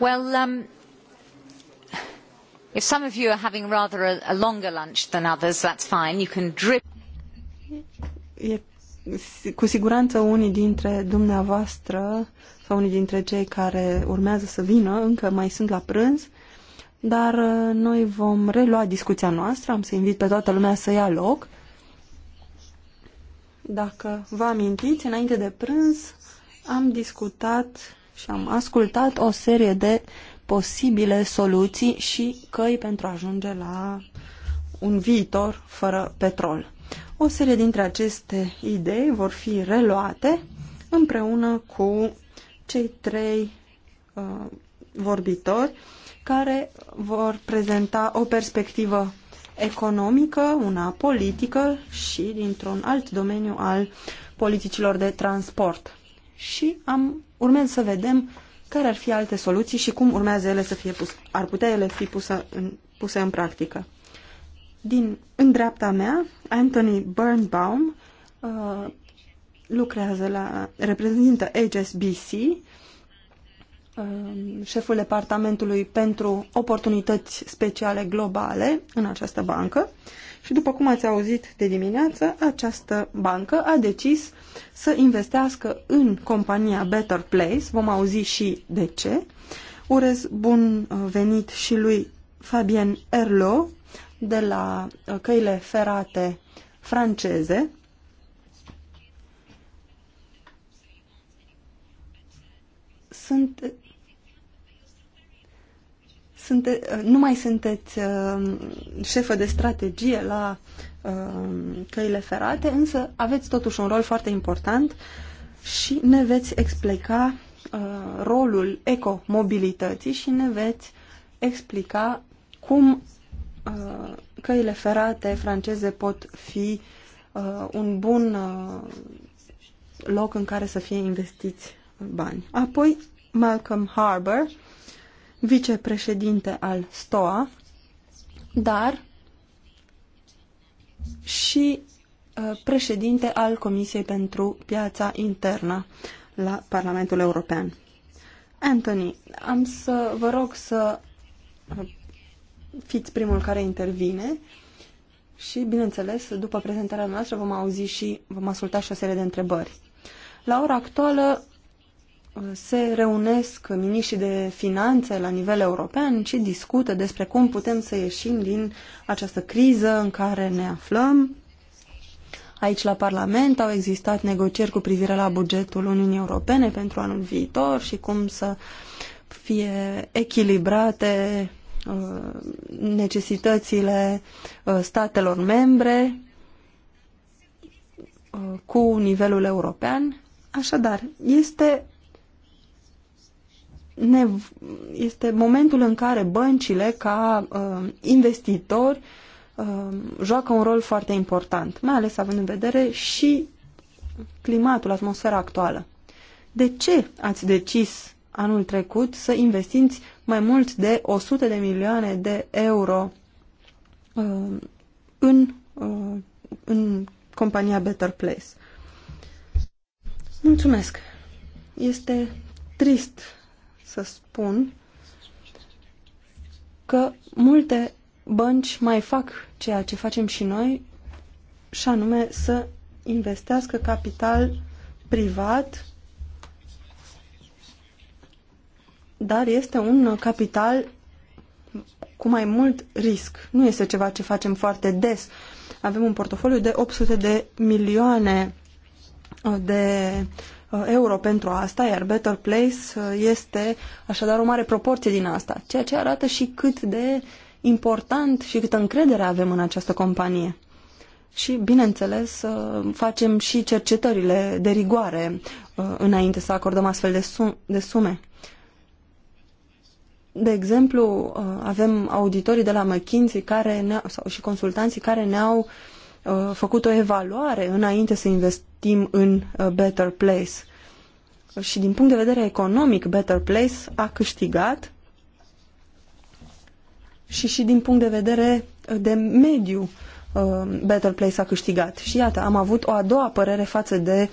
Well, um, if some of you are having rather a, longer lunch than others, is fine. You can drip. cu siguranță unii dintre dumneavoastră sau unii dintre cei care urmează să vină încă mai sunt la prânz, dar uh, noi vom relua discuția noastră. Am să invit pe toată lumea să ia loc. Dacă vă amintiți, înainte de prânz am discutat și am ascultat o serie de posibile soluții și căi pentru a ajunge la un viitor fără petrol. O serie dintre aceste idei vor fi reluate împreună cu cei trei uh, vorbitori care vor prezenta o perspectivă economică, una politică și dintr-un alt domeniu al politicilor de transport. Și am urmează să vedem care ar fi alte soluții și cum urmează ele să fie pus, ar putea ele fi pusă în, puse în practică. Din, în dreapta mea, Anthony Burnbaum uh, lucrează la, reprezintă HSBC, uh, șeful departamentului pentru oportunități speciale globale în această bancă și după cum ați auzit de dimineață, această bancă a decis să investească în compania Better Place, vom auzi și de ce. Urez bun uh, venit și lui Fabien Erlo de la uh, căile ferate franceze. Sunt sunte, uh, nu mai sunteți șefă de strategie la Um, căile ferate, însă aveți totuși un rol foarte important și ne veți explica uh, rolul ecomobilității și ne veți explica cum uh, căile ferate franceze pot fi uh, un bun loc în care să fie investiți bani. Apoi Malcolm Harbour, vicepreședinte al STOA, dar și uh, președinte al Comisiei pentru Piața Internă la Parlamentul European. Anthony, am să vă rog să uh, fiți primul care intervine și, bineînțeles, după prezentarea noastră vom auzi și vom asculta și o serie de întrebări. La ora actuală se reunesc miniștrii de finanțe la nivel european și discută despre cum putem să ieșim din această criză în care ne aflăm. Aici la Parlament au existat negocieri cu privire la bugetul Uniunii Europene pentru anul viitor și cum să fie echilibrate uh, necesitățile uh, statelor membre uh, cu nivelul european. Așadar, este ne, este momentul în care băncile ca uh, investitori uh, joacă un rol foarte important, mai ales având în vedere și climatul, atmosfera actuală. De ce ați decis anul trecut să investiți mai mult de 100 de milioane de euro uh, în, uh, în compania Better Place? Mulțumesc! Este trist să spun că multe bănci mai fac ceea ce facem și noi, și anume să investească capital privat, dar este un capital cu mai mult risc. Nu este ceva ce facem foarte des. Avem un portofoliu de 800 de milioane de Uh, euro pentru asta, iar Better Place uh, este așadar o mare proporție din asta, ceea ce arată și cât de important și câtă încredere avem în această companie. Și, bineînțeles, uh, facem și cercetările de rigoare înainte să acordăm astfel de sume. De exemplu, avem auditorii de la McKinsey care ne -au, sau și consultanții care ne-au uh, Uh, făcut o evaluare înainte să investim în uh, Better Place. Și din punct de vedere economic, Better Place a câștigat și și din punct de vedere uh, de mediu, Better Place a câștigat. Și iată, am avut o a doua părere față de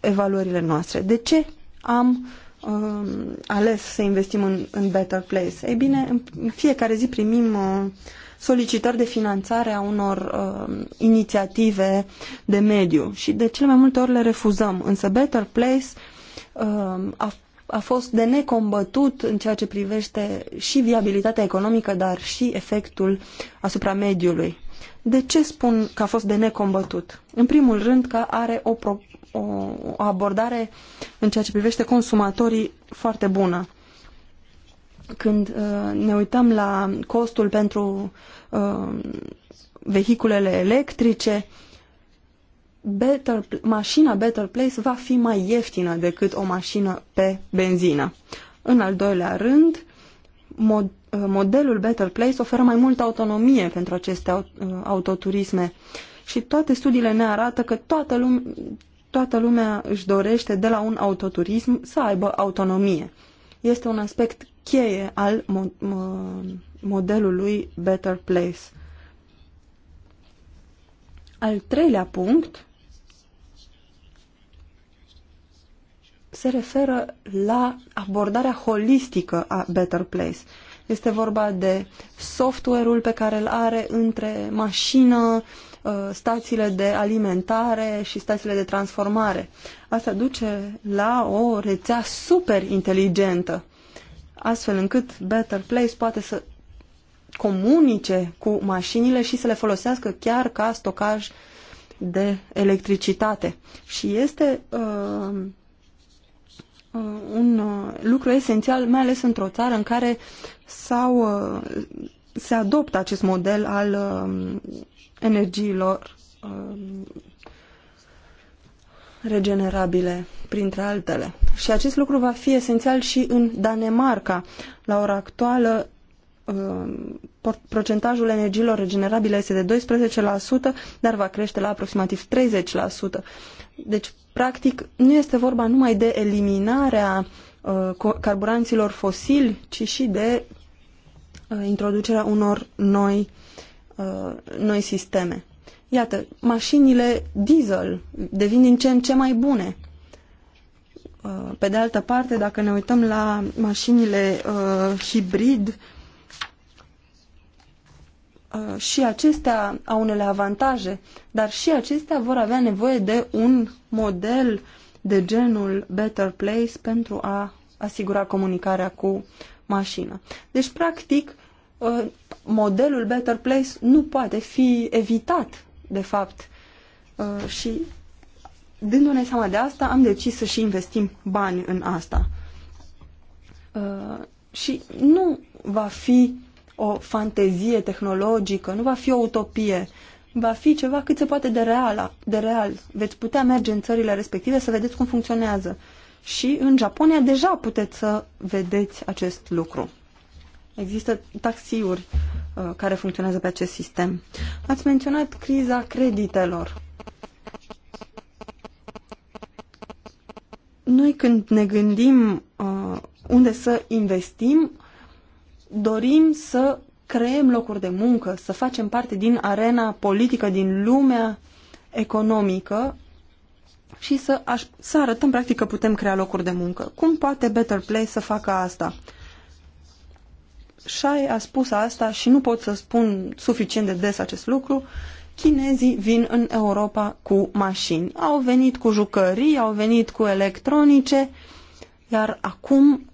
evaluările noastre. De ce am um, ales să investim în, în Better Place? Ei bine, în fiecare zi primim uh, solicitări de finanțare a unor uh, inițiative de mediu și de cele mai multe ori le refuzăm. Însă Better Place uh, a, a fost de necombătut în ceea ce privește și viabilitatea economică, dar și efectul asupra mediului. De ce spun că a fost de necombătut? În primul rând că are o, pro, o, o abordare în ceea ce privește consumatorii foarte bună. Când uh, ne uităm la costul pentru uh, vehiculele electrice, better, mașina Better Place va fi mai ieftină decât o mașină pe benzină. În al doilea rând, mod, uh, modelul Better Place oferă mai multă autonomie pentru aceste autoturisme și toate studiile ne arată că toată, lume, toată lumea își dorește de la un autoturism să aibă autonomie. Este un aspect cheie al mo modelului Better Place. Al treilea punct se referă la abordarea holistică a Better Place. Este vorba de software-ul pe care îl are între mașină, uh, stațiile de alimentare și stațiile de transformare. Asta duce la o rețea super inteligentă astfel încât Better Place poate să comunice cu mașinile și să le folosească chiar ca stocaj de electricitate. Și este uh, uh un uh, lucru esențial, mai ales într-o țară în care sau uh, se adoptă acest model al uh, energiilor uh, regenerabile, printre altele. Și acest lucru va fi esențial și în Danemarca. La ora actuală, uh, procentajul energiilor regenerabile este de 12%, dar va crește la aproximativ 30%. Deci, practic, nu este vorba numai de eliminarea uh, carburanților fosili, ci și de uh, introducerea unor noi, noi sisteme. Iată, mașinile diesel devin din ce în ce mai bune. Uh, pe de altă parte, dacă ne uităm la mașinile uh, hibrid, uh, și acestea au unele avantaje, dar și acestea vor avea nevoie de un model de genul Better Place pentru a asigura comunicarea cu mașina. Deci, practic, uh, modelul Better Place nu poate fi evitat de fapt. Uh, și dându-ne seama de asta, am decis să și investim bani în asta. Uh, și nu va fi o fantezie tehnologică, nu va fi o utopie, va fi ceva cât se poate de real. De real. Veți putea merge în țările respective să vedeți cum funcționează. Și în Japonia deja puteți să vedeți acest lucru. Există taxiuri uh, care funcționează pe acest sistem. Ați menționat criza creditelor. Noi când ne gândim uh, unde să investim, dorim să creăm locuri de muncă, să facem parte din arena politică, din lumea economică și să, aș, să arătăm practic că putem crea locuri de muncă. Cum poate Better Place să facă asta? Shai a spus asta și nu pot să spun suficient de des acest lucru, chinezii vin în Europa cu mașini. Au venit cu jucării, au venit cu electronice, iar acum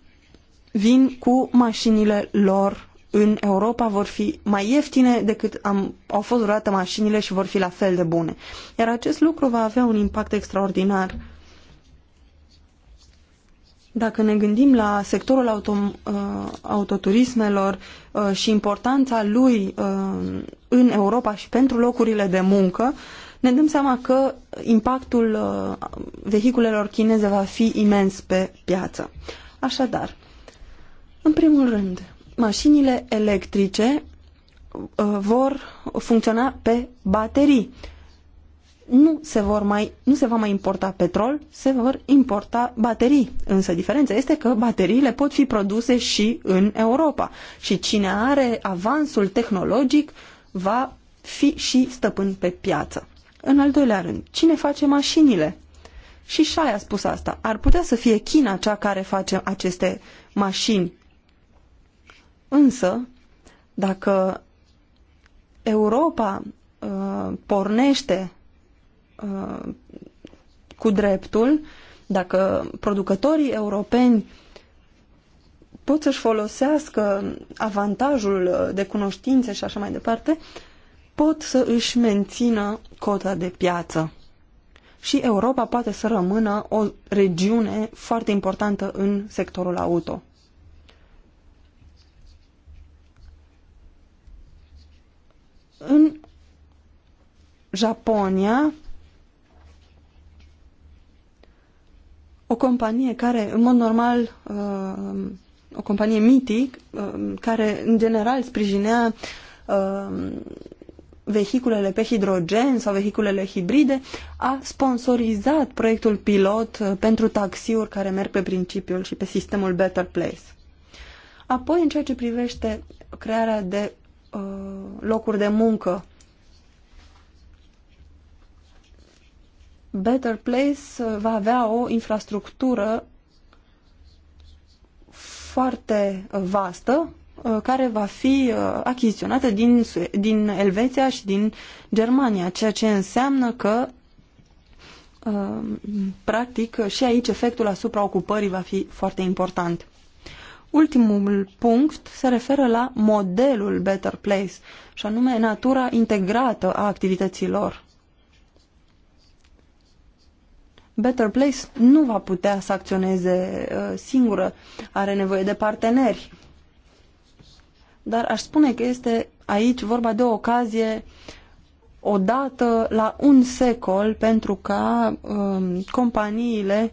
vin cu mașinile lor în Europa vor fi mai ieftine decât am, au fost vreodată mașinile și vor fi la fel de bune. Iar acest lucru va avea un impact extraordinar dacă ne gândim la sectorul uh, autoturismelor uh, și importanța lui uh, în Europa și pentru locurile de muncă, ne dăm seama că impactul uh, vehiculelor chineze va fi imens pe piață. Așadar, în primul rând, mașinile electrice uh, vor funcționa pe baterii nu se, vor mai, nu se va mai importa petrol, se vor importa baterii. Însă diferența este că bateriile pot fi produse și în Europa. Și cine are avansul tehnologic va fi și stăpân pe piață. În al doilea rând, cine face mașinile? Și Shai a spus asta. Ar putea să fie China cea care face aceste mașini. Însă, dacă Europa uh, pornește Uh, cu dreptul, dacă producătorii europeni pot să-și folosească avantajul de cunoștințe și așa mai departe, pot să își mențină cota de piață. Și Europa poate să rămână o regiune foarte importantă în sectorul auto. În Japonia, o companie care, în mod normal, uh, o companie mitic, uh, care, în general, sprijinea uh, vehiculele pe hidrogen sau vehiculele hibride, a sponsorizat proiectul pilot pentru taxiuri care merg pe principiul și pe sistemul Better Place. Apoi, în ceea ce privește crearea de locuri de muncă Better Place va avea o infrastructură foarte vastă uh, care va fi uh, achiziționată din, din Elveția și din Germania, ceea ce înseamnă că uh, practic și aici efectul asupra ocupării va fi foarte important. Ultimul punct se referă la modelul Better Place, și anume natura integrată a activităților. Better Place nu va putea să acționeze uh, singură, are nevoie de parteneri. Dar aș spune că este aici vorba de o ocazie odată la un secol pentru ca um, companiile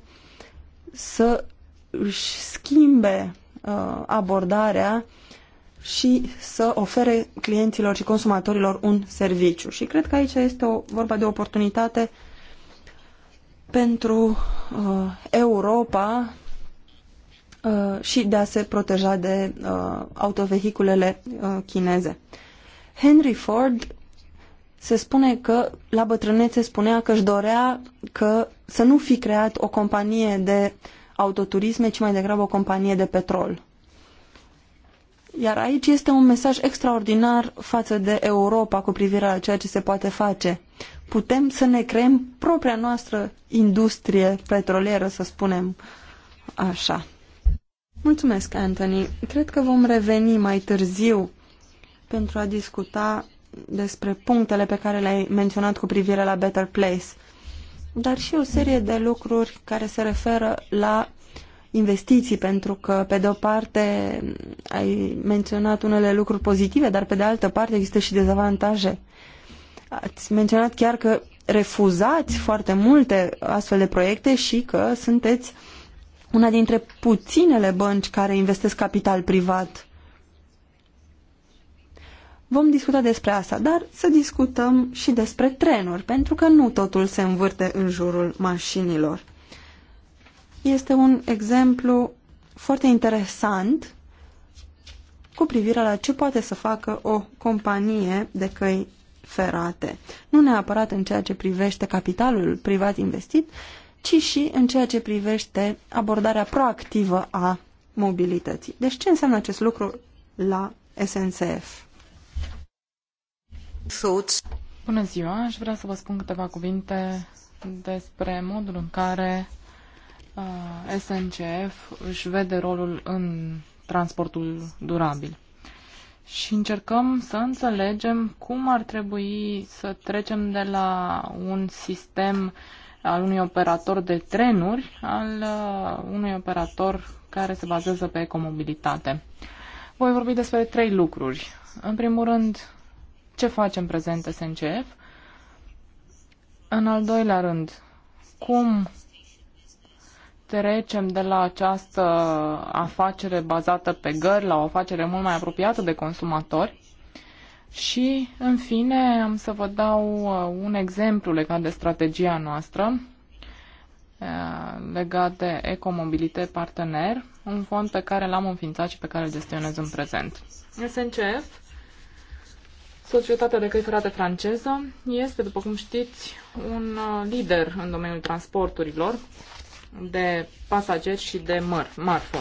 să își schimbe uh, abordarea și să ofere clienților și consumatorilor un serviciu. Și cred că aici este o, vorba de o oportunitate uh, pentru uh, Europa uh, și de a se proteja de uh, autovehiculele chineze. Henry Ford se spune că la bătrânețe spunea că își dorea că să nu fi creat o companie de autoturisme, ci mai degrabă o companie de petrol. Iar aici este un mesaj extraordinar față de Europa cu privire la ceea ce se poate face putem să ne creăm propria noastră industrie petrolieră, să spunem așa. Mulțumesc, Anthony. Cred că vom reveni mai târziu pentru a discuta despre punctele pe care le-ai menționat cu privire la Better Place, dar și o serie de lucruri care se referă la investiții, pentru că, pe de o parte, ai menționat unele lucruri pozitive, dar pe de altă parte există și dezavantaje. Ați menționat chiar că refuzați foarte multe astfel de proiecte și că sunteți una dintre puținele bănci care investesc capital privat. Vom discuta despre asta, dar să discutăm și despre trenuri, pentru că nu totul se învârte în jurul mașinilor. Este un exemplu foarte interesant cu privire la ce poate să facă o companie de căi ferate. Nu neapărat în ceea ce privește capitalul privat investit, ci și în ceea ce privește abordarea proactivă a mobilității. Deci ce înseamnă acest lucru la SNCF? Bună ziua, aș vrea să vă spun câteva cuvinte despre modul în care uh, SNCF își vede rolul în transportul durabil și încercăm să înțelegem cum ar trebui să trecem de la un sistem al unui operator de trenuri al uh, unui operator care se bazează pe ecomobilitate. Voi vorbi despre trei lucruri. În primul rând, ce facem prezent SNCF? În al doilea rând, cum trecem de la această afacere bazată pe gări la o afacere mult mai apropiată de consumatori. Și, în fine, am să vă dau uh, un exemplu legat de strategia noastră, uh, legat de Ecomobilite Partener, un fond pe care l-am înființat și pe care îl gestionez în prezent. SNCF, societatea de căi ferate franceză, este, după cum știți, un uh, lider în domeniul transporturilor de pasageri și de măr, marfă.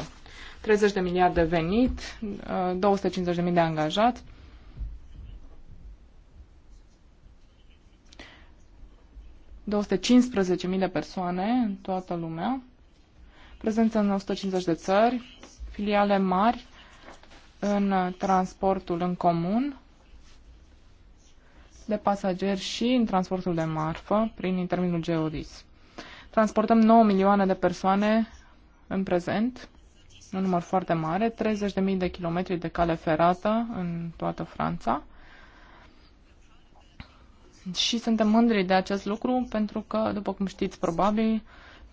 30 de miliarde venit, 250 uh, de mii de angajați. mii de persoane în toată lumea, prezență în 150 de țări, filiale mari în transportul în comun, de pasageri și în transportul de marfă prin intermediul Geodis. Transportăm 9 milioane de persoane în prezent, un număr foarte mare, 30.000 de kilometri de cale ferată în toată Franța. Și suntem mândri de acest lucru pentru că, după cum știți probabil,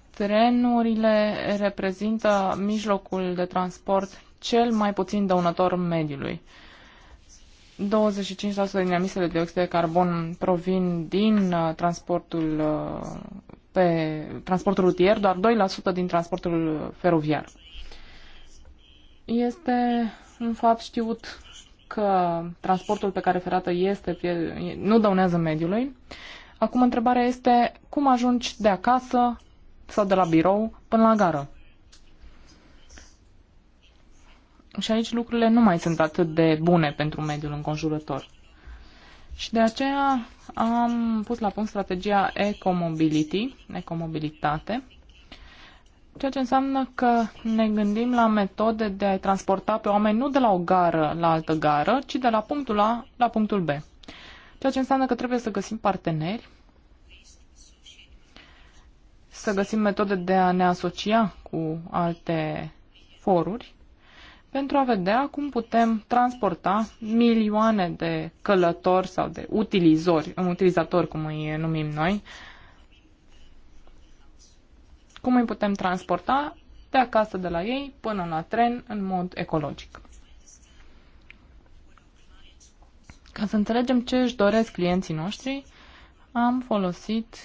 trenurile reprezintă mijlocul de transport cel mai puțin dăunător mediului. 25% din emisiile de dioxid de carbon provin din uh, transportul uh, pe transportul rutier, doar 2% din transportul feroviar. Este un fapt știut că transportul pe care ferată este, nu dăunează mediului. Acum întrebarea este cum ajungi de acasă sau de la birou până la gară. Și aici lucrurile nu mai sunt atât de bune pentru mediul înconjurător. Și de aceea am pus la punct strategia Ecomobility, ecomobilitate, ceea ce înseamnă că ne gândim la metode de a transporta pe oameni nu de la o gară la altă gară, ci de la punctul A la punctul B. Ceea ce înseamnă că trebuie să găsim parteneri, să găsim metode de a ne asocia cu alte foruri pentru a vedea cum putem transporta milioane de călători sau de utilizori, un utilizator cum îi numim noi, cum îi putem transporta de acasă de la ei până la tren în mod ecologic. Ca să înțelegem ce își doresc clienții noștri, am folosit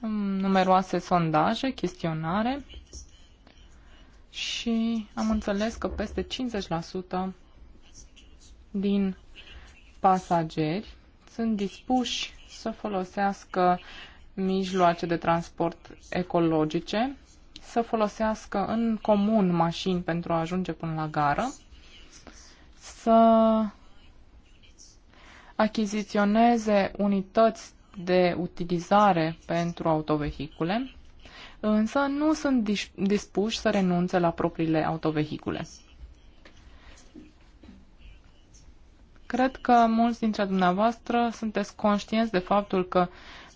mm, numeroase sondaje, chestionare și am înțeles că peste 50% din pasageri sunt dispuși să folosească mijloace de transport ecologice, să folosească în comun mașini pentru a ajunge până la gară, să achiziționeze unități de utilizare pentru autovehicule, însă nu sunt dispuși să renunțe la propriile autovehicule. Cred că mulți dintre dumneavoastră sunteți conștienți de faptul că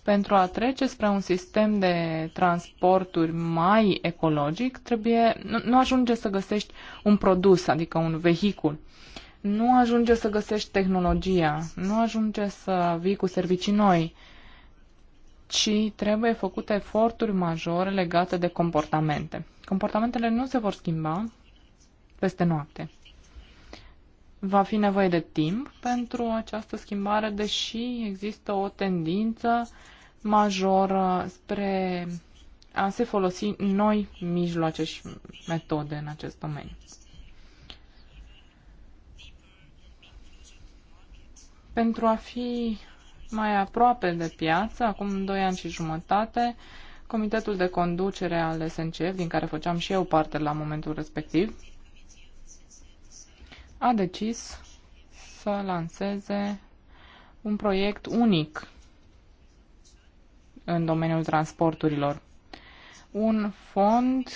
pentru a trece spre un sistem de transporturi mai ecologic, trebuie, nu, nu ajunge să găsești un produs, adică un vehicul. Nu ajunge să găsești tehnologia, nu ajunge să vii cu servicii noi ci trebuie făcute eforturi majore legate de comportamente. Comportamentele nu se vor schimba peste noapte. Va fi nevoie de timp pentru această schimbare, deși există o tendință majoră spre a se folosi noi mijloace și metode în acest domeniu. Pentru a fi mai aproape de piață, acum doi ani și jumătate, comitetul de conducere al SNCF, din care făceam și eu parte la momentul respectiv, a decis să lanseze un proiect unic în domeniul transporturilor. Un fond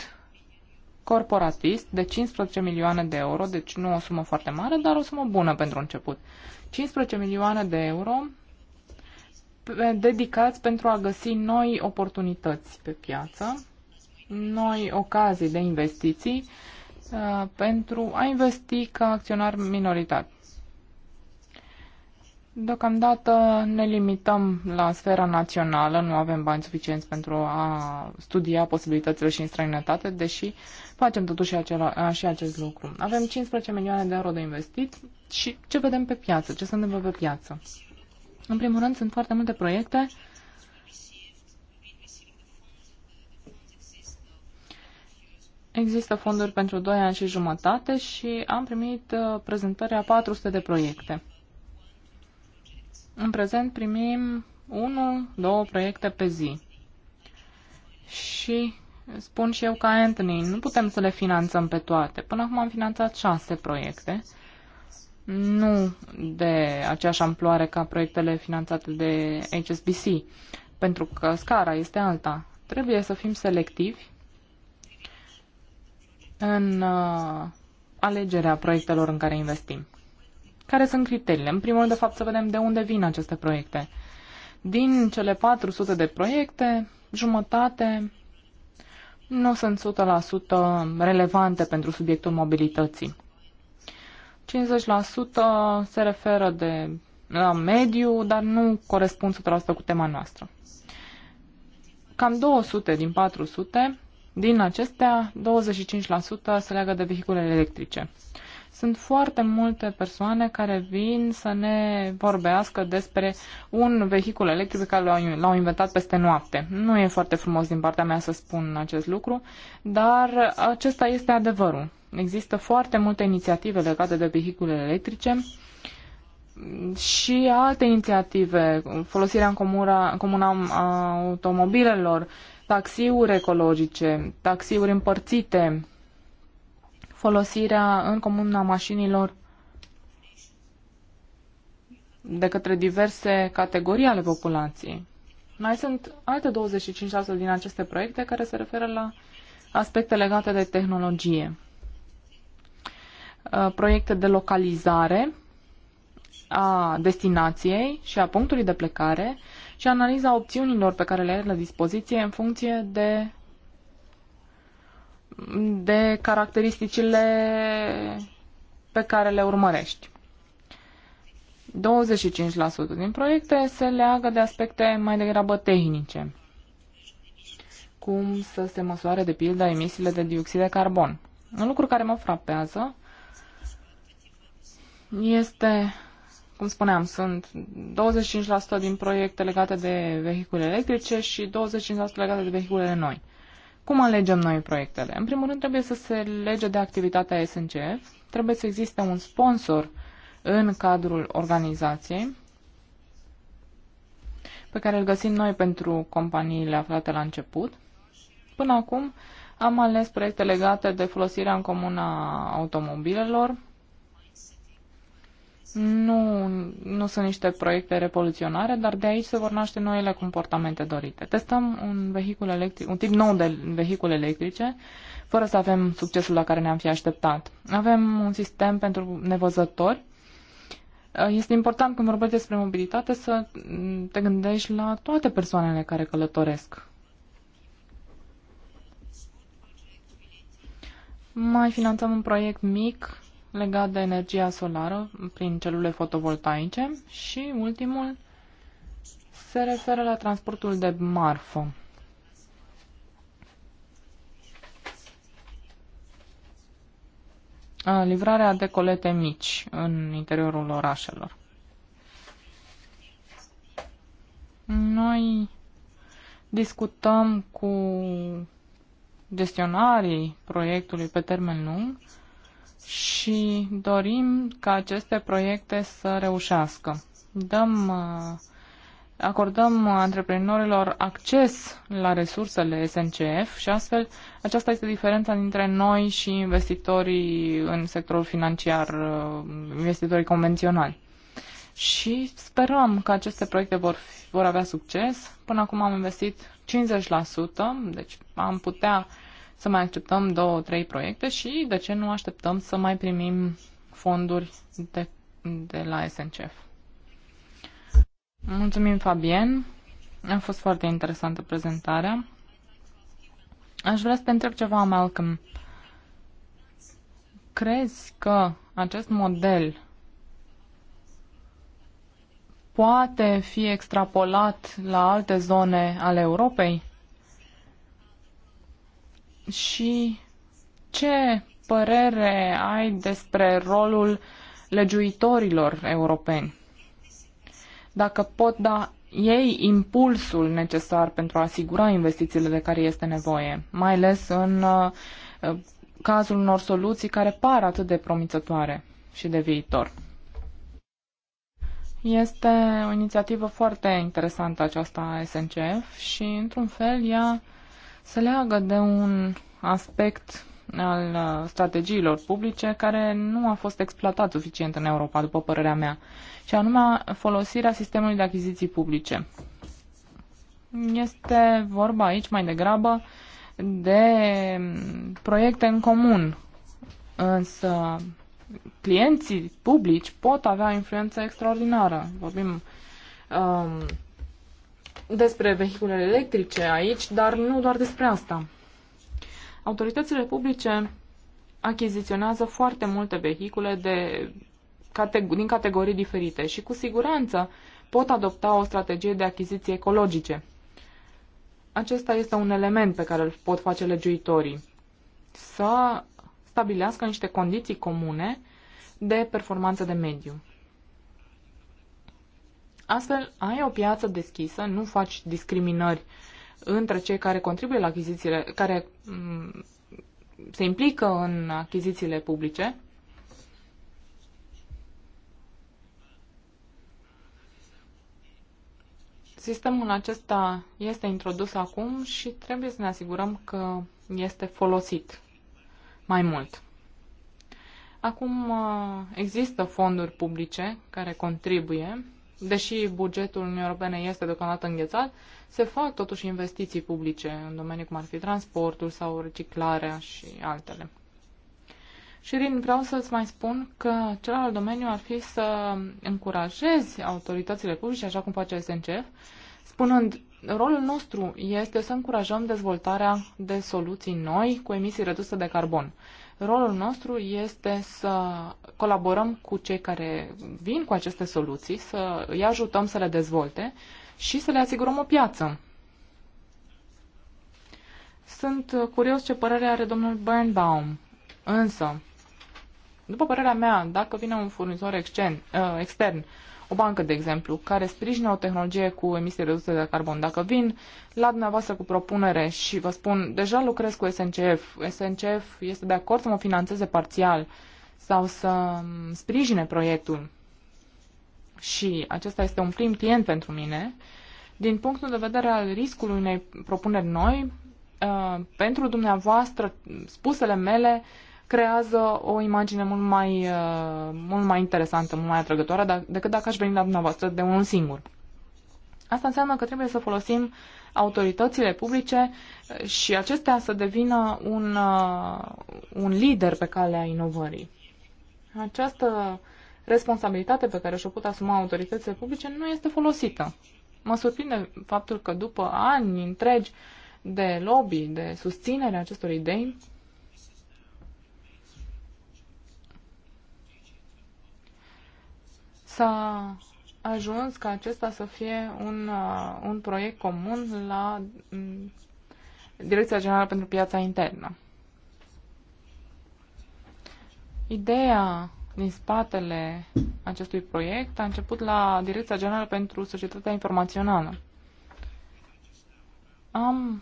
corporatist de 15 milioane de euro, deci nu o sumă foarte mare, dar o sumă bună pentru început. 15 milioane de euro dedicați pentru a găsi noi oportunități pe piață, noi ocazii de investiții uh, pentru a investi ca acționar minoritar. Deocamdată ne limităm la sfera națională, nu avem bani suficienți pentru a studia posibilitățile și în străinătate, deși facem totuși acela, și acest lucru. Avem 15 milioane de euro de investit și ce vedem pe piață, ce se întâmplă pe piață. În primul rând, sunt foarte multe proiecte Există fonduri pentru 2 ani și jumătate și am primit uh, prezentarea 400 de proiecte. În prezent primim 1-2 proiecte pe zi. Și spun și eu ca Anthony, nu putem să le finanțăm pe toate. Până acum am finanțat 6 proiecte nu de aceeași amploare ca proiectele finanțate de HSBC, pentru că scara este alta. Trebuie să fim selectivi în uh, alegerea proiectelor în care investim. Care sunt criteriile? În primul rând, de fapt, să vedem de unde vin aceste proiecte. Din cele 400 de proiecte, jumătate nu sunt 100% relevante pentru subiectul mobilității. 50% se referă de la mediu, dar nu corespund 100% cu tema noastră. Cam 200 din 400, din acestea 25% se leagă de vehiculele electrice. Sunt foarte multe persoane care vin să ne vorbească despre un vehicul electric pe care l-au inventat peste noapte. Nu e foarte frumos din partea mea să spun acest lucru, dar acesta este adevărul. Există foarte multe inițiative legate de vehiculele electrice și alte inițiative, folosirea în, comuna, în comuna a automobilelor, taxiuri ecologice, taxiuri împărțite, folosirea în comuna mașinilor de către diverse categorii ale populației. Mai sunt alte 25% din aceste proiecte care se referă la aspecte legate de tehnologie. Uh, proiecte de localizare a destinației și a punctului de plecare și analiza opțiunilor pe care le are la dispoziție în funcție de de caracteristicile pe care le urmărești. 25% din proiecte se leagă de aspecte mai degrabă tehnice, cum să se măsoare de pildă emisiile de dioxid de carbon. Un lucru care mă frapează este, cum spuneam, sunt 25% din proiecte legate de vehicule electrice și 25% legate de vehiculele noi. Cum alegem noi proiectele? În primul rând trebuie să se lege de activitatea SNCF, trebuie să existe un sponsor în cadrul organizației pe care îl găsim noi pentru companiile aflate la început. Până acum am ales proiecte legate de folosirea în comună a automobilelor, nu, nu sunt niște proiecte revoluționare, dar de aici se vor naște noile comportamente dorite. Testăm un, vehicul electric, un tip nou de vehicule electrice, fără să avem succesul la care ne-am fi așteptat. Avem un sistem pentru nevăzători. Uh, este important când vorbești despre mobilitate să te gândești la toate persoanele care călătoresc. Mai finanțăm un proiect mic legat de energia solară prin celule fotovoltaice și ultimul se referă la transportul de marfă. Livrarea de colete mici în interiorul orașelor. Noi discutăm cu gestionarii proiectului pe termen lung și dorim ca aceste proiecte să reușească. Dăm, uh, acordăm antreprenorilor acces la resursele SNCF și astfel aceasta este diferența dintre noi și investitorii în sectorul financiar, uh, investitorii convenționali. Și sperăm că aceste proiecte vor, vor avea succes. Până acum am investit 50%, deci am putea uh, să mai acceptăm două, trei proiecte și de ce nu așteptăm să mai primim fonduri de, de la SNCF. Mulțumim, Fabien. A fost foarte interesantă prezentarea. Aș vrea să te întreb ceva, Malcolm. Crezi că acest model poate fi extrapolat la alte zone ale Europei? Și ce părere ai despre rolul legiuitorilor europeni? Dacă pot da ei impulsul necesar pentru a asigura investițiile de care este nevoie, mai ales în uh, cazul unor soluții care par atât de promițătoare și de viitor. Este o inițiativă foarte interesantă aceasta SNCF și, într-un fel, ea se leagă de un aspect al uh, strategiilor publice care nu a fost exploatat suficient în Europa, după părerea mea, și anume folosirea sistemului de achiziții publice. Este vorba aici mai degrabă de um, proiecte în comun, însă clienții publici pot avea influență extraordinară. Vorbim um, despre vehiculele electrice aici, dar nu doar despre asta. Autoritățile publice achiziționează foarte multe vehicule de, din categorii diferite și cu siguranță pot adopta o strategie de achiziții ecologice. Acesta este un element pe care îl pot face legiuitorii. Să stabilească niște condiții comune de performanță de mediu. Astfel, ai o piață deschisă, nu faci discriminări între cei care contribuie la achizițiile, care mm, se implică în achizițiile publice. Sistemul acesta este introdus acum și trebuie să ne asigurăm că este folosit mai mult. Acum uh, există fonduri publice care contribuie deși bugetul Uniunii Europene este deocamdată înghețat, se fac totuși investiții publice în domenii cum ar fi transportul sau reciclarea și altele. Și Rin, vreau să-ți mai spun că celălalt domeniu ar fi să încurajezi autoritățile publice, așa cum face SNCF, spunând rolul nostru este să încurajăm dezvoltarea de soluții noi cu emisii reduse de carbon. Rolul nostru este să colaborăm cu cei care vin cu aceste soluții, să îi ajutăm să le dezvolte și să le asigurăm o piață. Sunt curios ce părere are domnul Bernbaum, însă, după părerea mea, dacă vine un furnizor extern, uh, extern o bancă, de exemplu, care sprijină o tehnologie cu emisii reduse de carbon. Dacă vin la dumneavoastră cu propunere și vă spun, deja lucrez cu SNCF, SNCF este de acord să mă financeze parțial sau să mm, sprijine proiectul și acesta este un prim client pentru mine, din punctul de vedere al riscului unei propuneri noi, uh, pentru dumneavoastră, spusele mele creează o imagine mult mai, uh, mult mai interesantă, mult mai atrăgătoare da, decât dacă aș veni la dumneavoastră de unul singur. Asta înseamnă că trebuie să folosim autoritățile publice uh, și acestea să devină un, uh, un lider pe calea inovării. Această responsabilitate pe care și-o pot asuma autoritățile publice nu este folosită. Mă surprinde faptul că după ani întregi de lobby, de susținere acestor idei, s-a ajuns ca acesta să fie un, uh, un proiect comun la mm, Direcția Generală pentru Piața Internă. Ideea din spatele acestui proiect a început la Direcția Generală pentru Societatea Informațională. Am,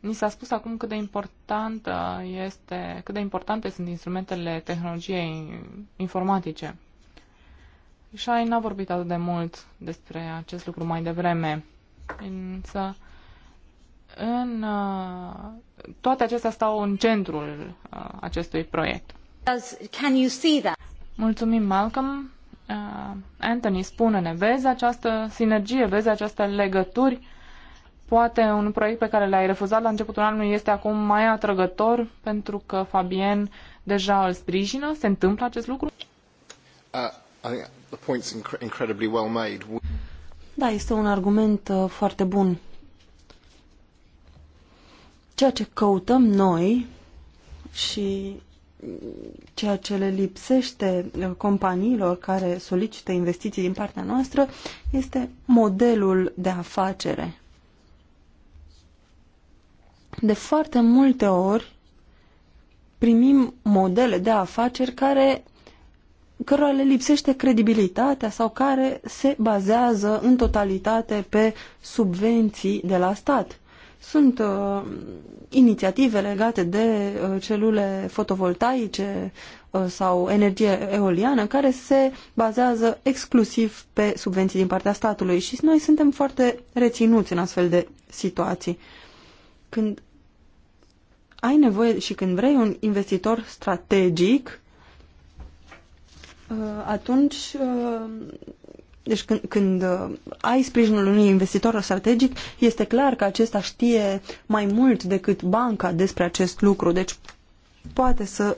ni s-a spus acum cât de importantă este, cât de importante sunt instrumentele tehnologiei informatice. Shai n-a vorbit atât de mult despre acest lucru mai devreme, însă în, uh, toate acestea stau în centrul uh, acestui proiect. Can you see that? Mulțumim, Malcolm. Uh, Anthony, spune-ne, vezi această sinergie, vezi aceste legături? Poate un proiect pe care l-ai refuzat la începutul anului este acum mai atrăgător pentru că Fabien deja îl sprijină? Se întâmplă acest lucru? Uh, I da, este un argument uh, foarte bun. Ceea ce căutăm noi și mm, ceea ce le lipsește uh, companiilor care solicită investiții din partea noastră este modelul de afacere. De foarte multe ori primim modele de afaceri care cărora le lipsește credibilitatea sau care se bazează în totalitate pe subvenții de la stat. Sunt uh, inițiative legate de uh, celule fotovoltaice uh, sau energie eoliană care se bazează exclusiv pe subvenții din partea statului și noi suntem foarte reținuți în astfel de situații. Când ai nevoie și când vrei un investitor strategic, Uh, atunci uh, deci când, când uh, ai sprijinul unui investitor strategic, este clar că acesta știe mai mult decât banca despre acest lucru. Deci poate să,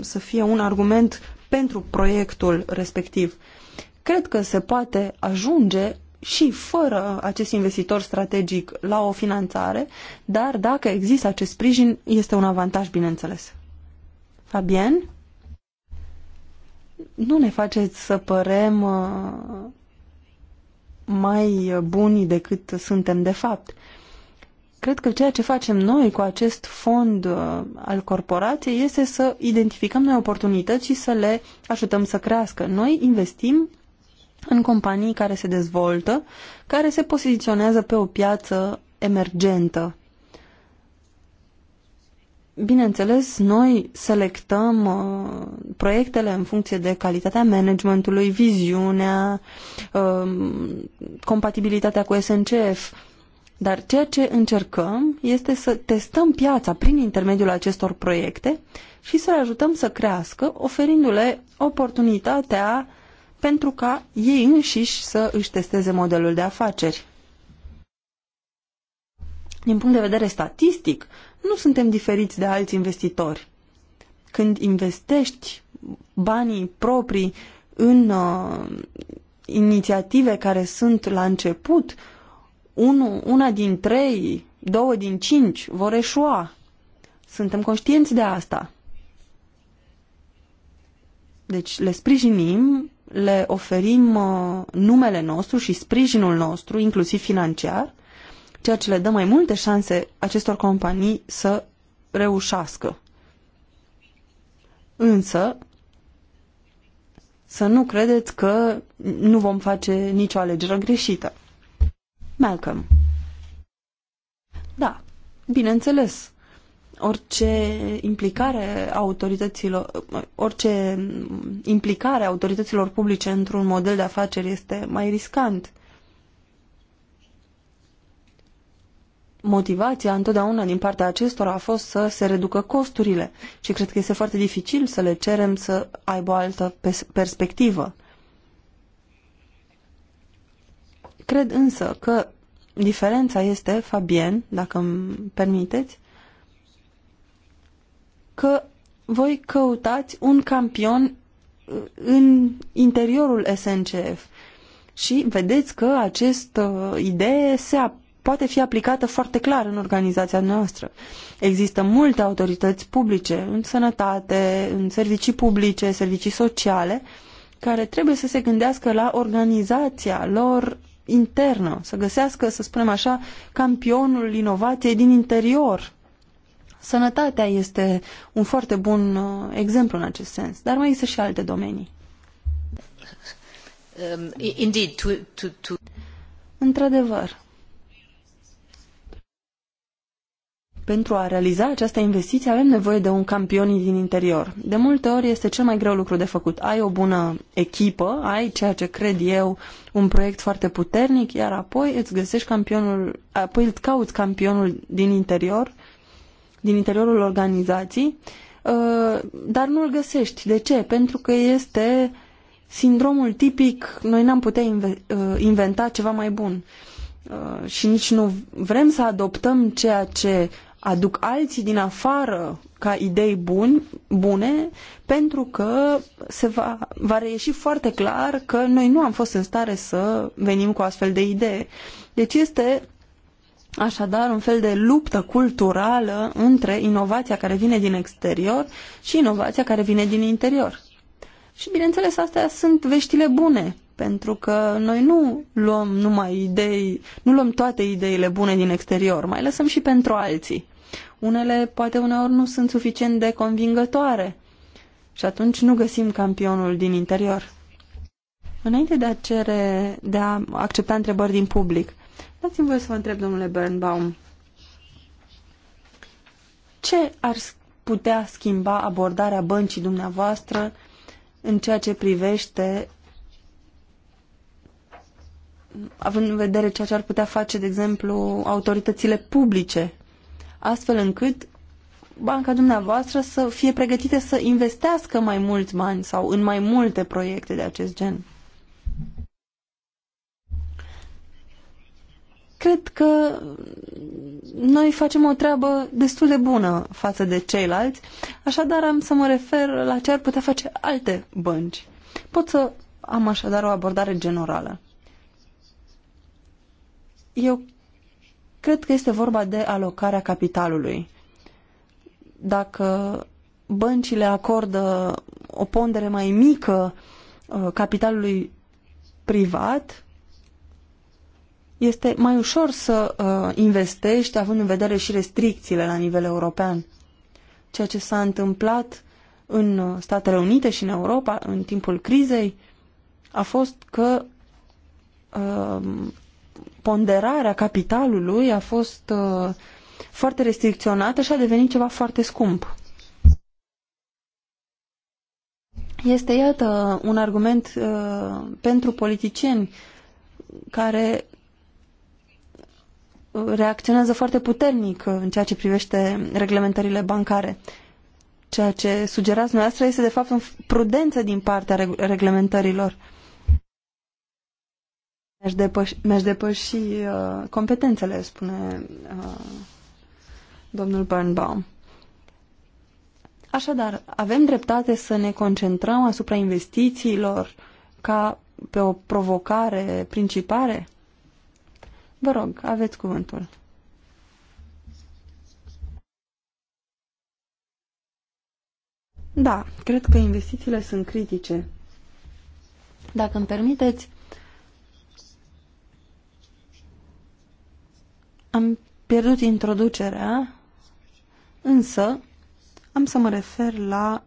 să fie un argument pentru proiectul respectiv. Cred că se poate ajunge și fără acest investitor strategic la o finanțare, dar dacă există acest sprijin, este un avantaj, bineînțeles. Fabien? nu ne faceți să părem uh, mai buni decât suntem de fapt. Cred că ceea ce facem noi cu acest fond uh, al corporației este să identificăm noi oportunități și să le ajutăm să crească. Noi investim în companii care se dezvoltă, care se poziționează pe o piață emergentă. Bineînțeles, noi selectăm uh, proiectele în funcție de calitatea managementului, viziunea, uh, compatibilitatea cu SNCF, dar ceea ce încercăm este să testăm piața prin intermediul acestor proiecte și să le ajutăm să crească, oferindu-le oportunitatea pentru ca ei înșiși să își testeze modelul de afaceri. Din punct de vedere statistic, uh, nu suntem diferiți de alți investitori. Când investești banii proprii în uh, inițiative care sunt la început, unu, una din trei, două din cinci vor eșua. Suntem conștienți de asta. Deci le sprijinim, le oferim uh, numele nostru și sprijinul nostru, inclusiv financiar, ceea ce le dă mai multe șanse acestor companii să reușească. Însă, să nu credeți că nu vom face nicio alegere greșită. Malcolm. Da, bineînțeles. Orice implicare autorităților, orice implicare autorităților publice într-un model de afaceri este mai riscant. Uh, motivația întotdeauna din partea acestora a fost să se reducă costurile și cred că este foarte dificil să le cerem să aibă o altă perspectivă. Cred însă că diferența este, Fabien, dacă îmi permiteți, că voi căutați un campion uh, în interiorul SNCF și vedeți că această idee se, poate fi aplicată foarte clar în organizația noastră. Există multe autorități publice în sănătate, în servicii publice, servicii sociale, care trebuie să se gândească la organizația lor internă, să găsească, să spunem așa, campionul inovației din interior. Sănătatea este un foarte bun uh, exemplu în acest sens, dar mai există și alte domenii. Um, indeed, to, to, to... Într-adevăr, Pentru a realiza această investiție avem nevoie de un campion din interior. De multe ori este cel mai greu lucru de făcut. Ai o bună echipă, ai ceea ce cred eu, un proiect foarte puternic, iar apoi îți găsești campionul, apoi îți cauți campionul din interior, din interiorul organizației, uh, dar nu îl găsești. De ce? Pentru că este sindromul tipic, noi n-am putea uh, inventa ceva mai bun uh, și nici nu vrem să adoptăm ceea ce aduc alții din afară ca idei bun, bune, pentru că se va, va reieși foarte clar că noi nu am fost în stare să venim cu astfel de idee. Deci este așadar un fel de luptă culturală între inovația care vine din exterior și inovația care vine din interior. Și bineînțeles, astea sunt veștile bune, pentru că noi nu luăm numai idei, nu luăm toate ideile bune din exterior, mai lăsăm și pentru alții. Unele, poate uneori, nu sunt suficient de convingătoare și atunci nu găsim campionul din interior. Înainte de a, cere, de a accepta întrebări din public, dați-mi voie să vă întreb, domnule Bernbaum, ce ar putea schimba abordarea băncii dumneavoastră în ceea ce privește având în vedere ceea ce ar putea face, de exemplu, autoritățile publice astfel încât banca dumneavoastră să fie pregătită să investească mai mulți bani sau în mai multe proiecte de acest gen. Cred că noi facem o treabă destul de bună față de ceilalți, așadar am să mă refer la ce ar putea face alte bănci. Pot să am așadar o abordare generală. Eu Cred că este vorba de alocarea capitalului. Dacă băncile acordă o pondere mai mică uh, capitalului privat, este mai ușor să uh, investești, având în vedere și restricțiile la nivel european. Ceea ce s-a întâmplat în uh, Statele Unite și în Europa în timpul crizei a fost că ponderarea capitalului a fost uh, foarte restricționată și a devenit ceva foarte scump. Este, iată, un argument uh, pentru politicieni care reacționează foarte puternic în ceea ce privește reglementările bancare. Ceea ce sugerați noastră este, de fapt, o prudență din partea reglementărilor. Uh, mi-aș depăși, mi depăși uh, competențele, spune uh, domnul Birnbaum. Așadar, avem dreptate să ne concentrăm asupra investițiilor ca pe o provocare principale? Vă rog, aveți cuvântul. Da, cred că investițiile sunt critice. Dacă îmi permiteți, Am pierdut introducerea, însă am să mă refer la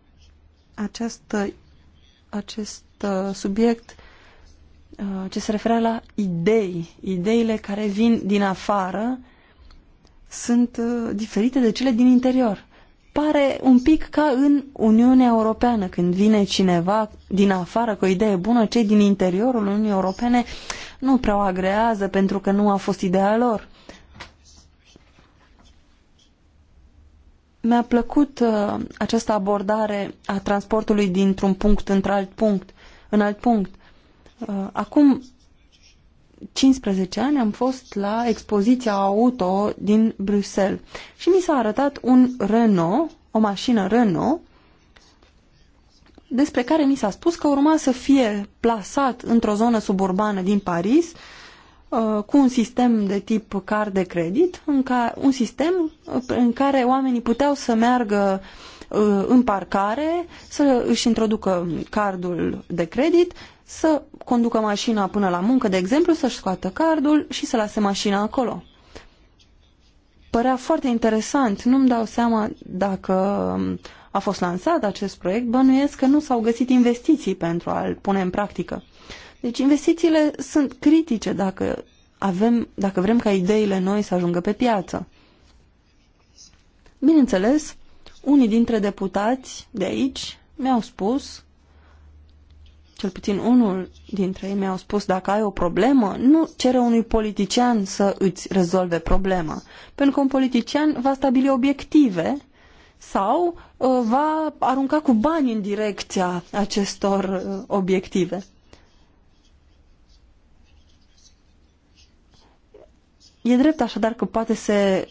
această, acest uh, subiect uh, ce se referă la idei. Ideile care vin din afară sunt uh, diferite de cele din interior. Pare un pic ca în Uniunea Europeană, când vine cineva din afară cu o idee bună, cei din interiorul Uniunii Europene nu prea o agrează pentru că nu a fost ideea lor. Mi-a plăcut uh, această abordare a transportului dintr-un punct într-alt punct, în alt punct. Uh, acum 15 ani am fost la expoziția auto din Bruxelles și mi s-a arătat un Renault, o mașină Renault, despre care mi s-a spus că urma să fie plasat într-o zonă suburbană din Paris Uh, cu un sistem de tip card de credit, în ca, un sistem uh, în care oamenii puteau să meargă uh, în parcare, să își introducă cardul de credit, să conducă mașina până la muncă, de exemplu, să-și scoată cardul și să lase mașina acolo. Părea foarte interesant, nu-mi dau seama dacă um, a fost lansat acest proiect, bănuiesc că nu s-au găsit investiții pentru a-l pune în practică. Deci investițiile sunt critice dacă, avem, dacă vrem ca ideile noi să ajungă pe piață. Bineînțeles, unii dintre deputați de aici mi-au spus, cel puțin unul dintre ei mi-au spus, dacă ai o problemă, nu cere unui politician să îți rezolve problema. Pentru că un politician va stabili obiective sau uh, va arunca cu bani în direcția acestor uh, obiective. E drept așadar că poate se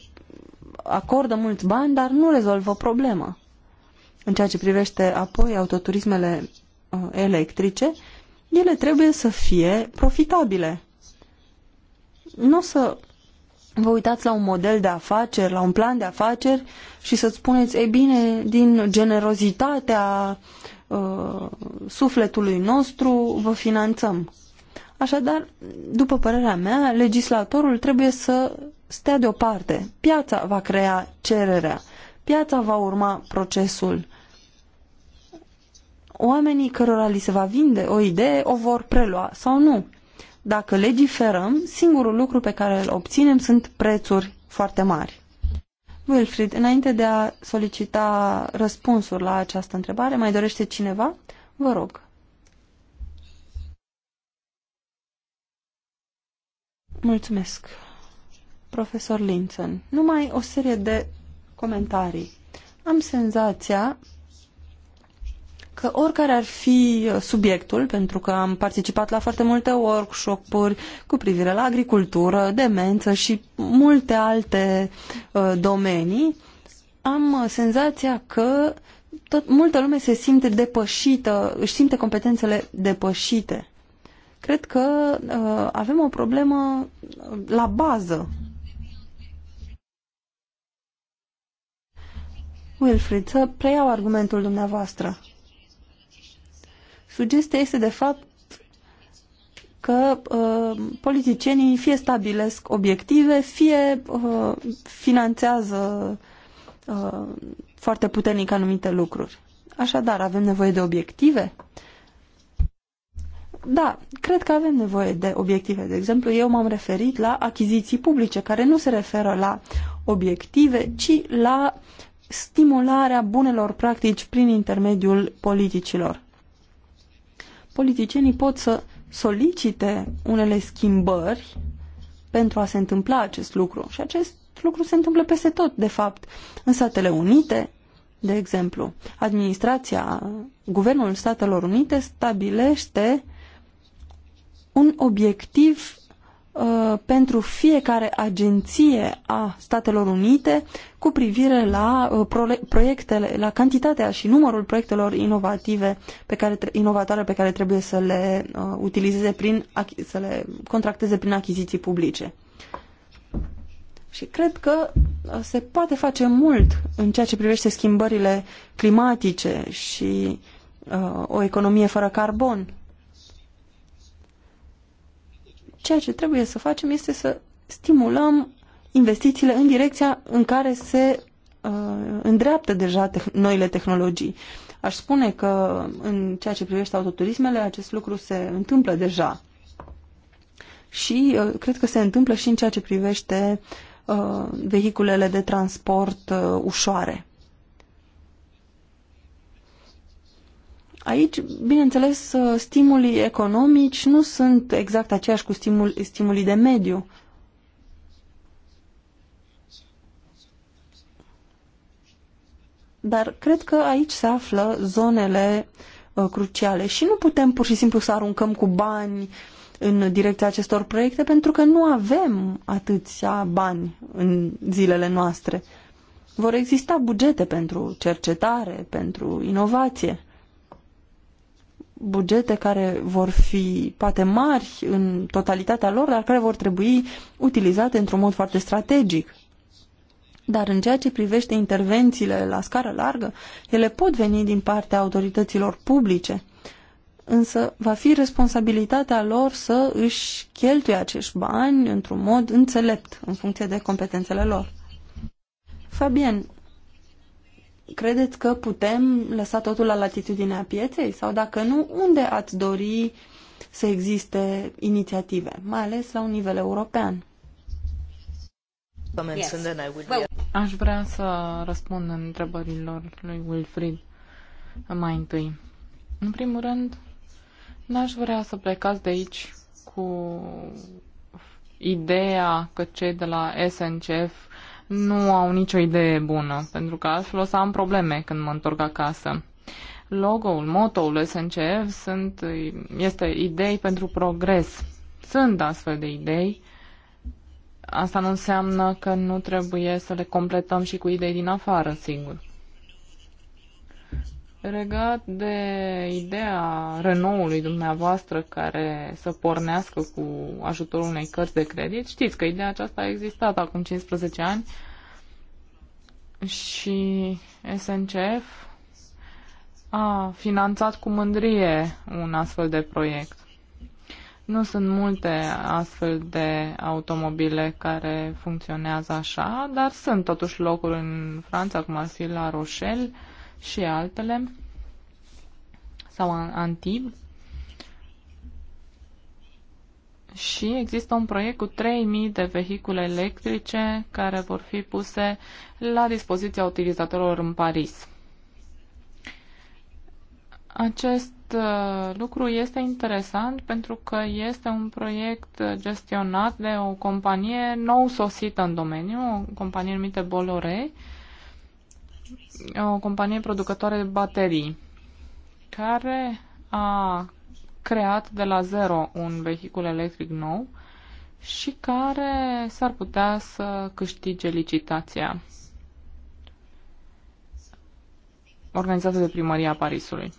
acordă mulți bani, dar nu rezolvă problema. În ceea ce privește apoi autoturismele uh, electrice, ele trebuie să fie profitabile. Nu o să vă uitați la un model de afaceri, la un plan de afaceri și să-ți spuneți, ei bine, din generozitatea uh, sufletului nostru vă finanțăm. Așadar, după părerea mea, legislatorul trebuie să stea deoparte. Piața va crea cererea. Piața va urma procesul. Oamenii cărora li se va vinde o idee o vor prelua sau nu. Dacă legiferăm, singurul lucru pe care îl obținem sunt prețuri foarte mari. Wilfried, înainte de a solicita răspunsuri la această întrebare, mai dorește cineva? Vă rog. Mulțumesc, profesor Linton. Numai o serie de comentarii. Am senzația că oricare ar fi subiectul, pentru că am participat la foarte multe workshop-uri cu privire la agricultură, demență și multe alte uh, domenii, am senzația că tot, multă lume se simte depășită, își simte competențele depășite. Cred că uh, avem o problemă la bază. Wilfried, să preiau argumentul dumneavoastră. Sugestia este, de fapt, că uh, politicienii fie stabilesc obiective, fie uh, finanțează uh, foarte puternic anumite lucruri. Așadar, avem nevoie de obiective? Uh, da, cred că avem nevoie de obiective. De exemplu, eu m-am referit la achiziții publice, care nu se referă la obiective, ci la stimularea bunelor practici prin intermediul politicilor. Politicienii pot să solicite unele schimbări pentru a se întâmpla acest lucru. Și acest lucru se întâmplă peste tot, de fapt. În Statele Unite, de exemplu, administrația, guvernul Statelor Unite stabilește un obiectiv uh, pentru fiecare agenție a Statelor Unite cu privire la uh, proiectele, la cantitatea și numărul proiectelor inovative pe care, inovatoare pe care trebuie să le uh, utilizeze prin, să le contracteze prin achiziții publice. Și cred că uh, se poate face mult în ceea ce privește schimbările climatice și uh, o economie fără carbon. Ceea ce trebuie să facem este să stimulăm investițiile în direcția în care se uh, îndreaptă deja te- noile tehnologii. Aș spune că în ceea ce privește autoturismele, acest lucru se întâmplă deja. Și uh, cred că se întâmplă și în ceea ce privește uh, vehiculele de transport uh, ușoare. Aici, bineînțeles, stimulii economici nu sunt exact aceiași cu stimul, stimulii de mediu. Dar cred că aici se află zonele uh, cruciale și nu putem pur și simplu să aruncăm cu bani în direcția acestor proiecte pentru că nu avem atâția bani în zilele noastre. Vor exista bugete pentru cercetare, pentru inovație bugete care vor fi poate mari în totalitatea lor, dar care vor trebui utilizate într-un mod foarte strategic. Dar în ceea ce privește intervențiile la scară largă, ele pot veni din partea autorităților publice, însă va fi responsabilitatea lor să își cheltuie acești bani într-un mod înțelept, în funcție de competențele lor. Fabien, credeți că putem lăsa totul la latitudinea pieței? Sau dacă nu, unde ați dori să existe inițiative, mai ales la un nivel european? Aș vrea să răspund întrebărilor lui Wilfried mai întâi. În primul rând, n-aș vrea să plecați de aici cu ideea că cei de la SNCF nu au nicio idee bună, pentru că altfel o să am probleme când mă întorc acasă. Logo-ul, motto ul SNCF sunt, este idei pentru progres. Sunt astfel de idei. Asta nu înseamnă că nu trebuie să le completăm și cu idei din afară, singur. Legat de ideea renoului dumneavoastră care să pornească cu ajutorul unei cărți de credit, știți că ideea aceasta a existat acum 15 ani și SNCF a finanțat cu mândrie un astfel de proiect. Nu sunt multe astfel de automobile care funcționează așa, dar sunt totuși locuri în Franța, cum ar fi la Rochelle, și altele, sau Antib. Și există un proiect cu 3.000 de vehicule electrice care vor fi puse la dispoziția utilizatorilor în Paris. Acest uh, lucru este interesant pentru că este un proiect gestionat de o companie nou sosită în domeniu, o companie numită bolorei o companie producătoare de baterii care a creat de la zero un vehicul electric nou și care s-ar putea să câștige licitația organizată de primăria Parisului.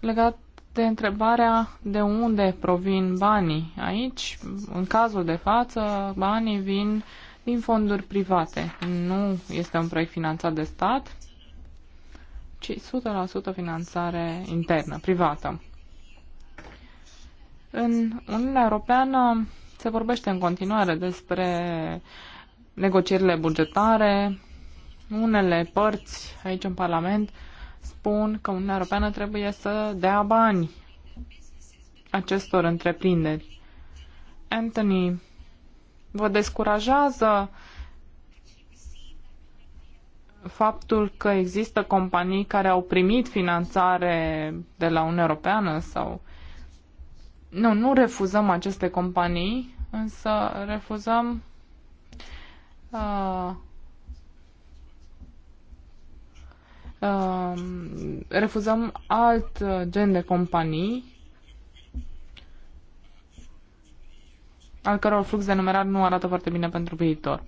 Legat de întrebarea de unde provin banii aici, în cazul de față, banii vin uh, din fonduri private. Nu este un proiect finanțat de stat, ci 100% finanțare internă, privată. În Uniunea Europeană se vorbește în continuare despre negocierile bugetare. Unele părți aici în Parlament spun că Uniunea Europeană trebuie să dea bani acestor întreprinderi. Anthony vă descurajează faptul că există companii care au primit finanțare de la Uniunea Europeană sau nu, nu refuzăm aceste companii, însă refuzăm uh, uh, refuzăm alt gen de companii al căror flux de numerar nu arată foarte bine pentru viitor.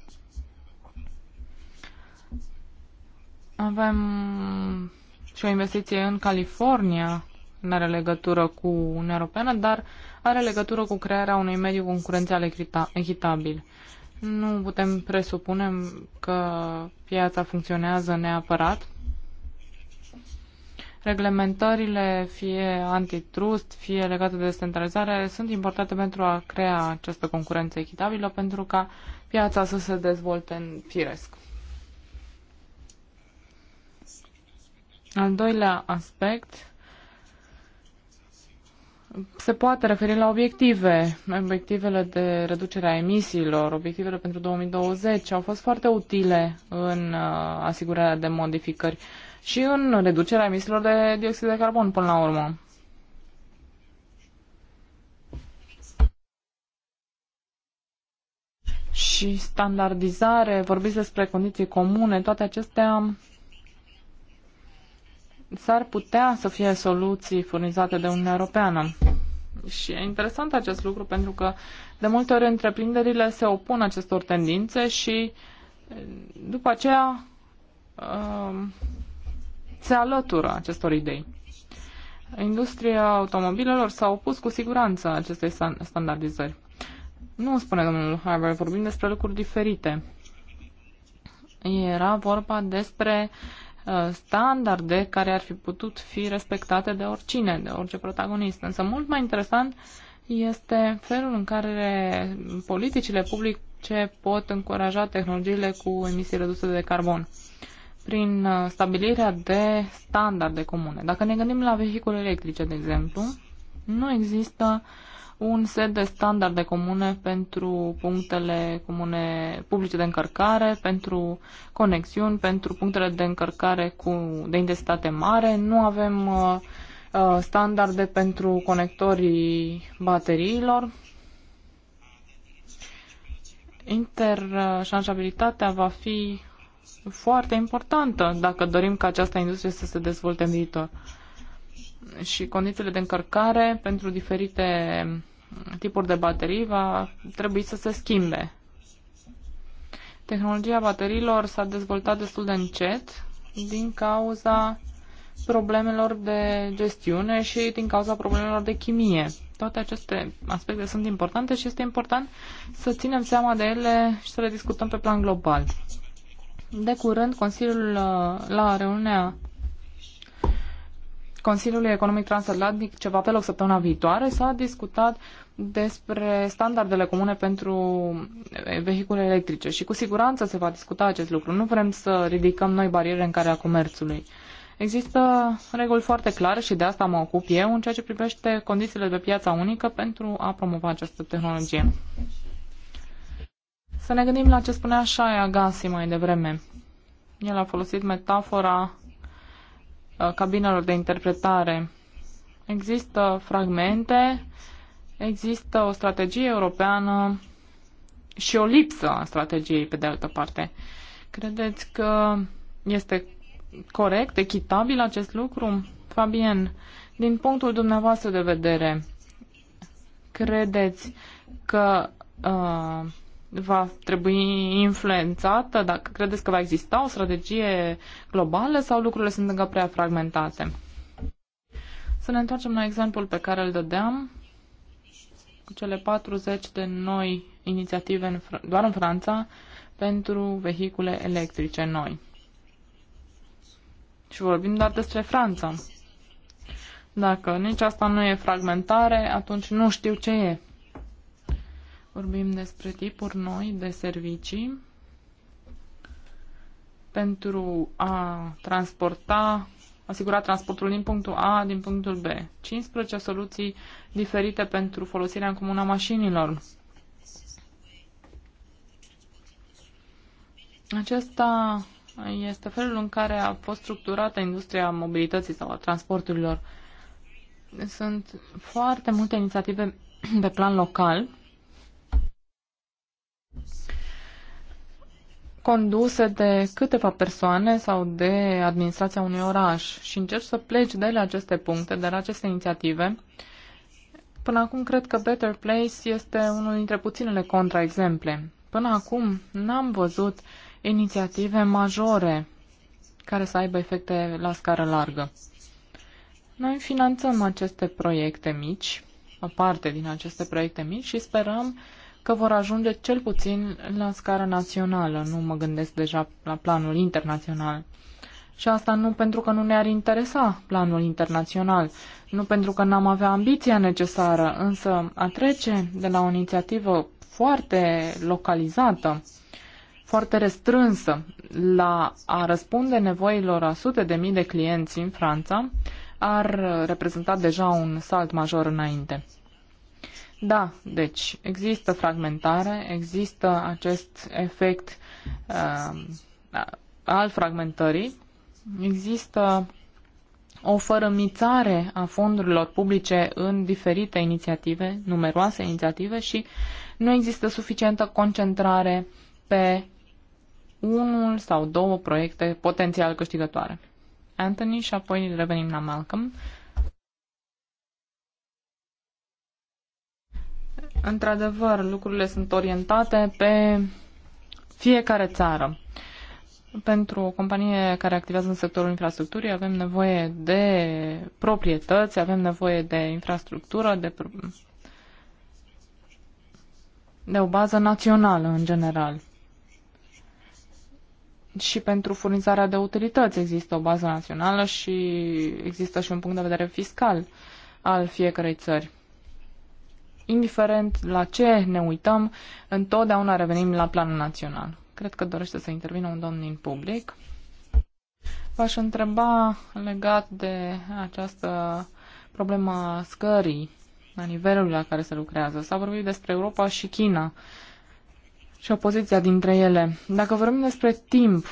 Avem și o investiție în California, nu are legătură cu Uniunea Europeană, dar are legătură cu crearea unui mediu concurențial echitabil. Nu putem presupune că piața funcționează neapărat reglementările, fie antitrust, fie legate de descentralizare, sunt importante pentru a crea această concurență echitabilă, pentru ca piața să se dezvolte în firesc. Al doilea aspect se poate referi la obiective. Obiectivele de reducere a emisiilor, obiectivele pentru 2020 au fost foarte utile în uh, asigurarea de modificări și în reducerea emisiilor de dioxid de carbon până la urmă. și standardizare, vorbiți despre condiții comune, toate acestea s-ar putea să fie soluții furnizate de Uniunea Europeană. Și e interesant acest lucru pentru că de multe ori întreprinderile se opun acestor tendințe și după aceea um, se alătură acestor idei. Industria automobilelor s-a opus cu siguranță acestei standardizări. Nu spune domnul Harvard, vorbim despre lucruri diferite. Era vorba despre uh, standarde care ar fi putut fi respectate de oricine, de orice protagonist. Însă mult mai interesant este felul în care politicile publice pot încuraja tehnologiile cu emisii reduse de carbon prin uh, stabilirea de standarde comune. Dacă ne gândim la vehicule electrice, de exemplu, nu există un set de standarde comune pentru punctele comune publice de încărcare, pentru conexiuni, pentru punctele de încărcare cu, de intensitate mare. Nu avem uh, uh standarde pentru conectorii bateriilor. Interșanșabilitatea uh, va fi foarte importantă dacă dorim ca această industrie să se dezvolte în viitor. Și condițiile de încărcare pentru diferite tipuri de baterii va trebui să se schimbe. Tehnologia bateriilor s-a dezvoltat destul de încet din cauza problemelor de gestiune și din cauza problemelor de chimie. Toate aceste aspecte sunt importante și este important să ținem seama de ele și să le discutăm pe plan global. De curând, Consiliul uh, la reuniunea Consiliului Economic Transatlantic, ceva pe loc săptămâna viitoare, s-a discutat despre standardele comune pentru vehicule electrice și cu siguranță se va discuta acest lucru. Nu vrem să ridicăm noi bariere în calea comerțului. Există reguli foarte clare și de asta mă ocup eu în ceea ce privește condițiile de piața unică pentru a promova această tehnologie. Să ne gândim la ce spunea Shai Agassi mai devreme. El a folosit metafora uh, cabinelor de interpretare. Există fragmente, există o strategie europeană și o lipsă a strategiei, pe de altă parte. Credeți că este corect, echitabil acest lucru? Fabien, din punctul dumneavoastră de vedere, credeți că uh, va trebui influențată, dacă credeți că va exista o strategie globală sau lucrurile sunt încă prea fragmentate. Să ne întoarcem la exemplul pe care îl dădeam cu cele 40 de noi inițiative în, doar în Franța pentru vehicule electrice noi. Și vorbim doar despre Franța. Dacă nici asta nu e fragmentare, atunci nu știu ce e. Vorbim despre tipuri noi de servicii pentru a transporta, asigura transportul din punctul A din punctul B. 15 soluții diferite pentru folosirea în comună a mașinilor. Acesta este felul în care a fost structurată industria mobilității sau a transporturilor. Sunt foarte multe inițiative pe plan local conduse de câteva persoane sau de administrația unui oraș și încerci să pleci de la aceste puncte, de la aceste inițiative. Până acum cred că Better Place este unul dintre puținele contraexemple. Până acum n-am văzut inițiative majore care să aibă efecte la scară largă. Noi finanțăm aceste proiecte mici, o parte din aceste proiecte mici și sperăm uh, că vor ajunge cel puțin la scară națională, nu mă gândesc deja la planul internațional. Și asta nu pentru că nu ne-ar interesa planul internațional, nu pentru că n-am avea ambiția necesară, însă a trece de la o inițiativă foarte localizată, foarte restrânsă, la a răspunde nevoilor a sute de mii de clienți în Franța, ar reprezenta deja un salt major înainte. Da, deci există fragmentare, există acest efect uh, al fragmentării, există o fărămițare a fondurilor publice în diferite inițiative, numeroase inițiative și nu există suficientă concentrare pe unul sau două proiecte potențial câștigătoare. Anthony și apoi revenim la Malcolm Într-adevăr, lucrurile sunt orientate pe fiecare țară. Pentru o companie care activează în sectorul infrastructurii avem nevoie de proprietăți, avem nevoie de infrastructură, de, de o bază națională în general. Și pentru furnizarea de utilități există o bază națională și există și un punct de vedere fiscal al fiecărei țări indiferent la ce ne uităm, întotdeauna revenim la planul național. Cred că dorește să intervină un domn din public. V-aș întreba legat de această problema scării, la nivelului la care se lucrează. S-a vorbit despre Europa și China și opoziția dintre ele. Dacă vorbim despre timp,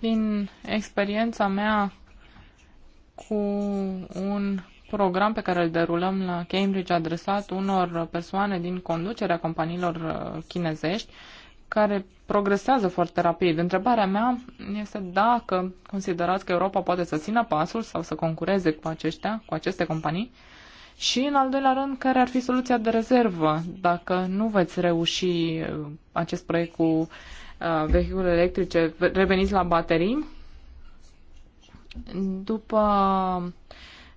din experiența mea cu un program pe care îl derulăm la Cambridge adresat unor persoane din conducerea companiilor uh, chinezești care progresează foarte rapid. Întrebarea mea este dacă considerați că Europa poate să țină pasul sau să concureze cu aceștia, cu aceste companii și, în al doilea rând, care ar fi soluția de rezervă dacă nu veți reuși uh, acest proiect cu uh, vehicule electrice, reveniți la baterii. După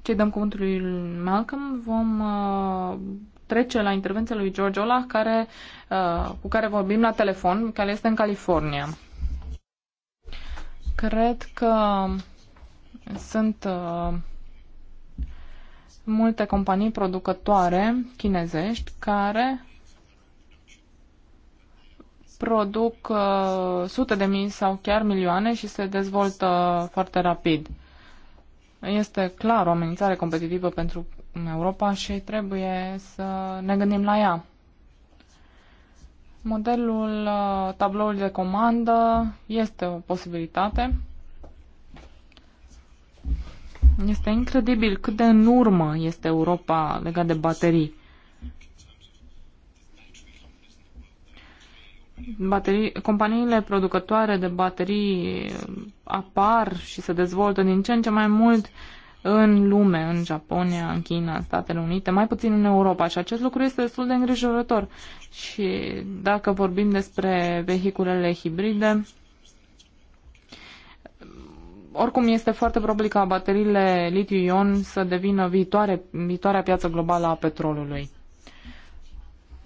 cei dăm cuvântul lui Malcolm, vom uh, trece la intervenția lui George Ola, care, uh, cu care vorbim la telefon, care este în California. Cred că sunt uh, multe companii producătoare chinezești care produc uh, sute de mii sau chiar milioane și se dezvoltă foarte rapid este clar o amenințare competitivă pentru Europa și trebuie să ne gândim la ea. Modelul uh, tabloului de comandă este o posibilitate. Este incredibil cât de în urmă este Europa legat de baterii. baterii, companiile producătoare de baterii apar și se dezvoltă din ce în ce mai mult în lume, în Japonia, în China, în Statele Unite, mai puțin în Europa și acest lucru este destul de îngrijorător. Și dacă vorbim despre vehiculele hibride, oricum este foarte probabil ca bateriile litiu-ion să devină viitoare, viitoarea piață globală a petrolului.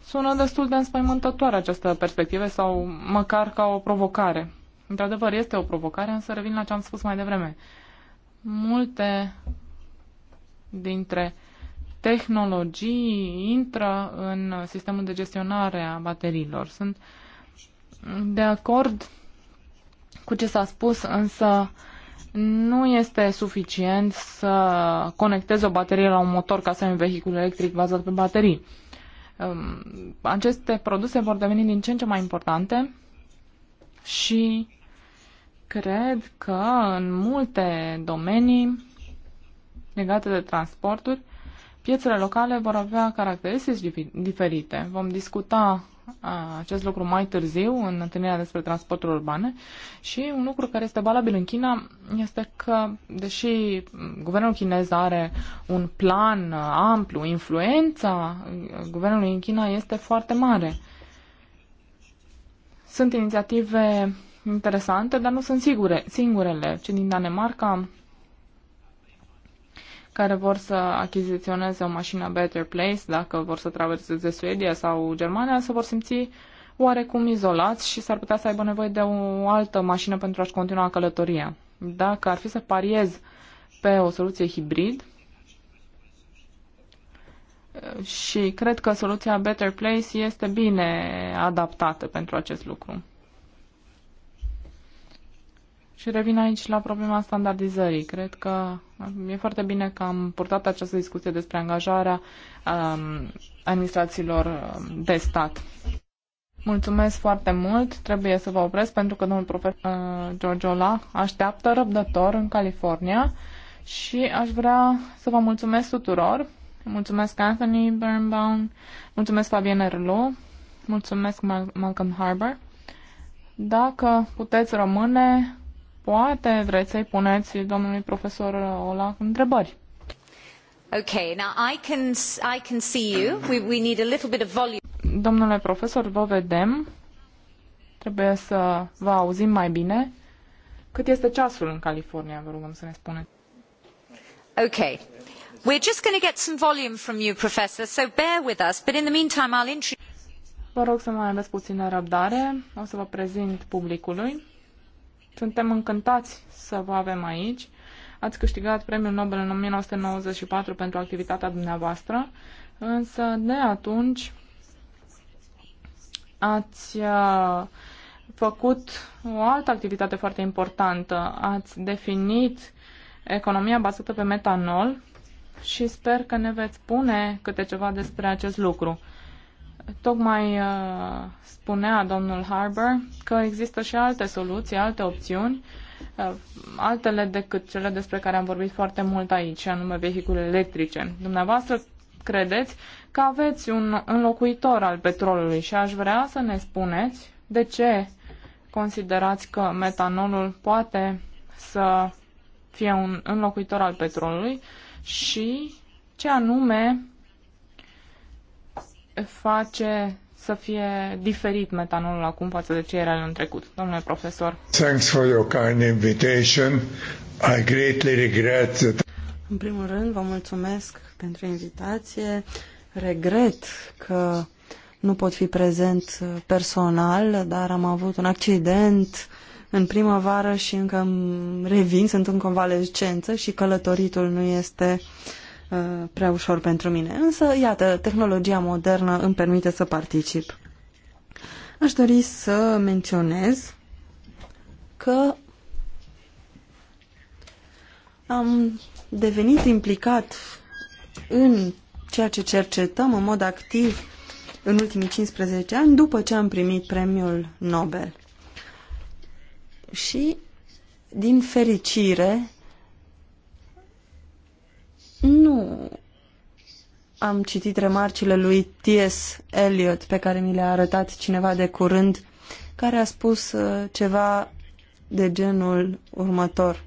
Sună destul de înspăimântătoare această perspectivă sau măcar ca o provocare. Într-adevăr, este o provocare, însă revin la ce am spus mai devreme. Multe dintre tehnologii intră în sistemul de gestionare a bateriilor. Sunt de acord cu ce s-a spus, însă nu este suficient să conectezi o baterie la un motor ca să ai un vehicul electric bazat pe baterii. Um, aceste produse vor deveni din ce în ce mai importante și cred că în multe domenii legate de transporturi, piețele locale vor avea caracteristici diferite. Vom discuta acest lucru mai târziu în întâlnirea despre transportul urbane și un lucru care este valabil în China este că, deși guvernul chinez are un plan amplu, influența guvernului în China este foarte mare. Sunt inițiative interesante, dar nu sunt sigure, singurele. Cei din Danemarca care vor să achiziționeze o mașină Better Place, dacă vor să traverseze Suedia sau Germania, se vor simți oarecum izolați și s-ar putea să aibă nevoie de o altă mașină pentru a-și continua călătoria. Dacă ar fi să pariez pe o soluție hibrid, și cred că soluția Better Place este bine adaptată pentru acest lucru. Și revin aici la problema standardizării. Cred că um, e foarte bine că am purtat această discuție despre angajarea um, administrațiilor um, de stat. Mulțumesc foarte mult. Trebuie să vă opresc pentru că domnul profesor uh, Giorgiola așteaptă răbdător în California și aș vrea să vă mulțumesc tuturor. Mulțumesc Anthony Birnbaum, mulțumesc Fabien Erlo, mulțumesc Malcolm Harbour. Dacă puteți rămâne, Poate vreți să-i puneți domnului profesor Olac întrebări. Okay, now I can, I can see you. We, we need a little bit of volume. Domnule profesor, vă vedem. Trebuie să vă auzim mai bine. Cât este ceasul în California, vă rugăm să ne spuneți. Okay. We're just going to get some volume from you, Professor, so bear with us. But in the meantime, I'll introduce... Vă rog să mai aveți puțină răbdare. O să vă prezint publicului. Suntem încântați să vă avem aici. Ați câștigat premiul Nobel în 1994 pentru activitatea dumneavoastră, însă de atunci ați uh, făcut o altă activitate foarte importantă. Ați definit economia bazată pe metanol și sper că ne veți spune câte ceva despre acest lucru. Tocmai uh, spunea domnul Harbour că există și alte soluții, alte opțiuni, uh, altele decât cele despre care am vorbit foarte mult aici, anume vehiculele electrice. Dumneavoastră credeți că aveți un înlocuitor al petrolului și aș vrea să ne spuneți de ce considerați că metanolul poate să fie un înlocuitor al petrolului și ce anume face să fie diferit metanolul acum față de ce era în trecut. Domnule profesor. Thanks for your kind invitation. I greatly regret that... În primul rând, vă mulțumesc pentru invitație. Regret că nu pot fi prezent personal, dar am avut un accident în primăvară și încă revin, sunt în convalescență și călătoritul nu este uh, Uh, prea ușor pentru mine. Însă, iată, tehnologia modernă îmi permite să particip. Aș dori să menționez că am devenit implicat în ceea ce cercetăm în mod activ în ultimii 15 ani după ce am primit premiul Nobel. Și, din fericire, nu am citit remarcile lui T.S. Eliot pe care mi le-a arătat cineva de curând, care a spus uh, ceva de genul următor.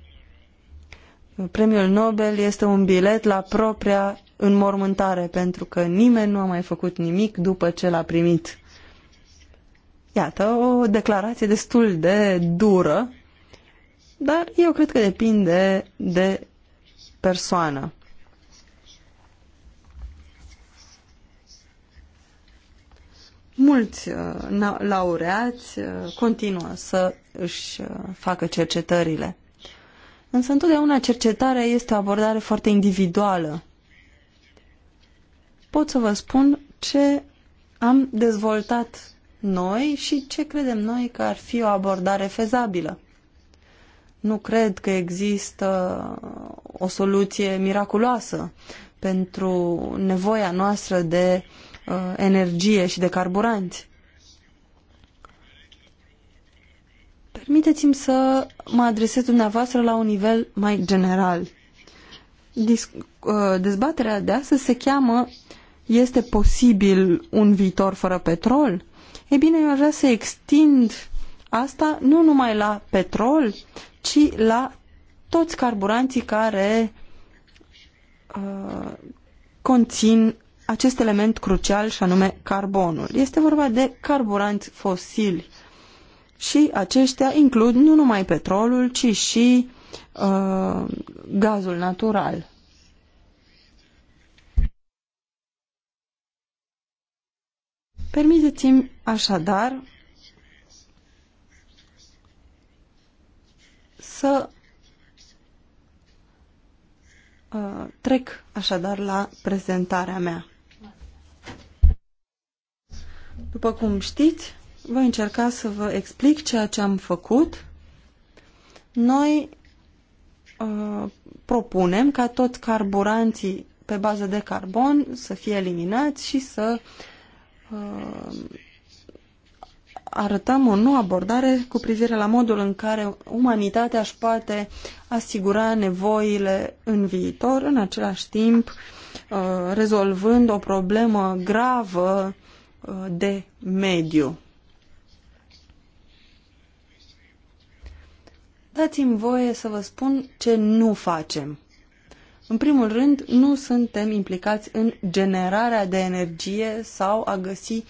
Premiul Nobel este un bilet la propria înmormântare, pentru că nimeni nu a mai făcut nimic după ce l-a primit. Iată, o declarație destul de dură, dar eu cred că depinde de persoană. mulți uh, laureați uh, continuă să își uh, facă cercetările. Însă întotdeauna cercetarea este o abordare foarte individuală. Pot să vă spun ce am dezvoltat noi și ce credem noi că ar fi o abordare fezabilă. Nu cred că există o soluție miraculoasă pentru nevoia noastră de uh, Uh, energie și de carburanți. Permiteți-mi să mă adresez dumneavoastră la un nivel mai general. Dis uh, dezbaterea de astăzi se cheamă Este posibil un viitor fără petrol? E bine, eu aș vrea să extind asta nu numai la petrol, ci la toți carburanții care uh, conțin acest element crucial și anume carbonul. Este vorba de carburanți fosili și aceștia includ nu numai petrolul, ci și uh, gazul natural. Permiteți-mi așadar să uh, trec așadar la prezentarea mea. După cum știți, voi încerca să vă explic ceea ce am făcut. Noi uh, propunem ca toți carburanții pe bază de carbon să fie eliminați și să uh, arătăm o nouă abordare cu privire la modul în care umanitatea își poate asigura nevoile în viitor, în același timp uh, rezolvând o problemă gravă de mediu. Dați-mi voie să vă spun ce nu facem. În primul rând, nu suntem implicați în generarea de energie sau a găsi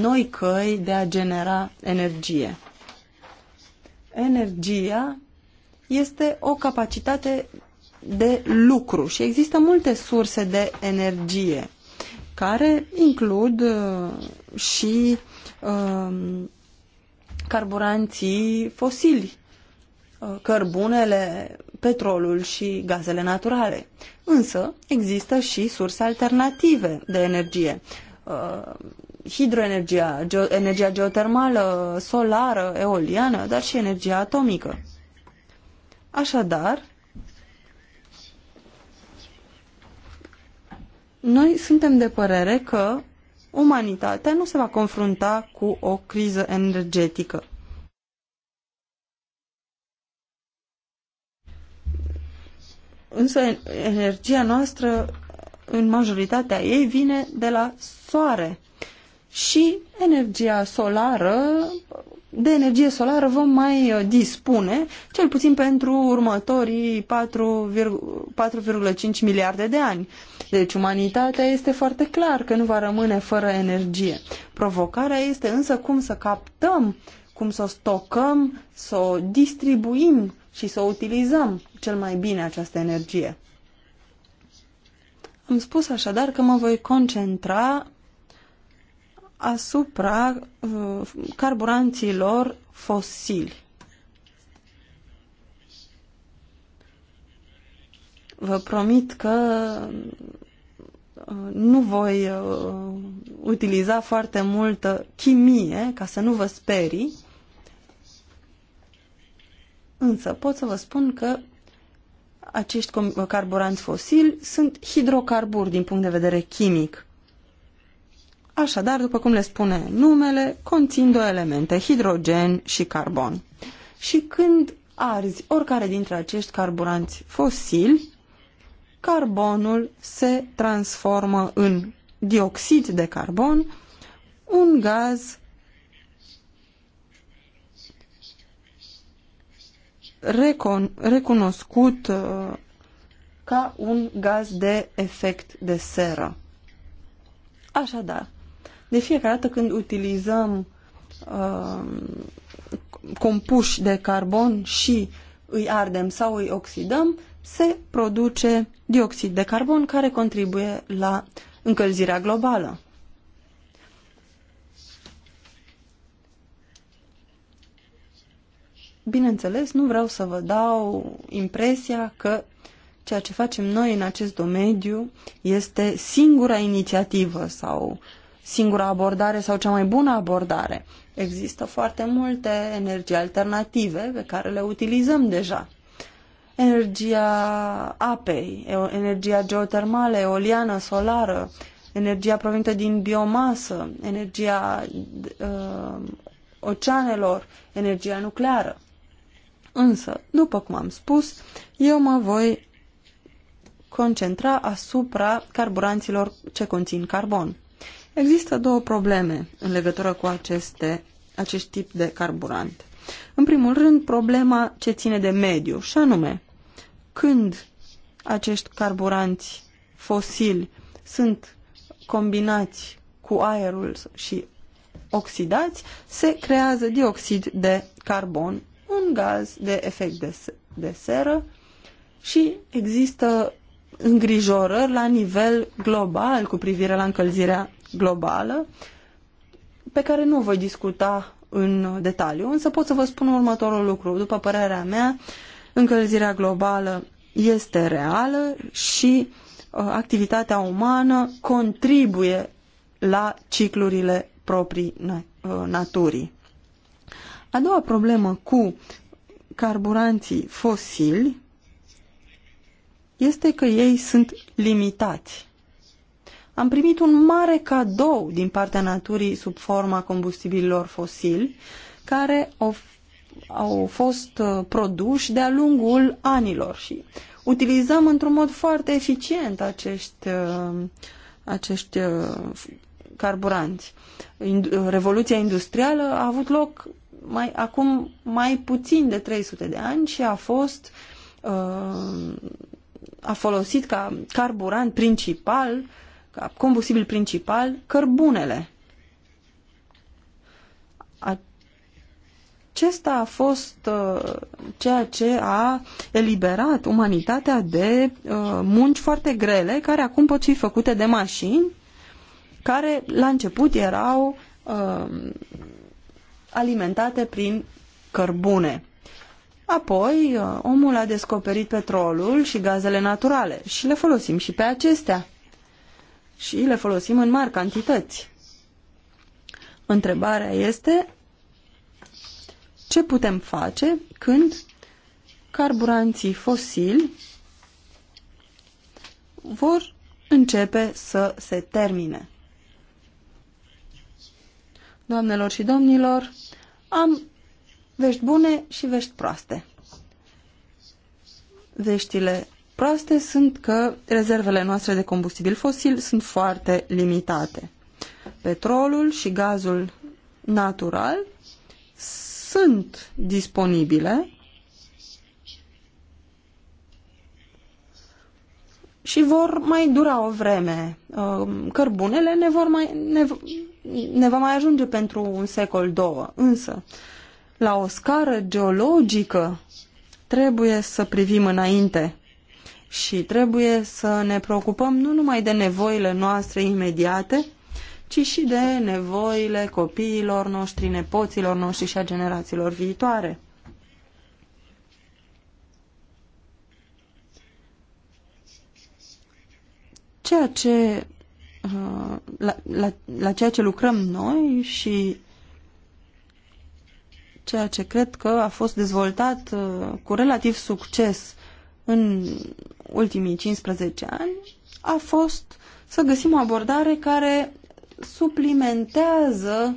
noi căi de a genera energie. Energia este o capacitate de lucru și există multe surse de energie care includ uh, și um, carburanții fosili, uh, cărbunele, petrolul și gazele naturale. Însă există și surse alternative de energie. Uh, hidroenergia, energia geotermală, solară, eoliană, dar și energia atomică. Așadar, Noi suntem de părere că umanitatea nu se va confrunta cu o criză energetică. Însă energia noastră, în majoritatea ei, vine de la soare. Și energia solară de energie solară vom mai uh, dispune, cel puțin pentru următorii 4,5 miliarde de ani. Deci umanitatea este foarte clar că nu va rămâne fără energie. Provocarea este însă cum să captăm, cum să o stocăm, să o distribuim și să o utilizăm cel mai bine această energie. Am spus așadar că mă voi concentra asupra uh, carburanților fosili. Vă promit că uh, nu voi uh, utiliza foarte multă chimie ca să nu vă sperii, însă pot să vă spun că acești carburanți fosili sunt hidrocarburi din punct de vedere chimic. Așadar, după cum le spune numele, conțin două elemente, hidrogen și carbon. Și când arzi oricare dintre acești carburanți fosili, carbonul se transformă în dioxid de carbon, un gaz recon, recunoscut uh, ca un gaz de efect de seră. Așadar, de fiecare dată când utilizăm uh, compuși de carbon și îi ardem sau îi oxidăm, se produce dioxid de carbon care contribuie la încălzirea globală. Bineînțeles, nu vreau să vă dau impresia că ceea ce facem noi în acest domeniu este singura inițiativă sau singura abordare sau cea mai bună abordare. Există foarte multe energii alternative pe care le utilizăm deja. Energia apei, energia geotermală, eoliană, solară, energia provenită din biomasă, energia uh, oceanelor, energia nucleară. Însă, după cum am spus, eu mă voi concentra asupra carburanților ce conțin carbon. Există două probleme în legătură cu aceste, acest tip de carburant. În primul rând, problema ce ține de mediu, și anume, când acești carburanți fosili sunt combinați cu aerul și oxidați, se creează dioxid de carbon, un gaz de efect de, de seră și există îngrijorări la nivel global cu privire la încălzirea globală, pe care nu o voi discuta în detaliu, însă pot să vă spun următorul lucru. După părerea mea, încălzirea globală este reală și uh, activitatea umană contribuie la ciclurile proprii na uh, naturii. A doua problemă cu carburanții fosili este că ei sunt limitați am primit un mare cadou din partea naturii sub forma combustibililor fosili, care au fost uh, produși de-a lungul anilor și utilizăm într-un mod foarte eficient acești, uh, acești uh, carburanți. Revoluția industrială a avut loc mai, acum mai puțin de 300 de ani și a fost a folosit ca carburant principal uh, ca combustibil principal cărbunele. Acesta a fost uh, ceea ce a eliberat umanitatea de uh, munci foarte grele, care acum pot fi făcute de mașini, care la început erau uh, alimentate prin cărbune. Apoi, uh, omul a descoperit petrolul și gazele naturale și le folosim și pe acestea și le folosim în mari cantități. Întrebarea este ce putem face când carburanții fosili vor începe să se termine. Doamnelor și domnilor, am vești bune și vești proaste. Veștile proaste sunt că rezervele noastre de combustibil fosil sunt foarte limitate. Petrolul și gazul natural sunt disponibile și vor mai dura o vreme. Um, cărbunele ne, vor mai, ne, ne va mai ajunge pentru un secol, două. Însă, la o scară geologică, trebuie să privim înainte și trebuie să ne preocupăm nu numai de nevoile noastre imediate, ci și de nevoile copiilor noștri, nepoților noștri și a generațiilor viitoare. Ceea ce, uh, la, la, la ceea ce lucrăm noi și ceea ce cred că a fost dezvoltat uh, cu relativ succes în ultimii 15 ani a fost să găsim o abordare care suplimentează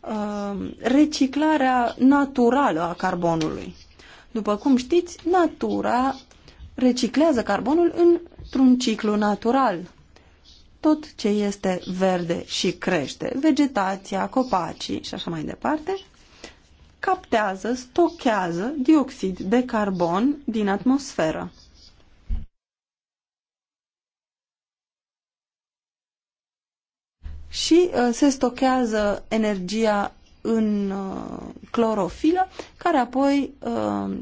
uh, reciclarea naturală a carbonului. După cum știți, natura reciclează carbonul într-un ciclu natural. Tot ce este verde și crește, vegetația, copacii și așa mai departe, captează, stochează dioxid de carbon din atmosferă. și uh, se stochează energia în uh, clorofilă, care apoi uh,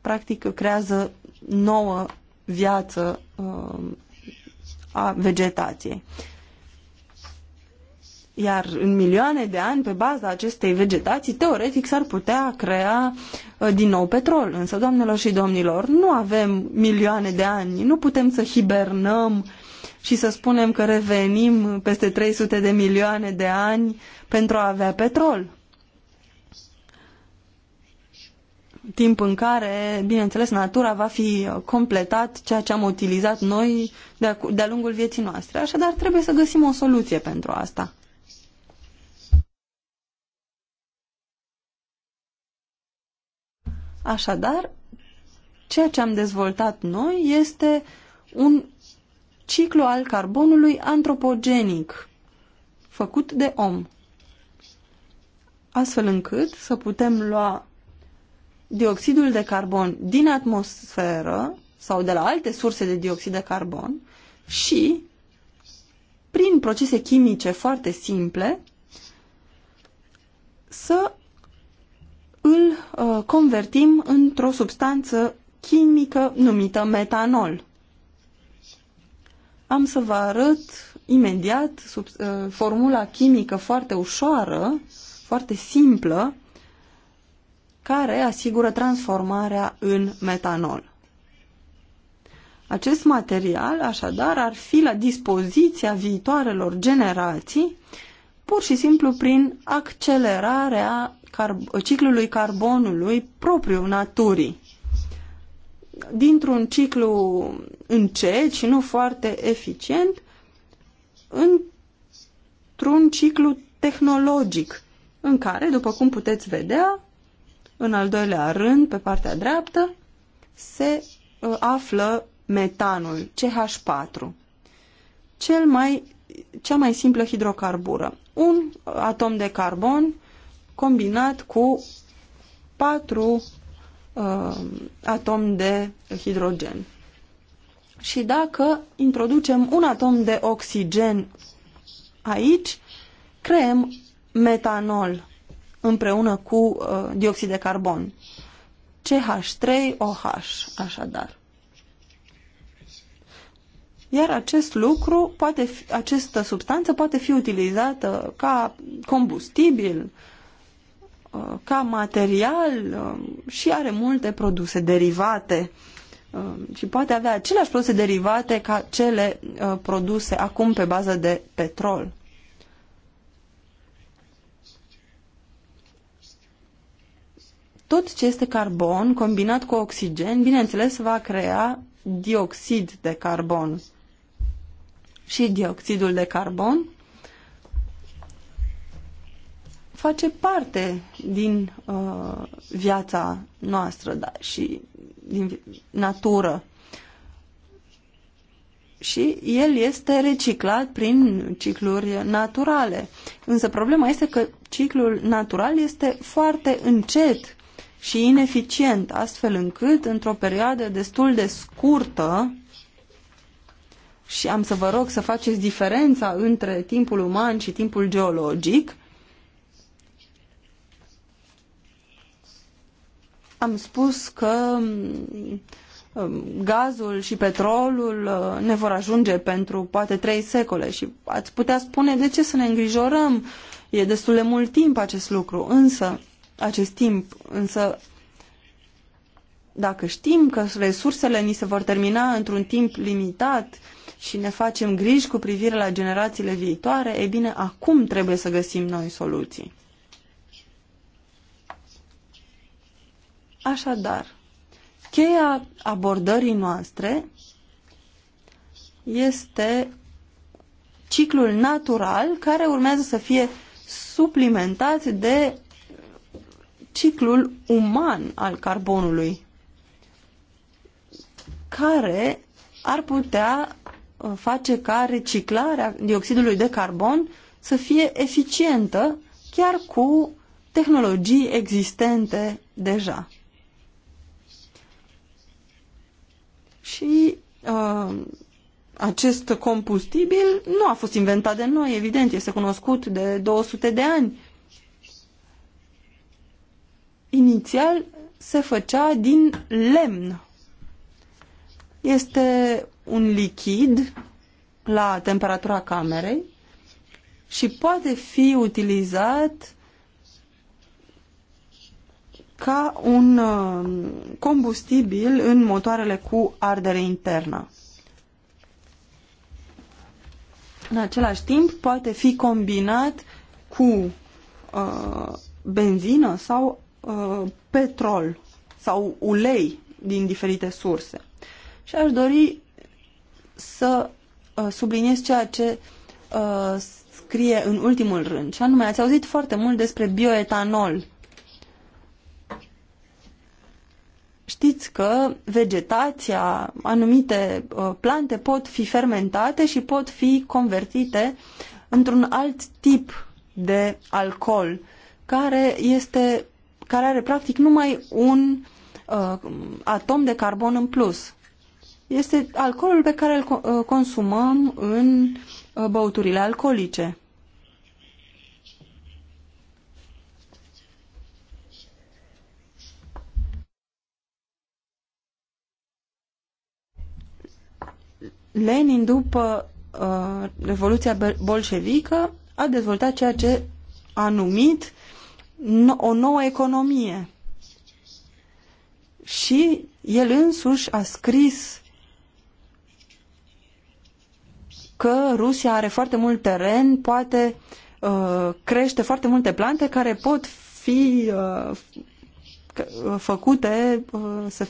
practic creează nouă viață uh, a vegetației. Iar în milioane de ani, pe baza acestei vegetații, teoretic s-ar putea crea uh, din nou petrol. Însă, doamnelor și domnilor, nu avem milioane de ani, nu putem să hibernăm uh, și să spunem că revenim peste 300 de milioane de ani pentru a avea petrol. Timp în care, bineînțeles, natura va fi completat ceea ce am utilizat noi de-a lungul vieții noastre. Așadar, trebuie să găsim o soluție pentru asta. Așadar, ceea ce am dezvoltat noi este un ciclu al carbonului antropogenic făcut de om. Astfel încât să putem lua dioxidul de carbon din atmosferă sau de la alte surse de dioxid de carbon și, prin procese chimice foarte simple, să îl uh, convertim într-o substanță chimică numită metanol. Am să vă arăt imediat sub, uh, formula chimică foarte ușoară, foarte simplă, care asigură transformarea în metanol. Acest material, așadar, ar fi la dispoziția viitoarelor generații pur și simplu prin accelerarea car ciclului carbonului propriu naturii dintr-un ciclu încet și nu foarte eficient într-un ciclu tehnologic în care, după cum puteți vedea, în al doilea rând, pe partea dreaptă, se uh, află metanul, CH4, cel mai, cea mai simplă hidrocarbură. Un atom de carbon combinat cu patru uh, atom de hidrogen. Și dacă introducem un atom de oxigen aici, creăm metanol împreună cu uh, dioxid de carbon. CH3OH, așadar. Iar acest lucru, poate fi, această substanță poate fi utilizată ca combustibil, Uh, ca material uh, și are multe produse derivate uh, și poate avea aceleași produse derivate ca cele produse acum pe bază de petrol. Tot ce este carbon combinat cu oxigen, bineînțeles, va crea dioxid de carbon. Și dioxidul de carbon face parte din uh, viața noastră da, și din natură. Și el este reciclat prin cicluri naturale. Însă problema este că ciclul natural este foarte încet și ineficient, astfel încât, într-o perioadă destul de scurtă, și am să vă rog să faceți diferența între timpul uman și timpul geologic, am spus că mm, mm, gazul și petrolul uh, ne vor ajunge pentru poate trei secole și ați putea spune de ce să ne îngrijorăm. E destul de mult timp acest lucru, însă acest timp, însă dacă știm că resursele ni se vor termina într-un timp limitat și ne facem griji cu privire la generațiile viitoare, e bine, acum trebuie să găsim noi soluții. Așadar, cheia abordării noastre este ciclul natural care urmează să fie suplimentat de ciclul uman al carbonului care ar putea uh, face ca reciclarea dioxidului de carbon să fie eficientă chiar cu tehnologii existente deja. și uh, acest combustibil nu a fost inventat de noi, evident, este cunoscut de 200 de ani. Inițial se făcea din lemn. Este un lichid la temperatura camerei și poate fi utilizat ca un uh, combustibil în motoarele cu ardere internă. În același timp, poate fi combinat cu uh, benzină sau uh, petrol sau ulei din diferite surse. Și aș dori să uh, subliniez ceea ce uh, scrie în ultimul rând, și anume ați auzit foarte mult despre bioetanol Știți că vegetația, anumite uh, plante pot fi fermentate și pot fi convertite într-un alt tip de alcool care este care are practic numai un uh, atom de carbon în plus. Este alcoolul pe care îl uh, consumăm în uh, băuturile alcoolice. Lenin, după uh, Revoluția Bolșevică, a dezvoltat ceea ce a numit no o nouă economie. Și el însuși a scris că Rusia are foarte mult teren, poate uh, crește foarte multe plante care pot fi uh, făcute uh, să,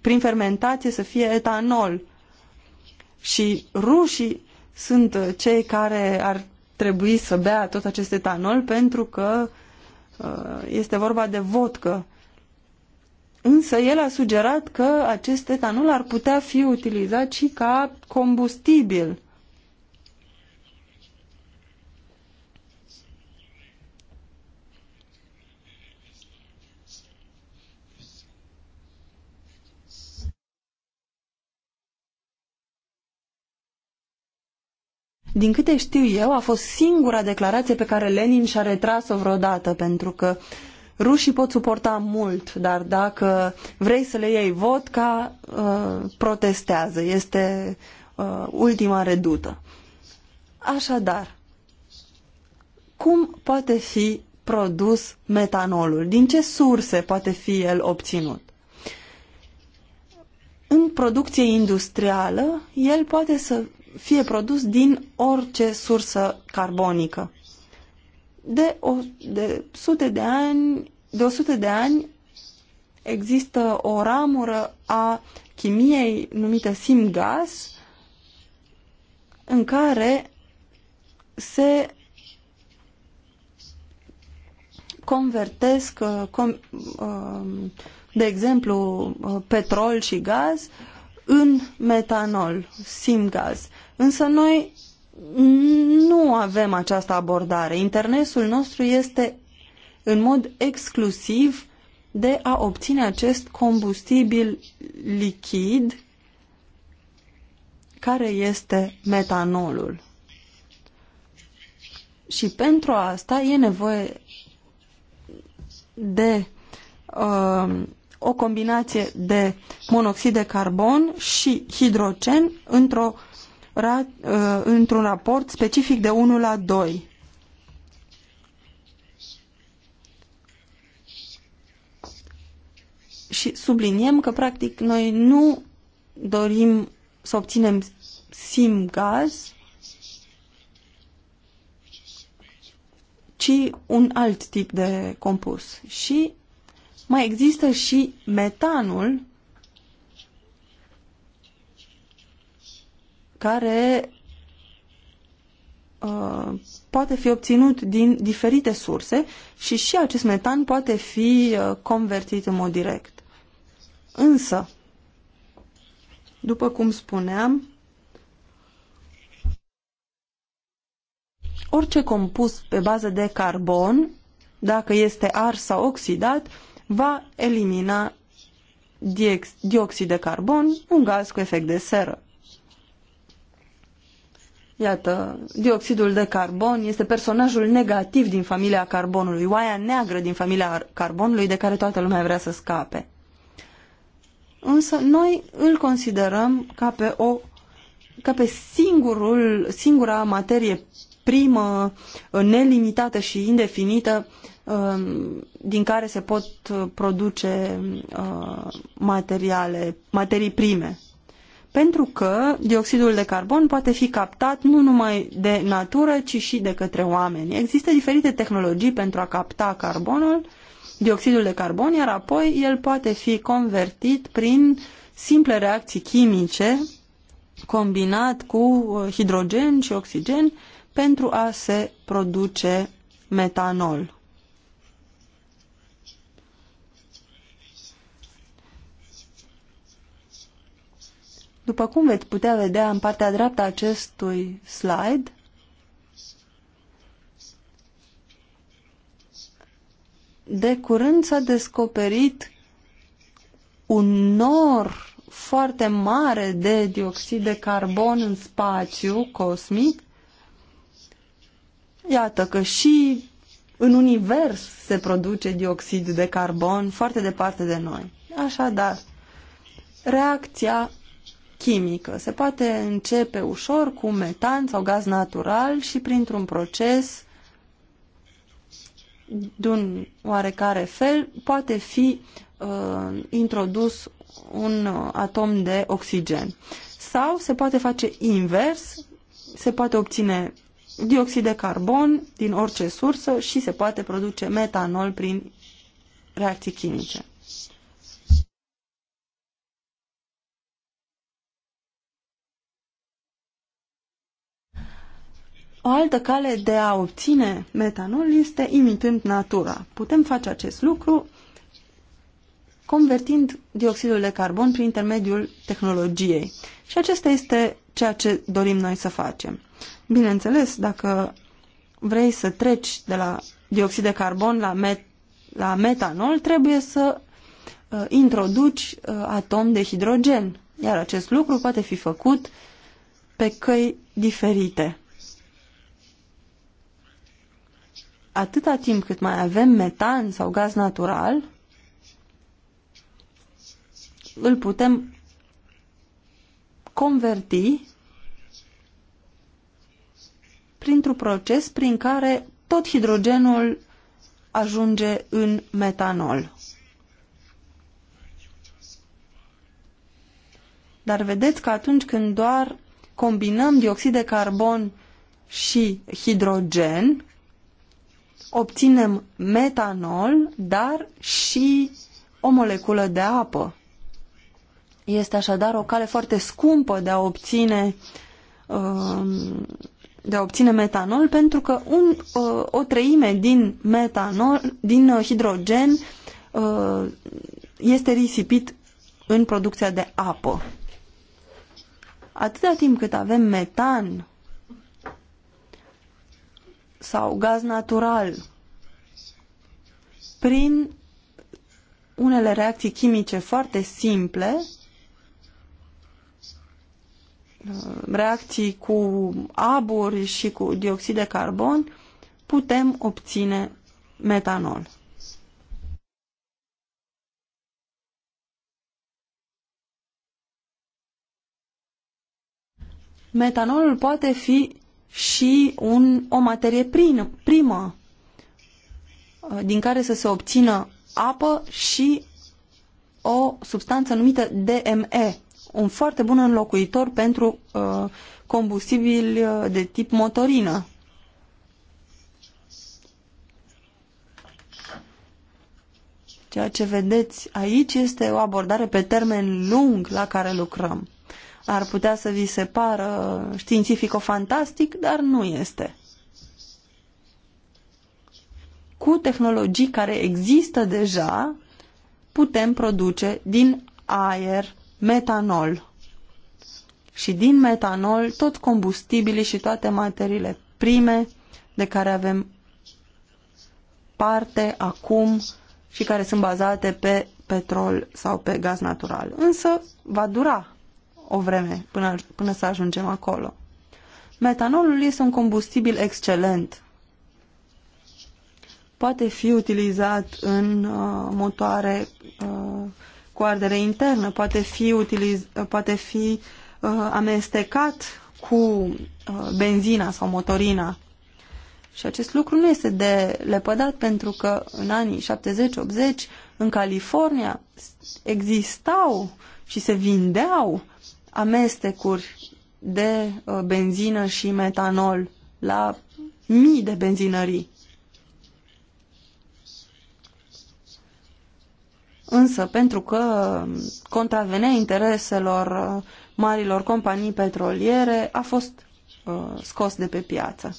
prin fermentație să fie etanol și rușii sunt uh, cei care ar trebui să bea tot acest etanol pentru că uh, este vorba de vodcă. Însă el a sugerat că acest etanol ar putea fi utilizat și ca combustibil. Din câte știu eu, a fost singura declarație pe care Lenin și-a retras-o vreodată, pentru că rușii pot suporta mult, dar dacă vrei să le iei vodka, uh, protestează. Este uh, ultima redută. Așadar, cum poate fi produs metanolul? Din ce surse poate fi el obținut? În producție industrială, el poate să fie produs din orice sursă carbonică. De, o, de sute de ani, de 100 de ani există o ramură a chimiei numită simgas în care se convertesc, uh, uh, de exemplu, uh, petrol și gaz în metanol, simgaz. Însă noi nu avem această abordare. Internetul nostru este în mod exclusiv de a obține acest combustibil lichid care este metanolul. Și pentru asta e nevoie de uh, o combinație de monoxid de carbon și hidrogen într-o uh, Uh, într-un raport specific de 1 la 2. Și subliniem că, practic, noi nu dorim să obținem SIM-gaz, ci un alt tip de compus. Și mai există și metanul, care uh, poate fi obținut din diferite surse și și acest metan poate fi uh, convertit în mod direct. Însă, după cum spuneam, orice compus pe bază de carbon, dacă este ars sau oxidat, va elimina dioxid de carbon, un gaz cu efect de seră. Iată, dioxidul de carbon este personajul negativ din familia carbonului, oaia neagră din familia carbonului de care toată lumea vrea să scape. Însă noi îl considerăm ca pe, o, ca pe singurul, singura materie primă nelimitată și indefinită um, din care se pot uh, produce uh, materiale, materii prime pentru că dioxidul de carbon poate fi captat nu numai de natură, ci și de către oameni. Există diferite tehnologii pentru a capta carbonul, dioxidul de carbon, iar apoi el poate fi convertit prin simple reacții chimice combinat cu uh, hidrogen și oxigen pentru a se produce metanol. După cum veți putea vedea în partea dreaptă acestui slide, de curând s-a descoperit un nor foarte mare de dioxid de carbon în spațiu cosmic. Iată că și în univers se produce dioxid de carbon foarte departe de noi. Așadar, reacția chimică. Se poate începe ușor cu metan sau gaz natural și printr-un proces de un oarecare fel poate fi uh, introdus un atom de oxigen. Sau se poate face invers, se poate obține dioxid de carbon din orice sursă și se poate produce metanol prin reacții chimice. O altă cale de a obține metanol este imitând natura. Putem face acest lucru convertind dioxidul de carbon prin intermediul tehnologiei. Și acesta este ceea ce dorim noi să facem. Bineînțeles, dacă vrei să treci de la dioxid de carbon la, met la metanol, trebuie să uh, introduci uh, atom de hidrogen. Iar acest lucru poate fi făcut pe căi diferite. atâta timp cât mai avem metan sau gaz natural, îl putem converti printr-un proces prin care tot hidrogenul ajunge în metanol. Dar vedeți că atunci când doar combinăm dioxid de carbon și hidrogen, obținem metanol, dar și o moleculă de apă. Este așadar o cale foarte scumpă de a obține um, de a obține metanol pentru că un, uh, o treime din metanol, din uh, hidrogen uh, este risipit în producția de apă. Atâta timp cât avem metan sau gaz natural prin unele reacții chimice foarte simple, reacții cu aburi și cu dioxid de carbon, putem obține metanol. Metanolul poate fi și un, o materie prim, primă uh, din care să se obțină apă și o substanță numită DME, un foarte bun înlocuitor pentru uh, combustibil uh, de tip motorină. Ceea ce vedeți aici este o abordare pe termen lung la care lucrăm ar putea să vi se pară științifico-fantastic, dar nu este. Cu tehnologii care există deja, putem produce din aer metanol. Și din metanol tot combustibilii și toate materiile prime de care avem parte acum și care sunt bazate pe petrol sau pe gaz natural. Însă va dura o vreme până, până să ajungem acolo. Metanolul este un combustibil excelent. Poate fi utilizat în uh, motoare uh, cu ardere internă, poate fi, utiliz uh, poate fi uh, amestecat cu uh, benzina sau motorina. Și acest lucru nu este de lepădat pentru că în anii 70-80 în California existau și se vindeau amestecuri de uh, benzină și metanol la mii de benzinării. Însă, pentru că contravenea intereselor uh, marilor companii petroliere, a fost uh, scos de pe piață.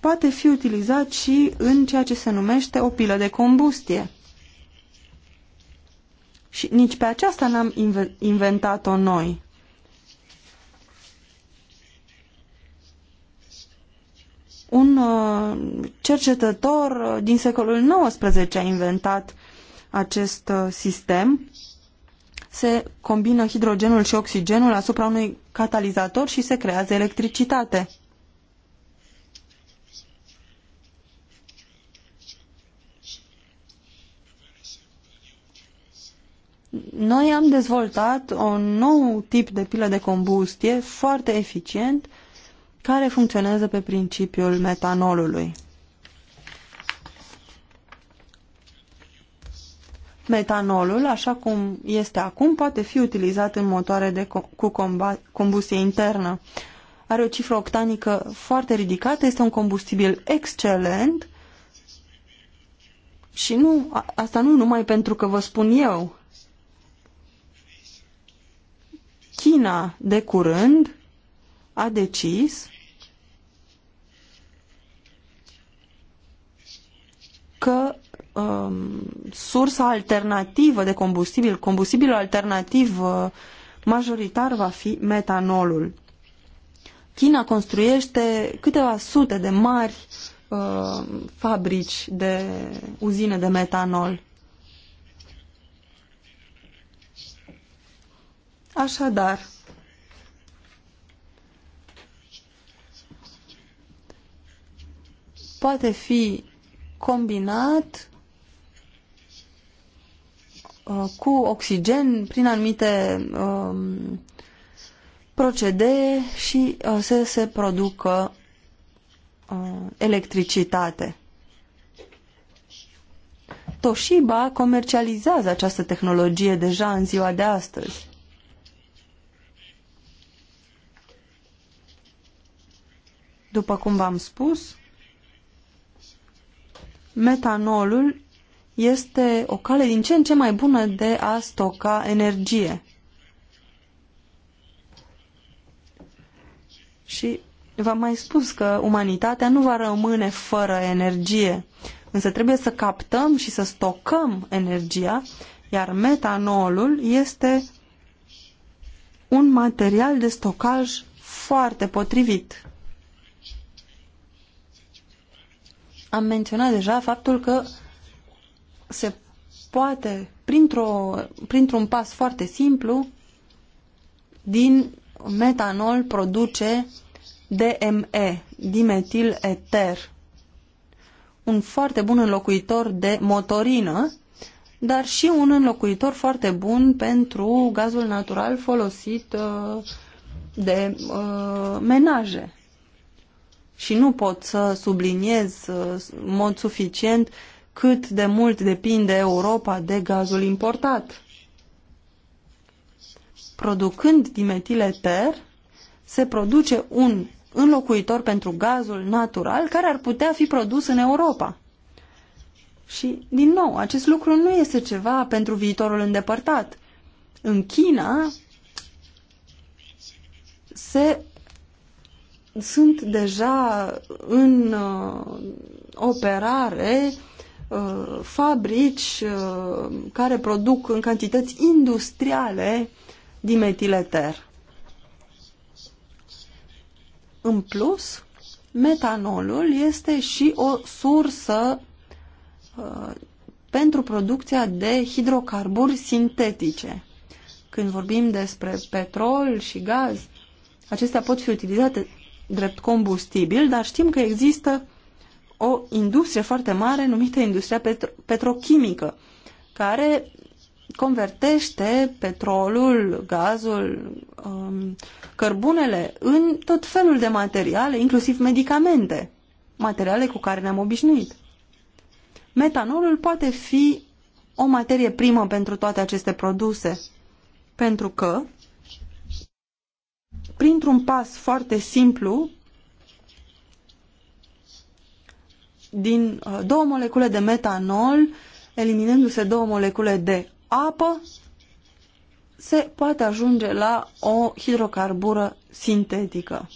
Poate fi utilizat și în ceea ce se numește o pilă de combustie. Și nici pe aceasta n-am inventat-o noi. Un uh, cercetător uh, din secolul XIX a inventat acest uh, sistem. Se combină hidrogenul și oxigenul asupra unui catalizator și se creează electricitate. Noi am dezvoltat un nou tip de pilă de combustie foarte eficient care funcționează pe principiul metanolului. Metanolul, așa cum este acum, poate fi utilizat în motoare de co cu combustie internă. Are o cifră octanică foarte ridicată, este un combustibil excelent și nu, asta nu numai pentru că vă spun eu, China de curând a decis că um, sursa alternativă de combustibil, combustibilul alternativ uh, majoritar va fi metanolul. China construiește câteva sute de mari uh, fabrici de uzine de metanol. Așadar, poate fi combinat uh, cu oxigen prin anumite um, procedee și uh, să se producă uh, electricitate. Toshiba comercializează această tehnologie deja în ziua de astăzi. După cum v-am spus, metanolul este o cale din ce în ce mai bună de a stoca energie. Și v-am mai spus că umanitatea nu va rămâne fără energie, însă trebuie să captăm și să stocăm energia, iar metanolul este un material de stocaj foarte potrivit. Am menționat deja faptul că se poate, printr printr-un pas foarte simplu, din metanol produce DME, dimetil eter, un foarte bun înlocuitor de motorină, dar și un înlocuitor foarte bun pentru gazul natural folosit uh, de uh, menaje și nu pot să subliniez uh, în mod suficient cât de mult depinde Europa de gazul importat. Producând dimetileter, se produce un înlocuitor pentru gazul natural care ar putea fi produs în Europa. Și, din nou, acest lucru nu este ceva pentru viitorul îndepărtat. În China se sunt deja în uh, operare uh, fabrici uh, care produc în cantități industriale dimetileter. În plus, metanolul este și o sursă uh, pentru producția de hidrocarburi sintetice. Când vorbim despre petrol și gaz, acestea pot fi utilizate drept combustibil, dar știm că există o industrie foarte mare numită industria petro petrochimică, care convertește petrolul, gazul, um, cărbunele în tot felul de materiale, inclusiv medicamente, materiale cu care ne-am obișnuit. Metanolul poate fi o materie primă pentru toate aceste produse, pentru că printr-un pas foarte simplu din uh, două molecule de metanol, eliminându-se două molecule de apă, se poate ajunge la o hidrocarbură sintetică.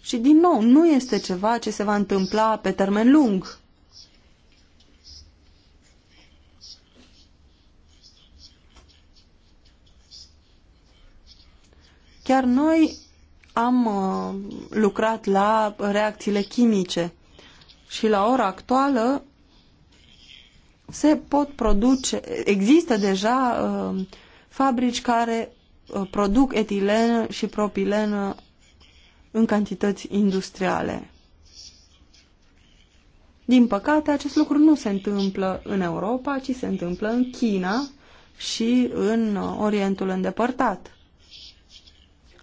Și din nou, nu este ceva ce se va întâmpla pe termen lung. Chiar noi am uh, lucrat la reacțiile chimice și la ora actuală se pot produce, există deja uh, fabrici care uh, produc etilen și propilen în cantități industriale. Din păcate, acest lucru nu se întâmplă în Europa, ci se întâmplă în China și în Orientul îndepărtat.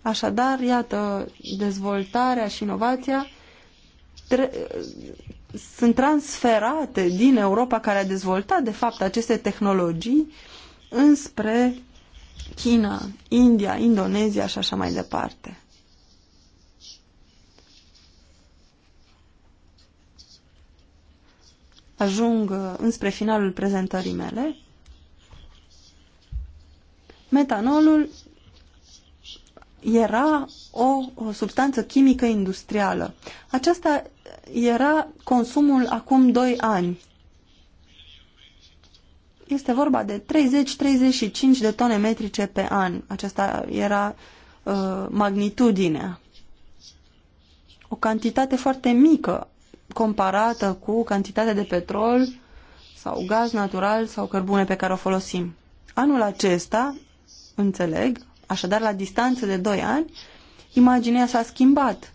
Așadar, iată, dezvoltarea și inovația sunt transferate din Europa care a dezvoltat, de fapt, aceste tehnologii înspre China, India, Indonezia și așa mai departe. Ajung uh, înspre finalul prezentării mele. Metanolul era o, o substanță chimică industrială. Aceasta era consumul acum 2 ani. Este vorba de 30-35 de tone metrice pe an. Aceasta era uh, magnitudinea. O cantitate foarte mică comparată cu cantitatea de petrol sau gaz natural sau cărbune pe care o folosim. Anul acesta, înțeleg, Așadar, la distanță de 2 ani, imaginea s-a schimbat.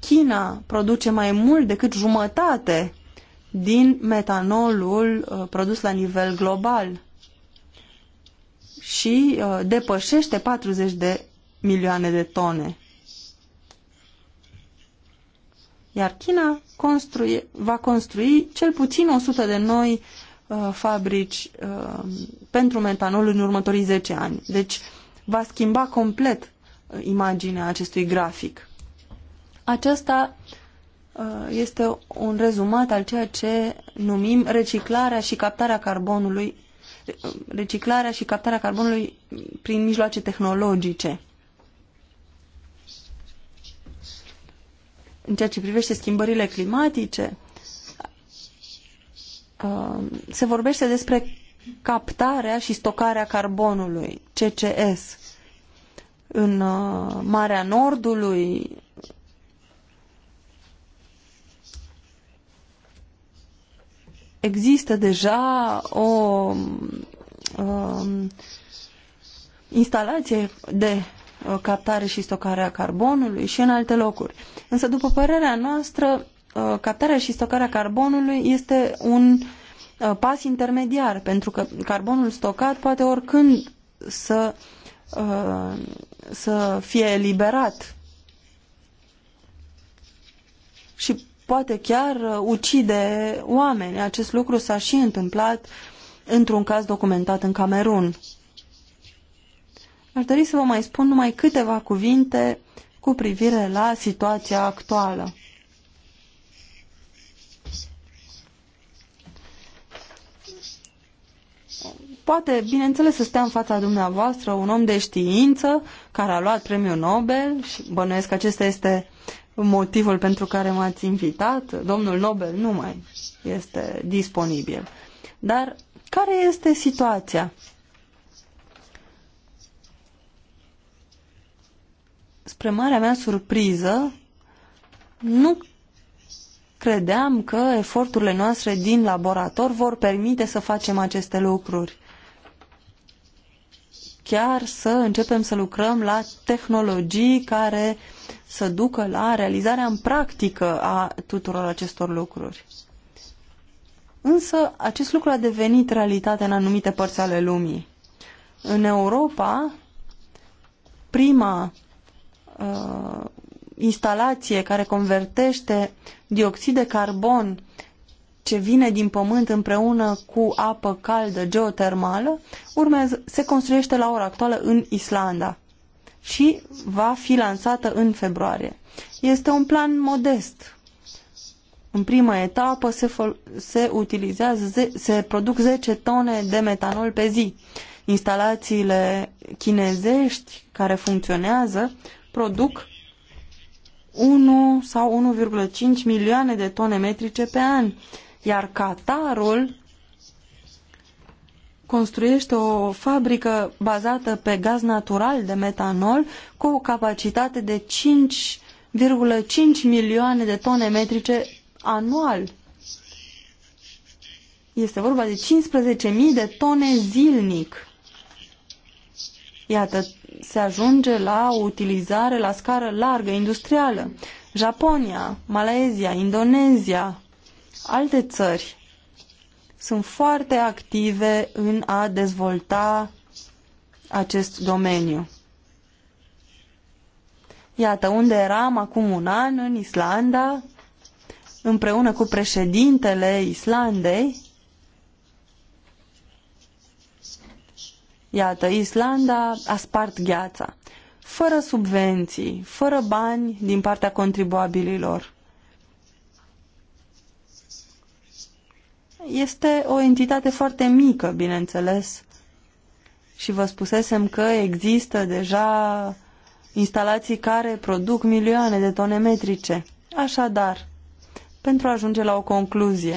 China produce mai mult decât jumătate din metanolul uh, produs la nivel global și uh, depășește 40 de milioane de tone. Iar China construie, va construi cel puțin 100 de noi uh, fabrici uh, pentru metanol în următorii 10 ani. Deci va schimba complet uh, imaginea acestui grafic. Acesta uh, este un rezumat al ceea ce numim reciclarea și captarea carbonului uh, reciclarea și captarea carbonului prin mijloace tehnologice. În ceea ce privește schimbările climatice, se vorbește despre captarea și stocarea carbonului, CCS. În uh, Marea Nordului, există deja o um, instalație de uh, captare și stocare a carbonului și în alte locuri. Însă, după părerea noastră, uh, captarea și stocarea carbonului este un uh, Uh, pas intermediar, pentru că carbonul stocat poate oricând să, uh, să fie eliberat și poate chiar uh, ucide oameni. Acest lucru s-a și întâmplat într-un caz documentat în Camerun. Aș dori să vă mai spun numai câteva cuvinte cu privire la situația actuală. poate, bineînțeles, să stea în fața dumneavoastră un om de știință care a luat premiul Nobel și bănuiesc că acesta este motivul pentru care m-ați invitat. Domnul Nobel nu mai este disponibil. Dar care este situația? Spre marea mea surpriză, nu credeam că eforturile noastre din laborator vor permite să facem aceste lucruri chiar să începem să lucrăm la tehnologii care să ducă la realizarea în practică a tuturor acestor lucruri. Însă acest lucru a devenit realitate în anumite părți ale lumii. În Europa, prima uh, instalație care convertește dioxid de carbon ce vine din pământ împreună cu apă caldă geotermală urmează, se construiește la ora actuală în Islanda și va fi lansată în februarie. Este un plan modest. În prima etapă se, se, utilizează, se produc 10 tone de metanol pe zi. Instalațiile chinezești care funcționează produc 1 sau 1,5 milioane de tone metrice pe an iar Qatarul construiește o fabrică bazată pe gaz natural de metanol cu o capacitate de 5,5 milioane de tone metrice anual. Este vorba de 15.000 de tone zilnic. Iată, se ajunge la o utilizare la scară largă, industrială. Japonia, Malezia, Indonezia, Alte țări sunt foarte active în a dezvolta acest domeniu. Iată unde eram acum un an în Islanda, împreună cu președintele Islandei. Iată, Islanda a spart gheața, fără subvenții, fără bani din partea contribuabililor. este o entitate foarte mică, bineînțeles. Și vă spusesem că există deja instalații care produc milioane de tone metrice. Așadar, pentru a ajunge la o concluzie,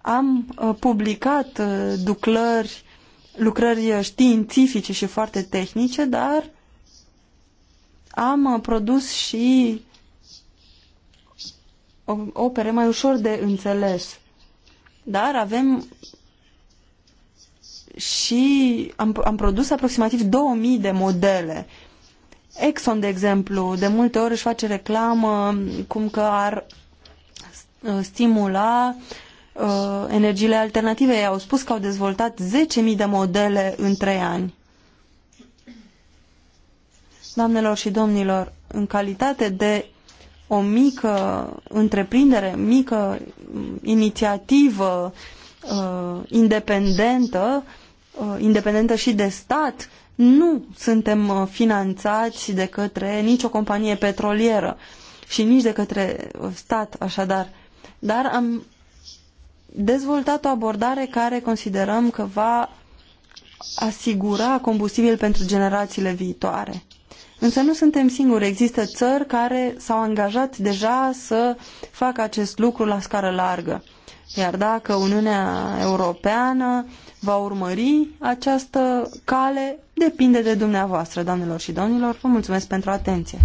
am uh, publicat uh, duclări lucrări eh, științifice și foarte tehnice, dar am eh, produs și opere mai ușor de înțeles. Dar avem și am, am produs aproximativ 2000 de modele. Exxon, de exemplu, de multe ori își face reclamă cum că ar eh, stimula uh, uh, energiile alternative. Ei au spus că au dezvoltat 10.000 de modele în 3 ani. Doamnelor și domnilor, în calitate de o mică întreprindere, mică inițiativă uh, independentă, uh, independentă și de stat, nu suntem uh, finanțați de către nicio companie petrolieră și nici de către uh, stat, așadar. Dar am dezvoltat o abordare care considerăm că va asigura combustibil pentru generațiile viitoare. Însă nu suntem singuri, există țări care s-au angajat deja să facă acest lucru la scară largă. Iar dacă Uniunea Europeană va urmări această cale, depinde de dumneavoastră, doamnelor și domnilor. Vă mulțumesc pentru atenție.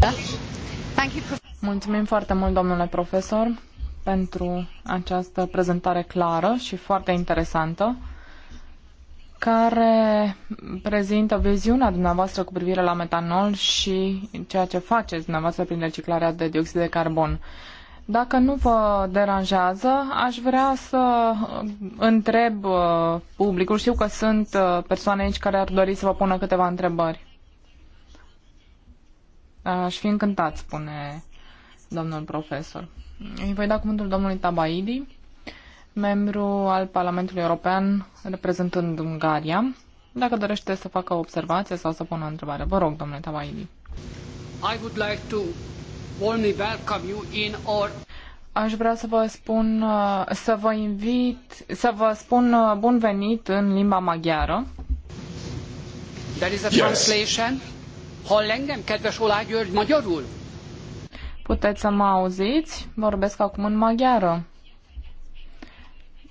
Mulțumim foarte mult, domnule profesor pentru această prezentare clară și foarte interesantă, care prezintă viziunea dumneavoastră cu privire la metanol și ceea ce faceți dumneavoastră prin reciclarea de dioxid de carbon. Dacă nu vă deranjează, aș vrea să întreb uh, publicul. Știu că sunt uh, persoane aici care ar dori să vă pună câteva întrebări. Aș fi încântat, spune domnul profesor. Îi voi da cuvântul domnului Tabaidi, membru al Parlamentului European reprezentând Ungaria. Dacă dorește să facă o observație sau să pună o întrebare, vă rog, domnule Tabaidi. I would like to warmly welcome you in our Aș vrea să vă spun, uh, să vă invit, să vă spun uh, bun venit în limba maghiară. There is a translation. Hall engem, kedves Olá György, magyarul? Puteți să mă auziți? Vorbesc acum în maghiară.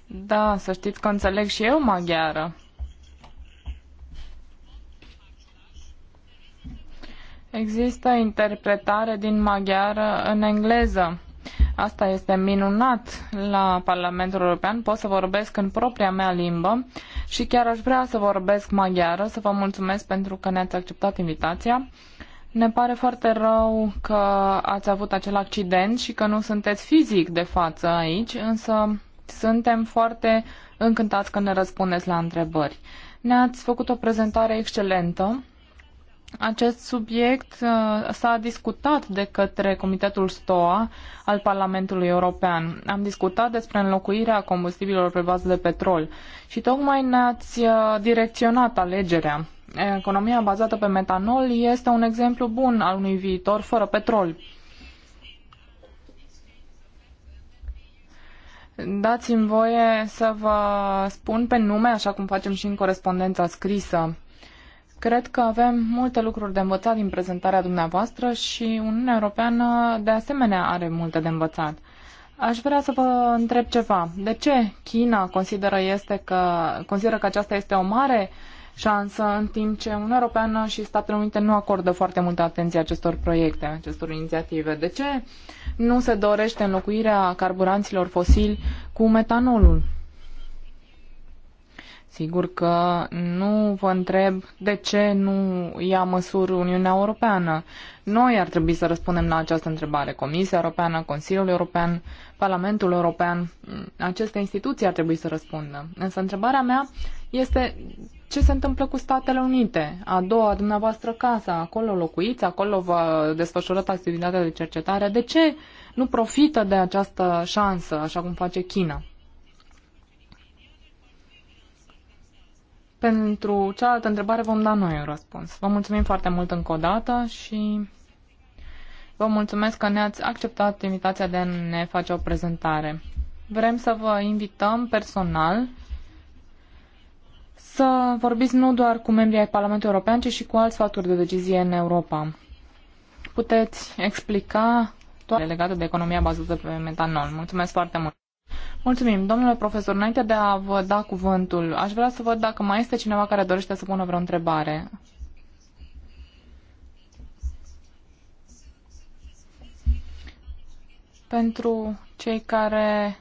Da, să știți că înțeleg și eu maghiară. Există interpretare din maghiară în engleză. Asta este minunat la Parlamentul European. Pot să vorbesc în propria mea limbă și chiar aș vrea să vorbesc maghiară, să vă mulțumesc pentru că ne-ați acceptat invitația. Ne pare foarte rău că ați avut acel accident și că nu sunteți fizic de față aici, însă suntem foarte încântați că ne răspundeți la întrebări. Ne-ați făcut o prezentare excelentă. Acest subiect uh, s-a discutat de către Comitetul STOA al Parlamentului European. Am discutat despre înlocuirea combustibilor pe bază de petrol și tocmai ne-ați uh, direcționat alegerea economia bazată pe metanol este un exemplu bun al unui viitor fără petrol. Dați-mi voie să vă spun pe nume, așa cum facem și în corespondența scrisă. Cred că avem multe lucruri de învățat din prezentarea dumneavoastră și Uniunea Europeană de asemenea are multe de învățat. Aș vrea să vă întreb ceva. De ce China consideră, este că, consideră că aceasta este o mare uh, șansă, în timp ce Uniunea Europeană și Statele Unite nu acordă foarte multă atenție acestor proiecte, acestor inițiative. De ce nu se dorește înlocuirea carburanților fosili cu metanolul? Sigur că nu vă întreb de ce nu ia măsuri Uniunea Europeană. Noi ar trebui să răspundem la această întrebare. Comisia Europeană, Consiliul European, Parlamentul European, mm, aceste instituții ar trebui să răspundă. Însă întrebarea mea este ce se întâmplă cu Statele Unite, a doua dumneavoastră casa, acolo locuiți, acolo vă desfășurați activitatea de cercetare. De ce nu profită de această șansă, așa cum face China? Pentru cealaltă întrebare vom da noi un răspuns. Vă mulțumim foarte mult încă o dată și vă mulțumesc că ne-ați acceptat invitația de a ne face o prezentare. Vrem să vă invităm personal să vorbiți nu doar cu membrii ai Parlamentului European, ci și cu alți factori de decizie în Europa. Puteți explica toate legate de economia bazată pe metanol. Mulțumesc foarte mult! Mulțumim. Domnule profesor, înainte de a vă da cuvântul, aș vrea să văd dacă mai este cineva care dorește să pună vreo întrebare. Pentru cei care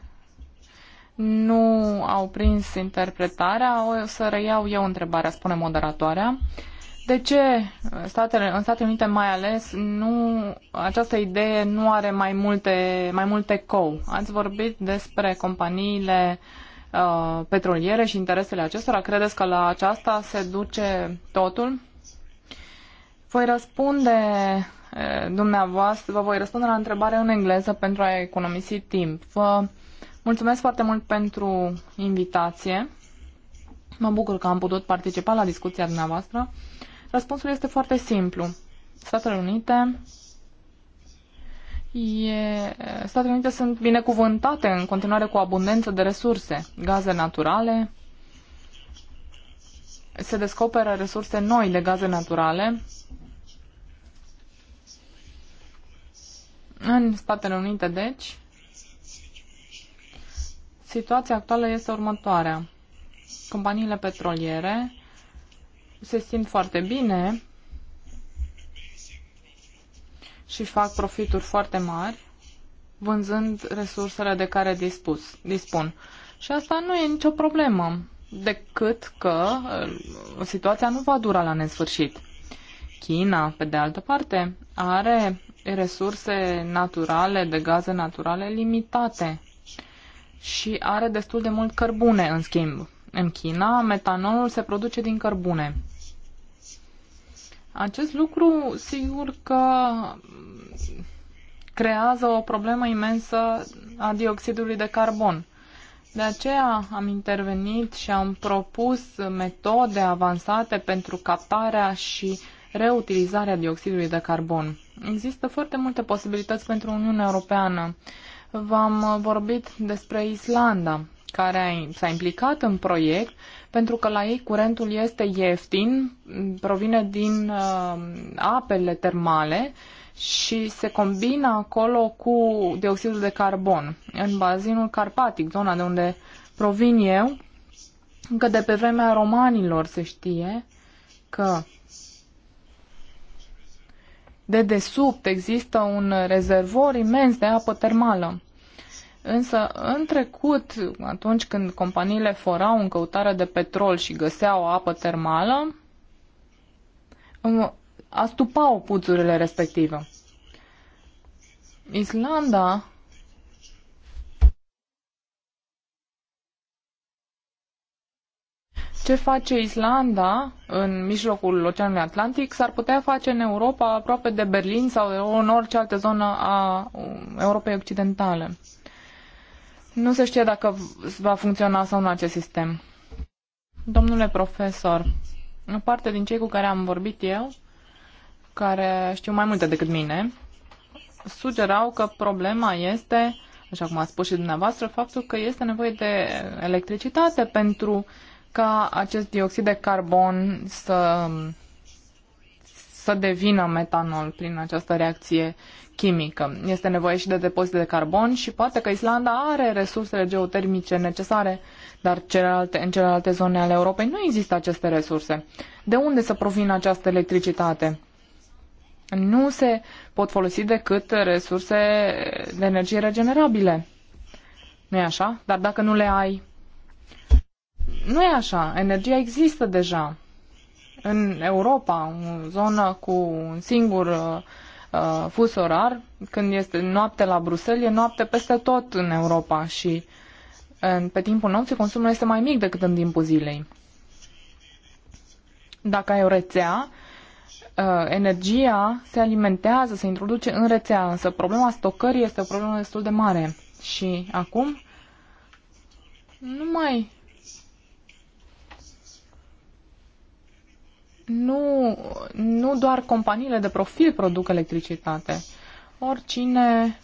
nu au prins interpretarea, o să reiau eu întrebarea, spune moderatoarea. Uh, de ce statele, în Statele Unite mai ales nu, această idee nu are mai multe, mai multe cou? Ați vorbit despre companiile uh, petroliere și interesele acestora. Credeți că la aceasta se duce totul? Voi răspunde uh, dumneavoastră, vă voi răspunde la întrebare în engleză pentru a economisi timp. Vă mulțumesc foarte mult pentru invitație. Mă bucur că am putut participa la discuția dumneavoastră. Răspunsul este foarte simplu. Statele Unite E, Statele Unite sunt binecuvântate în continuare cu abundență de resurse, gaze naturale, se descoperă resurse noi de gaze naturale. În Statele Unite, deci, situația actuală este următoarea. Companiile petroliere se simt foarte bine și fac profituri foarte mari vânzând resursele de care dispus, dispun. Și asta nu e nicio problemă, decât că uh, situația nu va dura la nesfârșit. China, pe de altă parte, are resurse naturale de gaze naturale limitate și are destul de mult cărbune, în schimb. În China, metanolul se produce din cărbune. Acest lucru, sigur că creează o problemă imensă a dioxidului de carbon. De aceea am intervenit și am propus metode avansate pentru captarea și reutilizarea dioxidului de carbon. Există foarte multe posibilități pentru Uniunea Europeană. V-am vorbit despre Islanda care s-a implicat în proiect, pentru că la ei curentul este ieftin, provine din uh, apele termale și se combină acolo cu dioxidul de carbon. În bazinul carpatic, zona de unde provin eu, încă de pe vremea romanilor se știe că de desubt există un rezervor imens de apă termală Însă, în trecut, atunci când companiile forau în căutare de petrol și găseau apă termală, astupau puțurile respective. Islanda Ce face Islanda în mijlocul Oceanului Atlantic s-ar putea face în Europa aproape de Berlin sau în orice altă zonă a Europei Occidentale. Nu se știe dacă va funcționa sau nu acest sistem. Domnule profesor, o parte din cei cu care am vorbit eu, care știu mai multe decât mine, sugerau că problema este, așa cum a spus și dumneavoastră, faptul că este nevoie de electricitate pentru ca acest dioxid de carbon să, să devină metanol prin această reacție chimică. Este nevoie și de depozite de carbon și poate că Islanda are resursele geotermice necesare, dar celelalte, în celelalte zone ale Europei nu există aceste resurse. De unde să provină această electricitate? Nu se pot folosi decât resurse de energie regenerabile. nu e așa? Dar dacă nu le ai... nu e așa. Energia există deja. În Europa, o zonă cu un singur uh, fus orar, când este noapte la Bruxelles, e noapte peste tot în Europa și în, pe timpul nopții consumul este mai mic decât în timpul zilei. Dacă ai o rețea, uh, energia se alimentează, se introduce în rețea, însă problema stocării este o problemă destul de mare. Și acum nu mai nu, nu doar companiile de profil produc electricitate. Oricine,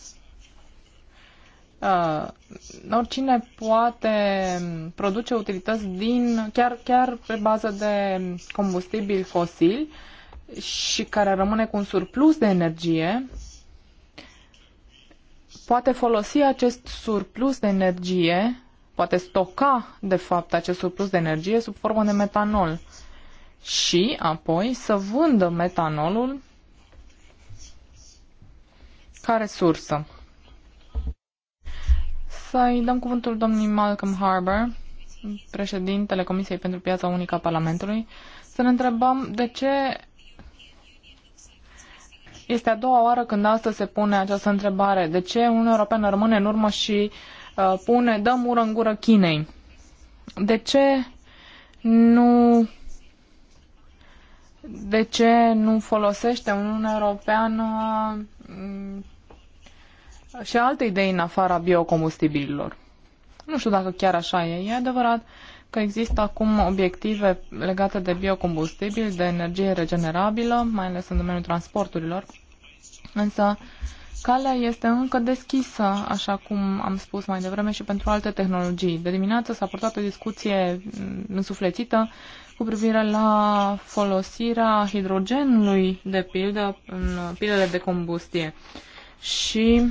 uh, oricine poate produce utilități din, chiar, chiar pe bază de combustibili fosili și care rămâne cu un surplus de energie, poate folosi acest surplus de energie, poate stoca, de fapt, acest surplus de energie sub formă de metanol și apoi să vândă metanolul ca resursă. Să-i dăm cuvântul domnului Malcolm Harbour, președintele Comisiei pentru Piața Unică a Parlamentului, să ne întrebăm de ce este a doua oară când astăzi se pune această întrebare. De ce Uniunea Europeană rămâne în urmă și uh, pune, dăm ură în gură Chinei? De ce nu de ce nu folosește Uniunea Europeană mm, și alte idei în afara biocombustibililor. Nu știu dacă chiar așa e. E adevărat că există acum obiective legate de biocombustibil, de energie regenerabilă, mai ales în domeniul transporturilor, însă calea este încă deschisă, așa cum am spus mai devreme, și pentru alte tehnologii. De dimineață s-a purtat o discuție mm, însuflețită cu privire la folosirea hidrogenului, de pildă, în pilele de combustie. Și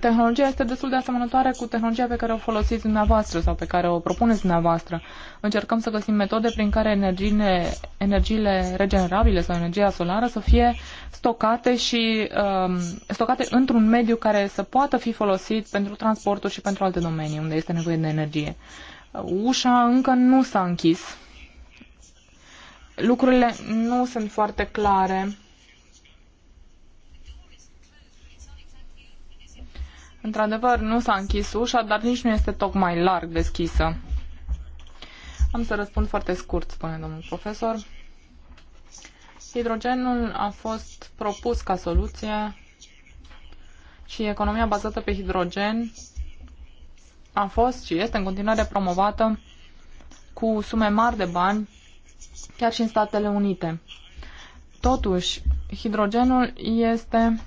tehnologia este destul de asemănătoare cu tehnologia pe care o folosiți dumneavoastră sau pe care o propuneți dumneavoastră. Încercăm să găsim metode prin care energiile, energiile regenerabile sau energia solară să fie stocate și um, stocate într-un mediu care să poată fi folosit pentru transportul și pentru alte domenii unde este nevoie de energie. Ușa încă nu s-a închis lucrurile nu sunt foarte clare. Într-adevăr, nu s-a închis ușa, dar nici nu este tocmai larg deschisă. Am să răspund foarte scurt, spune domnul profesor. Hidrogenul a fost propus ca soluție și economia bazată pe hidrogen a fost și este în continuare promovată cu sume mari de bani chiar și în Statele Unite. Totuși, hidrogenul este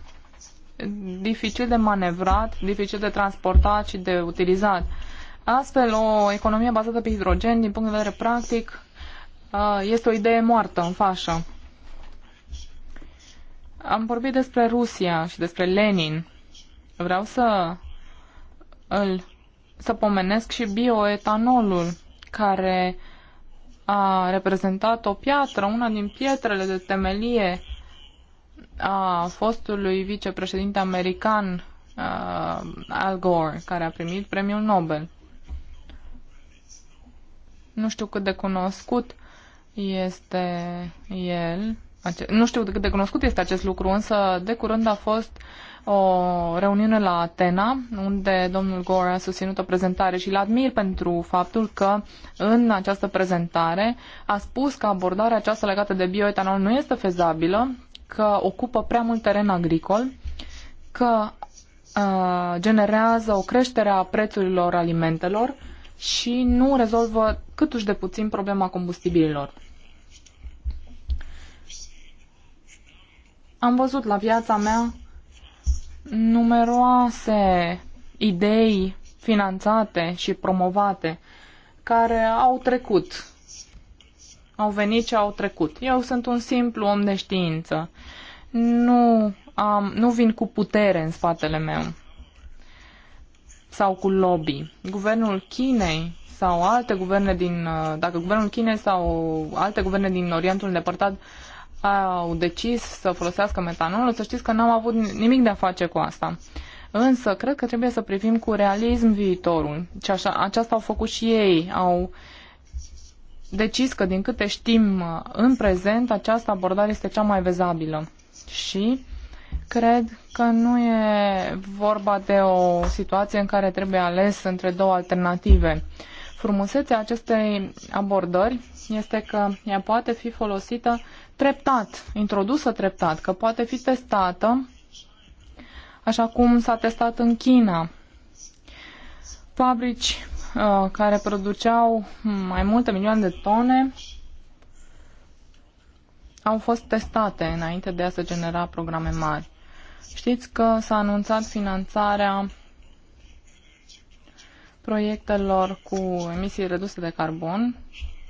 dificil de manevrat, dificil de transportat și de utilizat. Astfel, o economie bazată pe hidrogen, din punct de vedere practic, uh, este o idee moartă în fașă. Am vorbit despre Rusia și despre Lenin. Vreau să îl să pomenesc și bioetanolul, care a reprezentat o piatră, una din pietrele de temelie a fostului vicepreședinte american uh, Al Gore, care a primit premiul Nobel. Nu știu cât de cunoscut este el. Ace- nu știu cât de cunoscut este acest lucru, însă de curând a fost uh, o reuniune la Atena, unde domnul Gore a susținut o prezentare și îl admir pentru faptul că în această prezentare a spus că abordarea aceasta legată de bioetanol nu este fezabilă, că ocupă prea mult teren agricol, că uh, generează o creștere a prețurilor alimentelor și nu rezolvă câtuși de puțin problema combustibililor. Am văzut la viața mea numeroase idei finanțate și promovate care au trecut, au venit și au trecut. Eu sunt un simplu om de știință. Nu, am, nu vin cu putere în spatele meu sau cu lobby. Guvernul Chinei sau alte guverne din, uh, dacă guvernul Chinei sau alte guverne din Orientul Îndepărtat au decis să folosească metanolul, să știți că n-am avut nimic de a face cu asta. Însă, cred că trebuie să privim cu realism viitorul. Și așa, aceasta au făcut și ei. Au decis că, din câte știm în prezent, această abordare este cea mai vezabilă. Și cred că nu e vorba de o situație în care trebuie ales între două alternative. Frumusețea acestei abordări este că ea poate fi folosită treptat, introdusă treptat, că poate fi testată așa cum s-a testat în China. Fabrici uh, care produceau mai multe milioane de tone au fost testate înainte de a se genera programe mari. Știți că s-a anunțat finanțarea proiectelor cu emisii reduse de carbon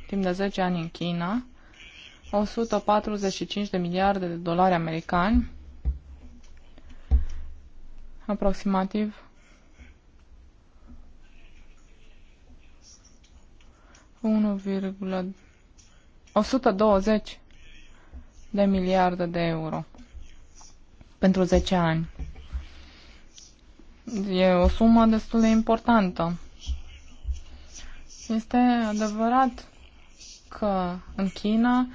timp de 10 ani în China 145 de miliarde de dolari americani, aproximativ 120 de miliarde de euro pentru 10 ani. E o sumă destul de importantă. Este adevărat că în China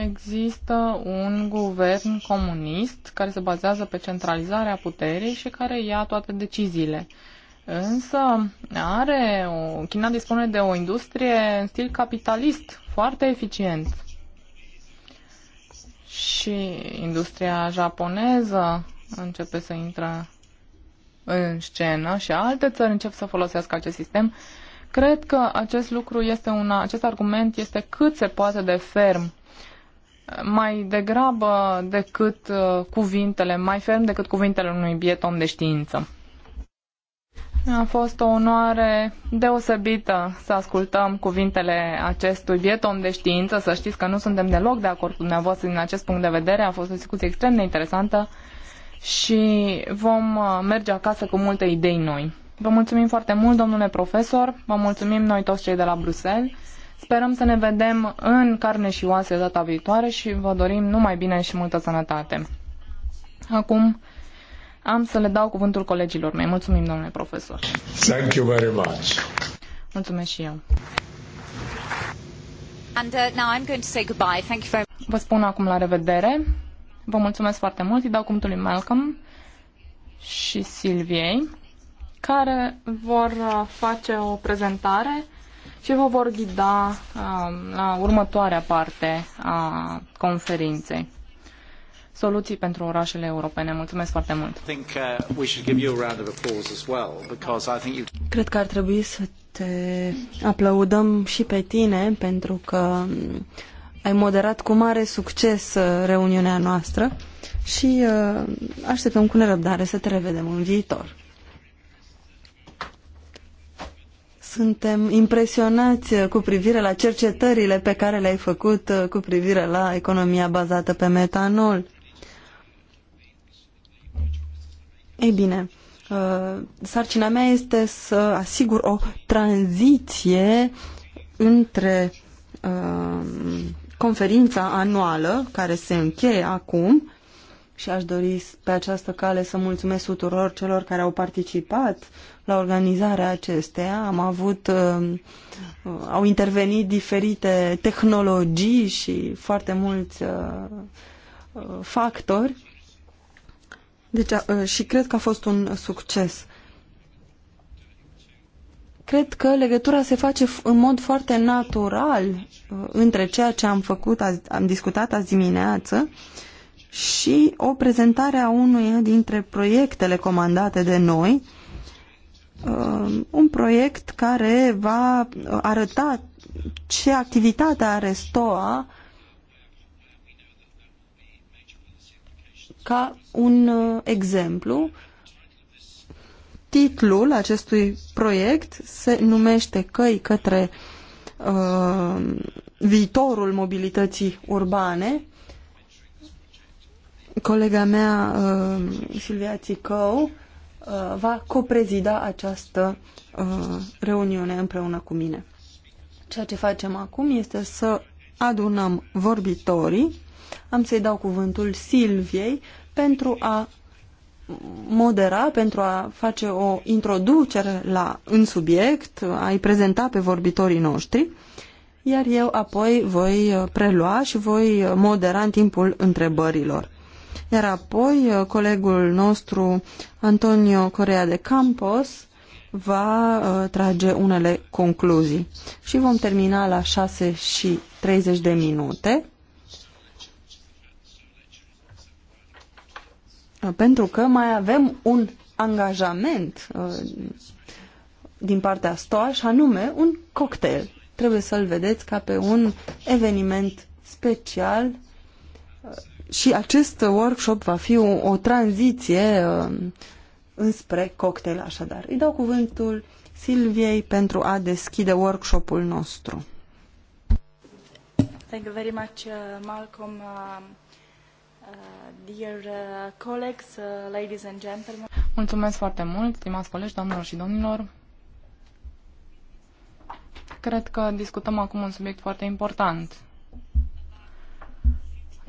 există un guvern comunist care se bazează pe centralizarea puterii și care ia toate deciziile. Însă are o, China dispune de o industrie în stil capitalist foarte eficient. Și industria japoneză începe să intre în scenă și alte țări încep să folosească acest sistem. Cred că acest lucru este un acest argument este cât se poate de ferm mai degrabă decât uh, cuvintele, mai ferm decât cuvintele unui biet om de știință. A fost o onoare deosebită să ascultăm cuvintele acestui biet om de știință. Să știți că nu suntem deloc de acord cu dumneavoastră din acest punct de vedere. A fost o discuție extrem de interesantă și vom uh, merge acasă cu multe idei noi. Vă mulțumim foarte mult, domnule profesor. Vă mulțumim noi toți cei de la Bruxelles Sperăm să ne vedem în carne și oase data viitoare și vă dorim numai bine și multă sănătate. Acum am să le dau cuvântul colegilor mei. Mulțumim, domnule profesor. Thank you very much. Mulțumesc și eu. And, uh, now I'm going to say goodbye. Thank you very much. Vă spun acum la revedere. Vă mulțumesc foarte mult. Îi dau cuvântul lui Malcolm și Silviei, care vor uh, face o prezentare și vă vor ghida um, la următoarea parte a conferinței. Soluții pentru orașele europene. Mulțumesc foarte mult! Uh, Cred că ar trebui să te aplaudăm și pe tine pentru că mm, ai moderat cu mare succes uh, reuniunea noastră și uh, așteptăm cu nerăbdare să te revedem în viitor. Suntem impresionați cu privire la cercetările pe care le-ai făcut uh, cu privire la economia bazată pe metanol. Ei bine, uh, sarcina mea este să asigur o tranziție între uh, conferința anuală care se încheie acum și aș dori pe această cale să mulțumesc tuturor celor care au participat la organizarea acesteia. Am avut, uh, uh, au intervenit diferite tehnologii și foarte mulți uh, factori. Deci, și cred că a fost un succes. Cred că legătura se face în mod foarte natural între ceea ce am făcut, azi, am discutat azi dimineață, și o prezentare a unuia dintre proiectele comandate de noi, Um, un proiect care va arăta ce activitate are STOA ca un uh, exemplu. Titlul acestui proiect se numește Căi către uh, viitorul mobilității urbane. Colega mea, uh, Silvia Țicău, Uh, va coprezida această uh, reuniune împreună cu mine. Ceea ce facem acum este să adunăm vorbitorii. Am să-i dau cuvântul Silviei pentru a modera, pentru a face o introducere la, în subiect, a-i prezenta pe vorbitorii noștri, iar eu apoi voi uh, prelua și voi modera în timpul întrebărilor. Iar apoi, uh, colegul nostru, Antonio Correa de Campos, va uh, trage unele concluzii. Și vom termina la 6 și 30 de minute. Uh, pentru că mai avem un angajament din partea STOA și anume un cocktail. Trebuie să-l vedeți ca pe un eveniment special și acest workshop va fi o, o tranziție um, înspre cocktail așadar. Îi dau cuvântul Silviei pentru a deschide workshopul nostru. Thank you very much, uh, Malcolm. Uh, uh, dear uh, colleagues, uh, ladies and gentlemen. Mulțumesc foarte mult, stimați colegi, doamnelor și domnilor. Cred că discutăm acum un subiect foarte important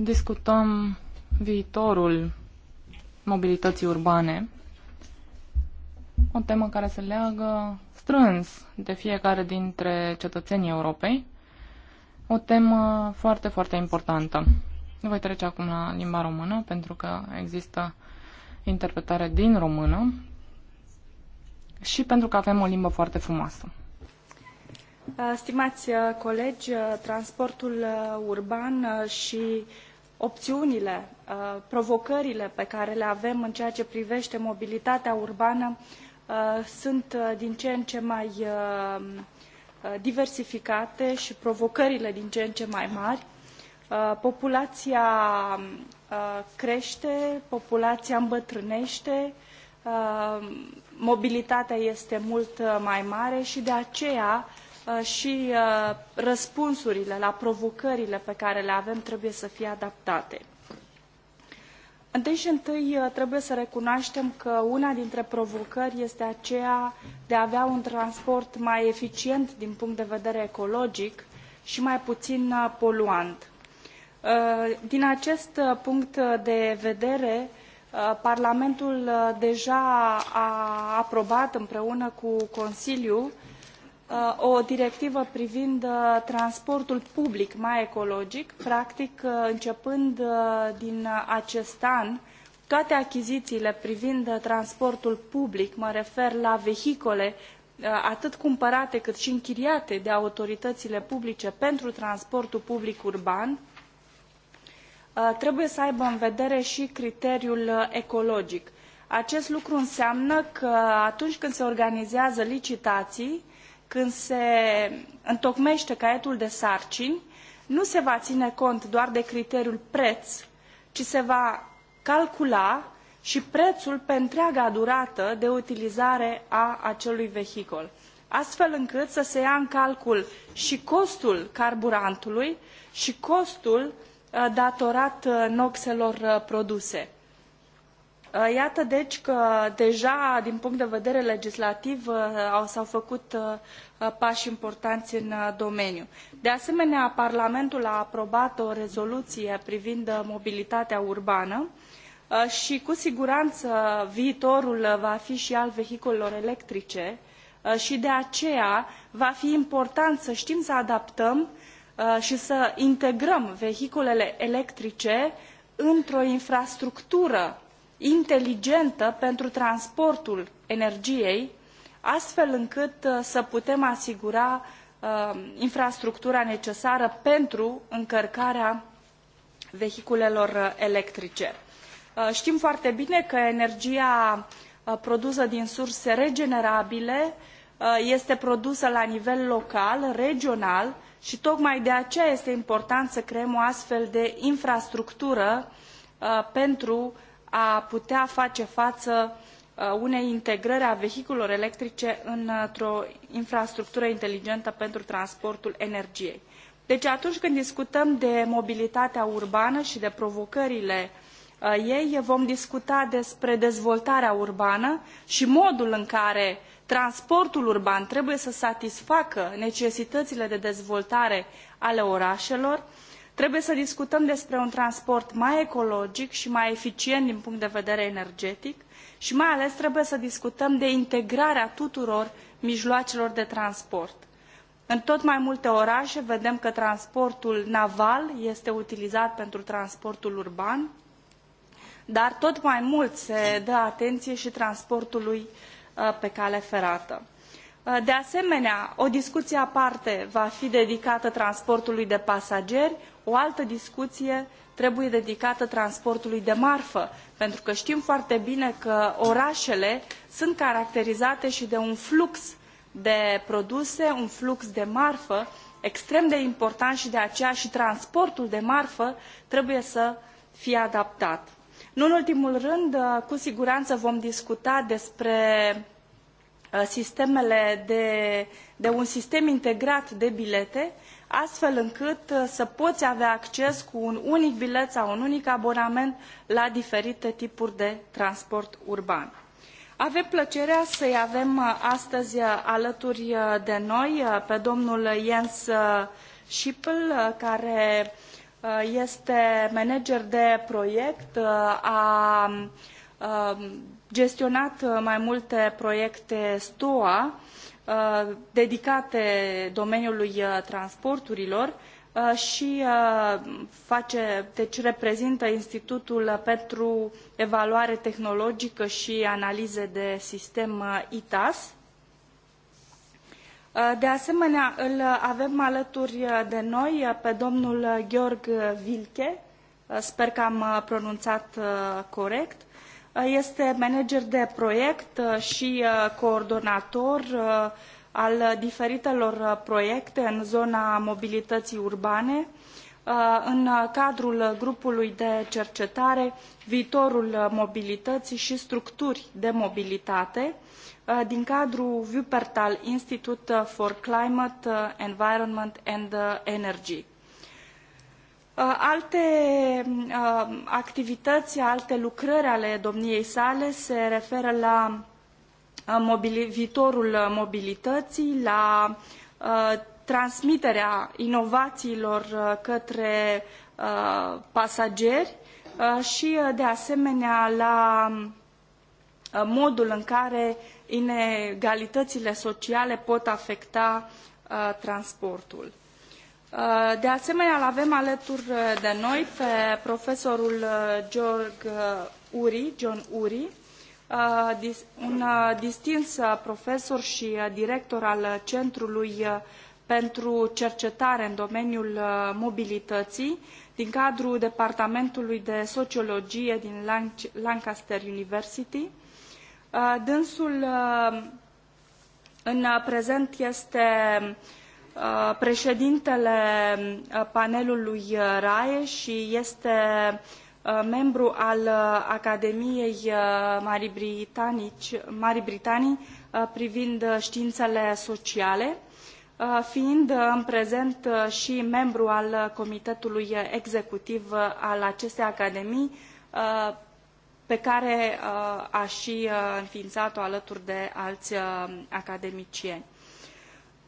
discutăm viitorul mobilității urbane, o temă care se leagă strâns de fiecare dintre cetățenii Europei, o temă foarte, foarte importantă. Voi trece acum la limba română, pentru că există interpretare din română și pentru că avem o limbă foarte frumoasă. Stimați uh, colegi, uh, transportul uh, urban și opțiunile, uh, provocările pe care le avem în ceea ce privește mobilitatea urbană uh, sunt uh, din ce în ce mai diversificate și provocările din ce în ce mai mari. Populația crește, populația îmbătrânește, mobilitatea este mult mai mare și de aceea Uh, și uh, răspunsurile la provocările pe care le avem trebuie să fie adaptate. Întâi și întâi uh, trebuie să recunoaștem că una dintre provocări este aceea de a avea un transport mai eficient din punct de vedere ecologic și mai puțin poluant. Din acest punct de vedere, Parlamentul deja a aprobat împreună cu Consiliul Uh, o directivă privind uh, transportul public mai ecologic. Practic, uh, începând din acest an, toate achizițiile privind transportul public, mă refer la vehicole atât cumpărate cât și închiriate de autoritățile publice pentru transportul public urban, trebuie să aibă în vedere și criteriul ecologic. Acest lucru înseamnă că atunci când se organizează licitații, când se întocmește caietul de sarcini, nu se va ține cont doar de criteriul preț, ci se va calcula și prețul pe întreaga durată de utilizare a acelui vehicol, astfel încât să se ia în calcul și costul carburantului și costul uh, datorat uh, noxelor uh, produse Uh, iată deci că deja din punct de vedere legislativ uh, s-au făcut uh, pași importanți în domeniu. De asemenea, Parlamentul a aprobat o rezoluție privind mobilitatea urbană și cu siguranță viitorul va fi și al vehiculelor electrice și de aceea va fi important să știm să adaptăm și să integrăm vehiculele electrice într-o infrastructură inteligentă pentru transportul energiei, astfel încât uh, să putem asigura uh, infrastructura necesară pentru încărcarea vehiculelor uh, electrice. Știm foarte bine că energia produsă din surse regenerabile este produsă la nivel local, regional și tocmai de aceea este important să creăm o astfel de infrastructură pentru a putea face față uh, unei integrări a vehiculelor electrice într o infrastructură inteligentă pentru transportul energiei. Deci atunci când discutăm de mobilitatea urbană și de provocările uh, ei, vom discuta despre dezvoltarea urbană și modul în care transportul urban trebuie să satisfacă necesitățile de dezvoltare ale orașelor, trebuie să discutăm despre un transport mai ecologic i mai eficient din punct de vedere energetic i mai ales trebuie să discutăm de integrarea tuturor mijloacelor de transport. în tot mai multe orae vedem că transportul naval este utilizat pentru transportul urban dar tot mai mult se dă atenie i transportului uh, pe cale ferată. Uh, de asemenea, o discuție aparte va fi dedicată transportului de pasageri, o altă discuție trebuie dedicată transportului de marfă, pentru că știm foarte bine că orașele sunt caracterizate și de un flux de produse, un flux de marfă extrem de important și de aceea și transportul de marfă trebuie să fie adaptat. Nu în ultimul rând, uh, cu siguranță vom discuta despre uh, sistemele de, de un sistem integrat de bilete, astfel încât uh, să poți avea acces cu un unic bilet sau un unic abonament la diferite tipuri de transport urban. Avem plăcerea să-i avem uh, astăzi uh, alături de noi pe domnul Jens Schipel, care este manager de proiect, a um, gestionat mai multe proiecte STOA, Uh, dedicate domeniului uh, transporturilor uh, și face, deci reprezintă Institutul pentru Evaluare Tehnologică și Analize de Sistem ITAS. De asemenea, îl avem alături de noi pe domnul Gheorghe Vilche, sper că am pronunțat corect, este manager de proiect uh, și uh, coordonator uh, al diferitelor proiecte în zona mobilității urbane în cadrul grupului de cercetare Viitorul mobilității și structuri de mobilitate din cadrul Wuppertal Institute for Climate, Environment and Energy. Uh, alte uh, activități, alte lucrări ale domniei sale se referă la uh, mobili viitorul mobilității, la transmiterea inovațiilor către pasageri și, de asemenea, la modul în care inegalitățile sociale pot afecta transportul. Uh, de asemenea, îl avem alături uh, de noi pe profesorul uh, George Uri, John Uri, un distins profesor și director al Centrului pentru Cercetare în domeniul mobilității din cadrul Departamentului de Sociologie din Lancaster University. Dânsul în prezent este Uh, președintele uh, panelului uh, RAE și este membru al Academiei Marii Britanii, Marii Britanii privind științele sociale, fiind în prezent și membru al Comitetului Executiv al acestei academii, pe care a și înființat-o alături de alți academicieni.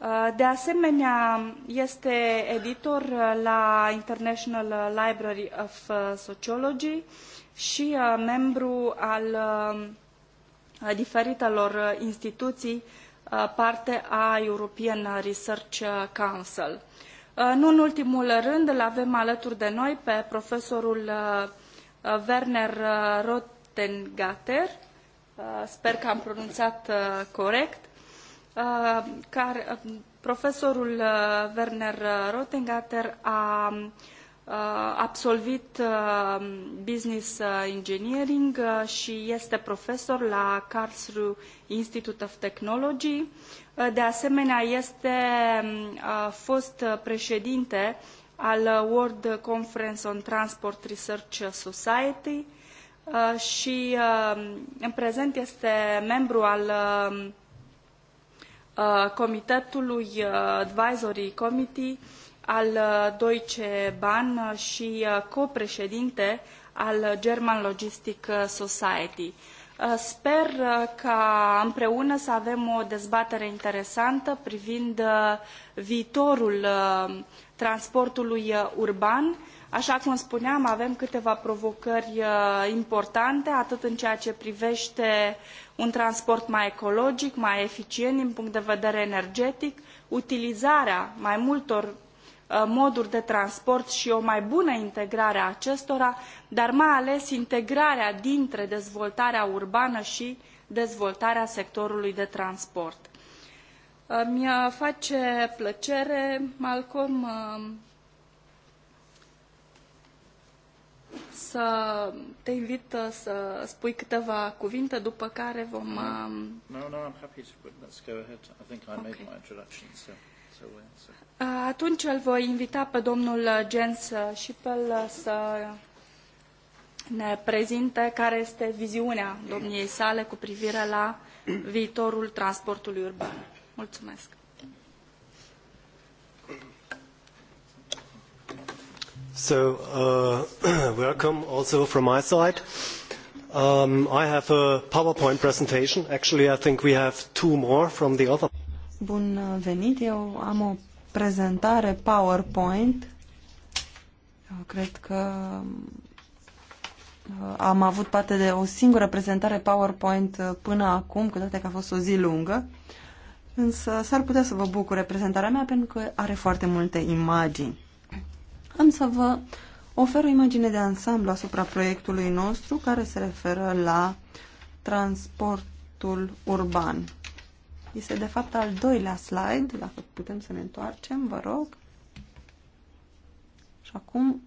Uh, de asemenea, este editor uh, la International Library of uh, Sociology și membru al diferitelor instituții parte a European Research Council. Nu în ultimul rând, îl avem alături de noi pe profesorul Werner Rottengatter, sper că am pronunțat corect, Uh, care, uh, profesorul uh, Werner Rottengatter a absolvit business engineering și este profesor la Karlsruhe Institute of Technology. De asemenea, este um, fost președinte al World Conference on Transport Research Society și um, în prezent este membru al um, Uh, comitetului uh, Advisory Committee al uh, Deutsche Bahn și copreședinte al German Logistic Society. Sper ca împreună să avem o dezbatere interesantă privind viitorul transportului urban. Așa cum spuneam, avem câteva provocări importante, atât în ceea ce privește uh, un transport mai ecologic, mai eficient din punct de vedere energetic, utilizarea mai multor uh, moduri de transport și o mai bună integrare a acestora, dar mai ales integrarea dintre dezvoltarea urbană și dezvoltarea sectorului de transport. Uh, Mi-a face plăcere, Malcolm, uh, să te invit uh, să spui câteva cuvinte, după care vom... Um, no, no, I'm happy to put, let's go ahead. I think I okay. made my introduction, so... so, uh, so. Uh, atunci îl voi invita pe domnul Jens Schippel să ne prezinte care este viziunea domniei sale cu privire la viitorul transportului urban. Mulțumesc! So, uh, welcome also from my side. Um, I have a PowerPoint presentation. Actually, I think we have two more from the other. Bun venit. Eu am o prezentare PowerPoint. Eu cred că uh, am avut parte de o singură prezentare PowerPoint uh, până acum, cu toate că a fost o zi lungă. Însă s-ar putea să vă bucure prezentarea mea pentru că are foarte multe imagini. Am să vă ofer o imagine de ansamblu asupra proiectului nostru care se referă la transportul urban. Este de fapt al doilea slide, dacă putem să ne întoarcem, vă rog. Și acum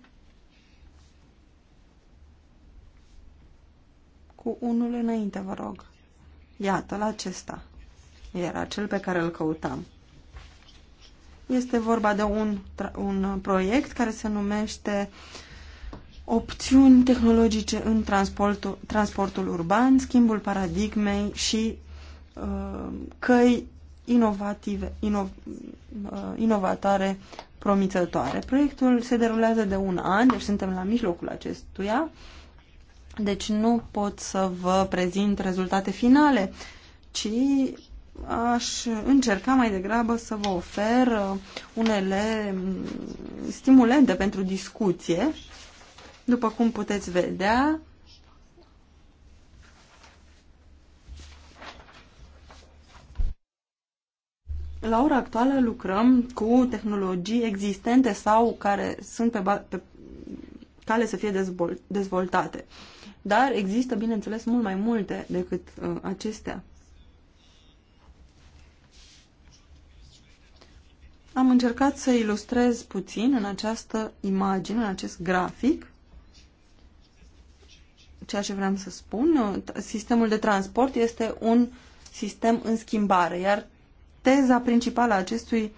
cu unul înainte, vă rog. Iată, la acesta era cel pe care îl căutam. Este vorba de un, un uh, proiect care se numește Opțiuni tehnologice în transportul, transportul urban, schimbul paradigmei și uh, căi inovative, ino, uh, inovatoare promițătoare. Proiectul se derulează de un an, deci suntem la mijlocul acestuia, deci nu pot să vă prezint rezultate finale, ci aș încerca mai degrabă să vă ofer uh, unele mm, stimulente pentru discuție. După cum puteți vedea, la ora actuală lucrăm cu tehnologii existente sau care sunt pe, pe cale să fie dezvoltate. Dar există, bineînțeles, mult mai multe decât uh, acestea. Am încercat să ilustrez puțin în această imagine, în acest grafic, ceea ce vreau să spun. Sistemul de transport este un sistem în schimbare, iar teza principală a acestui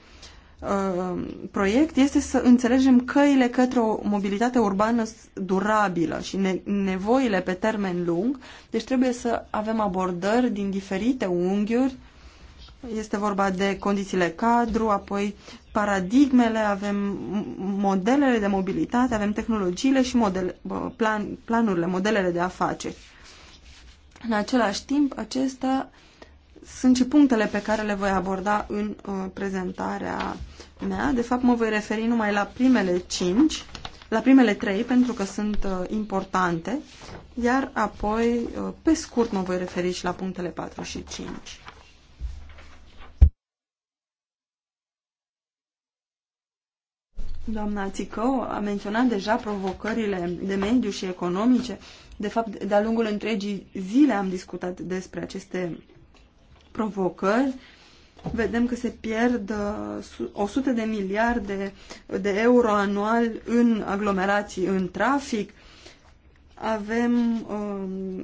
uh, proiect este să înțelegem căile către o mobilitate urbană durabilă și nevoile pe termen lung, deci trebuie să avem abordări din diferite unghiuri este vorba de condițiile cadru, apoi paradigmele, avem modelele de mobilitate, avem tehnologiile și modele, plan, planurile, modelele de afaceri. În același timp, acestea sunt și punctele pe care le voi aborda în uh, prezentarea mea. De fapt, mă voi referi numai la primele cinci, la primele trei, pentru că sunt uh, importante, iar apoi, uh, pe scurt, mă voi referi și la punctele 4 și 5. Doamna Țicău a menționat deja provocările de mediu și economice. De fapt, de-a lungul întregii zile am discutat despre aceste provocări. Vedem că se pierd 100 uh, de miliarde de euro anual în aglomerații, în trafic. Avem um,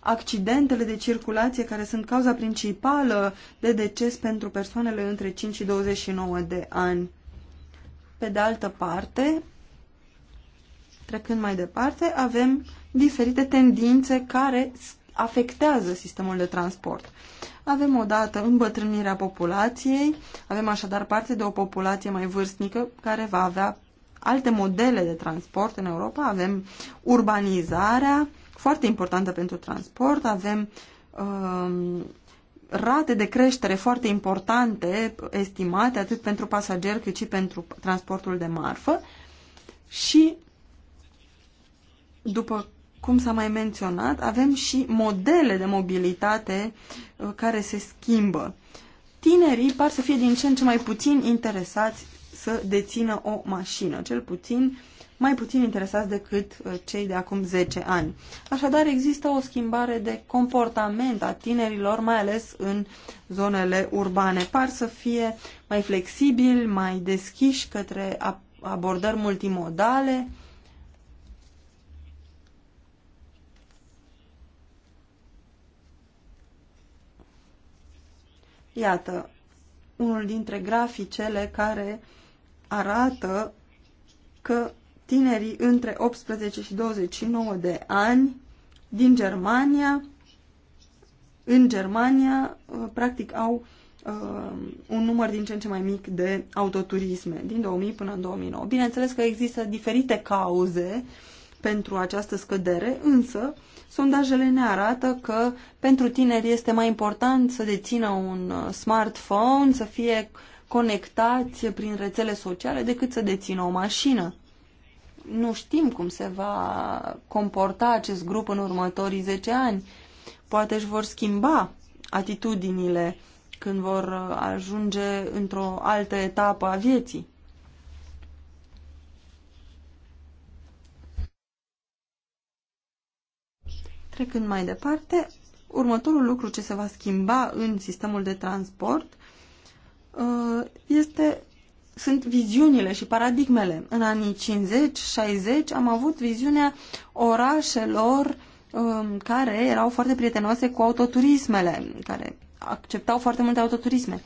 accidentele de circulație care sunt cauza principală de deces pentru persoanele între 5 și 29 de ani. Pe de altă parte, trecând mai departe, avem diferite tendințe care afectează sistemul de transport. Avem odată îmbătrânirea populației, avem așadar parte de o populație mai vârstnică care va avea alte modele de transport în Europa, avem urbanizarea, foarte importantă pentru transport, avem um, rate de creștere foarte importante estimate atât pentru pasageri cât și pentru transportul de marfă și după cum s-a mai menționat, avem și modele de mobilitate uh, care se schimbă. Tinerii par să fie din ce în ce mai puțin interesați să dețină o mașină, cel puțin mai puțin interesați decât uh, cei de acum 10 ani. Așadar, există o schimbare de comportament a tinerilor, mai ales în zonele urbane. Par să fie mai flexibili, mai deschiși către abordări multimodale, Iată, unul dintre graficele care arată că tinerii între 18 și 29 de ani din Germania, în Germania, uh, practic au uh, un număr din ce în ce mai mic de autoturisme, din 2000 până în 2009. Bineînțeles că există diferite cauze pentru această scădere, însă sondajele ne arată că pentru tineri este mai important să dețină un uh, smartphone, să fie conectați prin rețele sociale, decât să dețină o mașină nu știm cum se va comporta acest grup în următorii 10 ani. Poate își vor schimba atitudinile când vor uh, ajunge într-o altă etapă a vieții. Trecând mai departe, următorul lucru ce se va schimba în sistemul de transport uh, este sunt viziunile și paradigmele. În anii 50-60 am avut viziunea orașelor um, care erau foarte prietenoase cu autoturismele, care acceptau foarte multe autoturisme.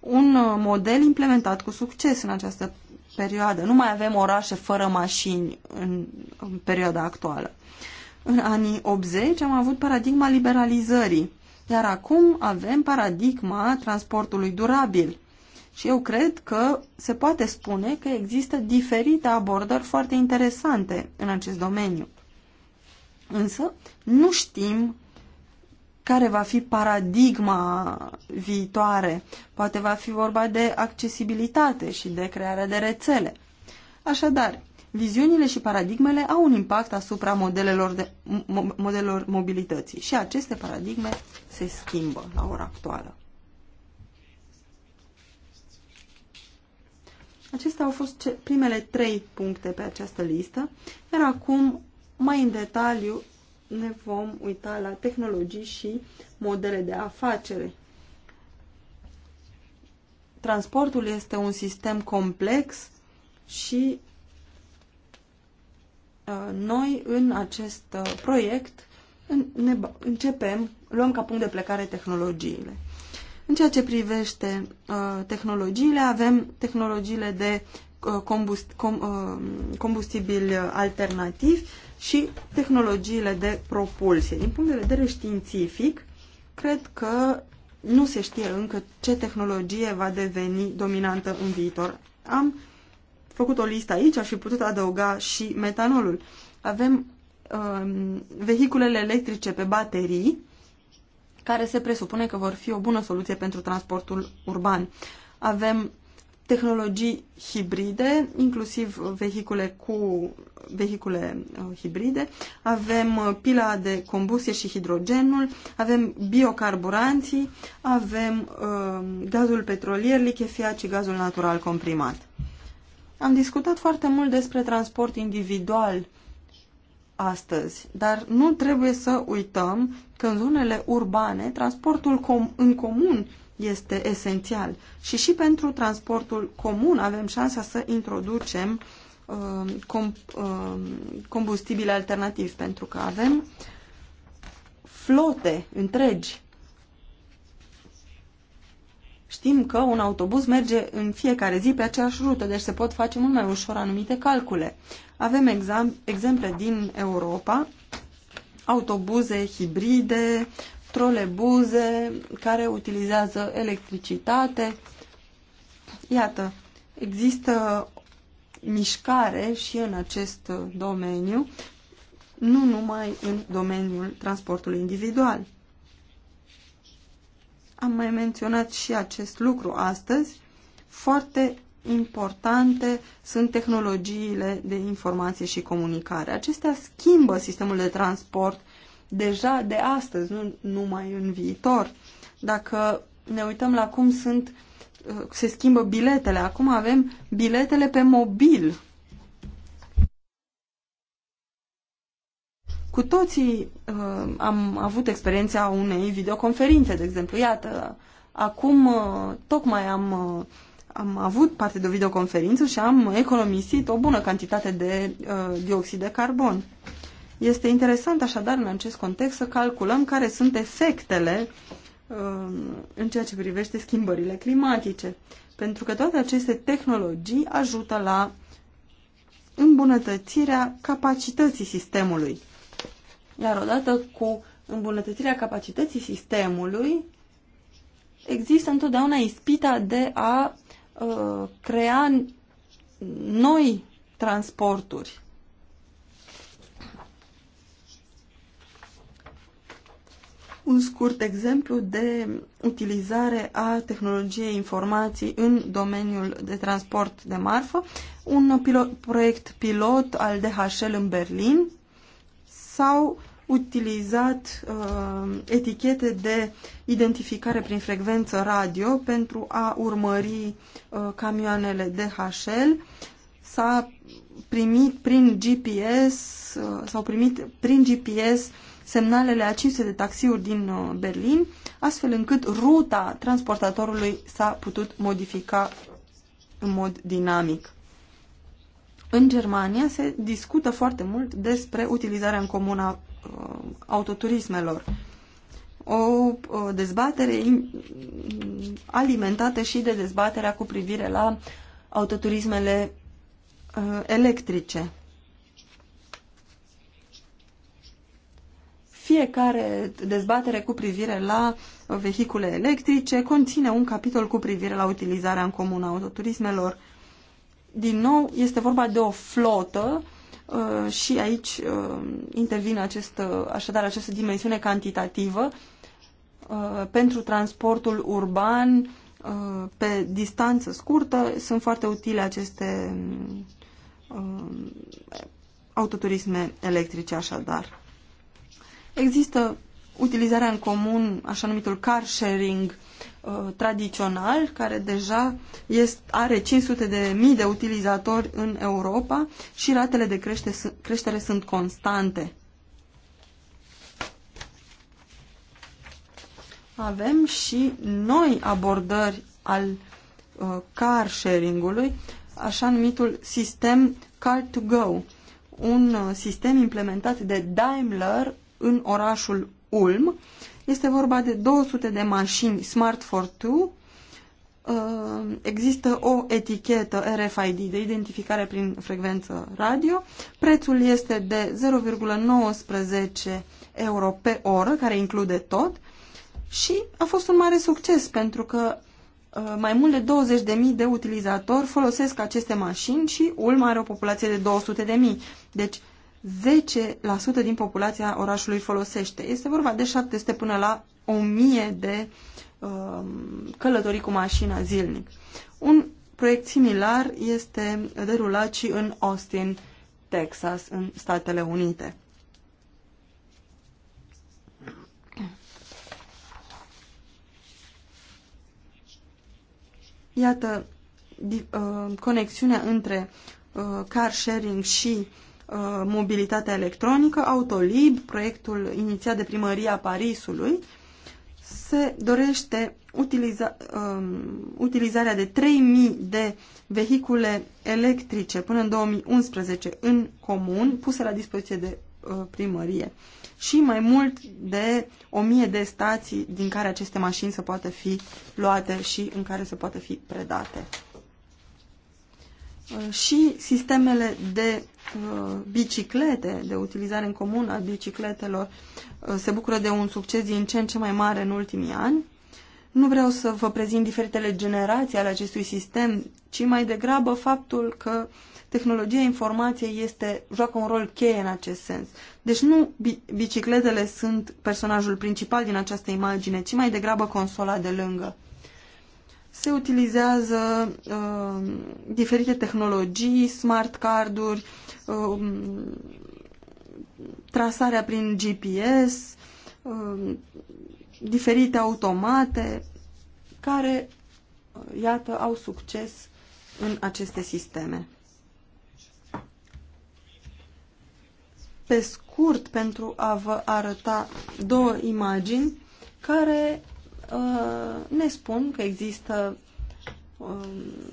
Un uh, model implementat cu succes în această perioadă. Nu mai avem orașe fără mașini în, în perioada actuală. În anii 80 am avut paradigma liberalizării, iar acum avem paradigma transportului durabil și eu cred că se poate spune că există diferite abordări foarte interesante în acest domeniu. Însă nu știm care va fi paradigma viitoare. Poate va fi vorba de accesibilitate și de crearea de rețele. Așadar, viziunile și paradigmele au un impact asupra modelelor, de, mo, modelelor mobilității și aceste paradigme se schimbă la ora actuală. Acestea au fost primele trei puncte pe această listă, iar acum, mai în detaliu, ne vom uita la tehnologii și modele de afacere. Transportul este un sistem complex și uh, noi în acest uh, proiect începem, luăm ca punct de plecare tehnologiile. În ceea ce privește uh, tehnologiile, avem tehnologiile de uh, combust, com, uh, combustibili alternativi și tehnologiile de propulsie. Din punct de vedere științific, cred că nu se știe încă ce tehnologie va deveni dominantă în viitor. Am făcut o listă aici, aș fi putut adăuga și metanolul. Avem um, vehiculele electrice pe baterii, care se presupune că vor fi o bună soluție pentru transportul urban. Avem tehnologii hibride, inclusiv vehicule cu vehicule uh, hibride, avem uh, pila de combustie și hidrogenul, avem biocarburanții, avem uh, gazul petrolier lichefiat și gazul natural comprimat. Am discutat foarte mult despre transport individual astăzi, dar nu trebuie să uităm că în zonele urbane transportul com în comun este esențial și și pentru transportul comun avem șansa să introducem uh, com, uh, combustibile alternativi pentru că avem flote întregi Știm că un autobuz merge în fiecare zi pe aceeași rută, deci se pot face mult mai ușor anumite calcule. Avem exemple din Europa, autobuze hibride, trolebuze care utilizează electricitate. Iată, există mișcare și în acest domeniu, nu numai în domeniul transportului individual. Am mai menționat și acest lucru astăzi. Foarte importante sunt tehnologiile de informație și comunicare. Acestea schimbă sistemul de transport deja de astăzi, nu numai în viitor. Dacă ne uităm la cum sunt, se schimbă biletele, acum avem biletele pe mobil. Cu toții uh, am avut experiența unei videoconferințe, de exemplu. Iată, acum uh, tocmai am, uh, am avut parte de o videoconferință și am economisit o bună cantitate de uh, dioxid de carbon. Este interesant așadar în acest context să calculăm care sunt efectele uh, în ceea ce privește schimbările climatice. Pentru că toate aceste tehnologii ajută la îmbunătățirea capacității sistemului. Dar odată cu îmbunătățirea capacității sistemului, există întotdeauna ispita de a uh, crea noi transporturi. Un scurt exemplu de utilizare a tehnologiei informații în domeniul de transport de marfă, un pilot, proiect pilot al DHL în Berlin sau utilizat uh, etichete de identificare prin frecvență radio pentru a urmări uh, camioanele DHL. S-a primit prin GPS, uh, s-au primit prin GPS semnalele a 500 de taxiuri din uh, Berlin, astfel încât ruta transportatorului s-a putut modifica în mod dinamic. În Germania se discută foarte mult despre utilizarea în comună a Uh, autoturismelor. O uh, dezbatere alimentată și de dezbaterea cu privire la autoturismele uh, electrice. Fiecare dezbatere cu privire la vehicule electrice conține un capitol cu privire la utilizarea în comun a autoturismelor. Din nou, este vorba de o flotă Uh, și aici uh, intervine acest, uh, așadar această dimensiune cantitativă pentru transportul urban pe distanță scurtă sunt foarte utile aceste autoturisme electrice așadar. Există utilizarea în comun, așa numitul car sharing uh, tradițional, care deja este, are 500 de mii de utilizatori în Europa și ratele de crește, creștere sunt constante. Avem și noi abordări al uh, car sharing-ului, așa numitul sistem car to go un uh, sistem implementat de Daimler în orașul Ulm. Este vorba de 200 de mașini Smart for Uh, Există o etichetă RFID de identificare prin frecvență radio. Prețul este de 0,19 euro pe oră, care include tot. Și a fost un mare succes pentru că uh, mai mult de 20.000 de utilizatori folosesc aceste mașini și Ulm are o populație de 200.000. Deci 10% din populația orașului folosește. Este vorba de 700 până la 1000 de uh, călătorii cu mașina zilnic. Un proiect similar este derulat și în Austin, Texas, în Statele Unite. Iată di, uh, conexiunea între uh, car sharing și uh, Uh, mobilitatea electronică, Autolib, proiectul inițiat de primăria Parisului, se dorește utiliza, uh, utilizarea de 3000 de vehicule electrice până în 2011 în comun, puse la dispoziție de uh, primărie și mai mult de 1000 de stații din care aceste mașini să poată fi luate și în care să poată fi predate. Uh, și sistemele de uh, biciclete, de utilizare în comun a bicicletelor, uh, se bucură de un succes din ce în ce mai mare în ultimii ani. Nu vreau să vă prezint diferitele generații ale acestui sistem, ci mai degrabă faptul că tehnologia informației este, joacă un rol cheie în acest sens. Deci nu bicicletele sunt personajul principal din această imagine, ci mai degrabă consola de lângă se utilizează uh, diferite tehnologii, smart carduri, uh, trasarea prin GPS, uh, diferite automate care, uh, iată, au succes în aceste sisteme. Pe scurt, pentru a vă arăta două imagini care Uh, ne spun că există um,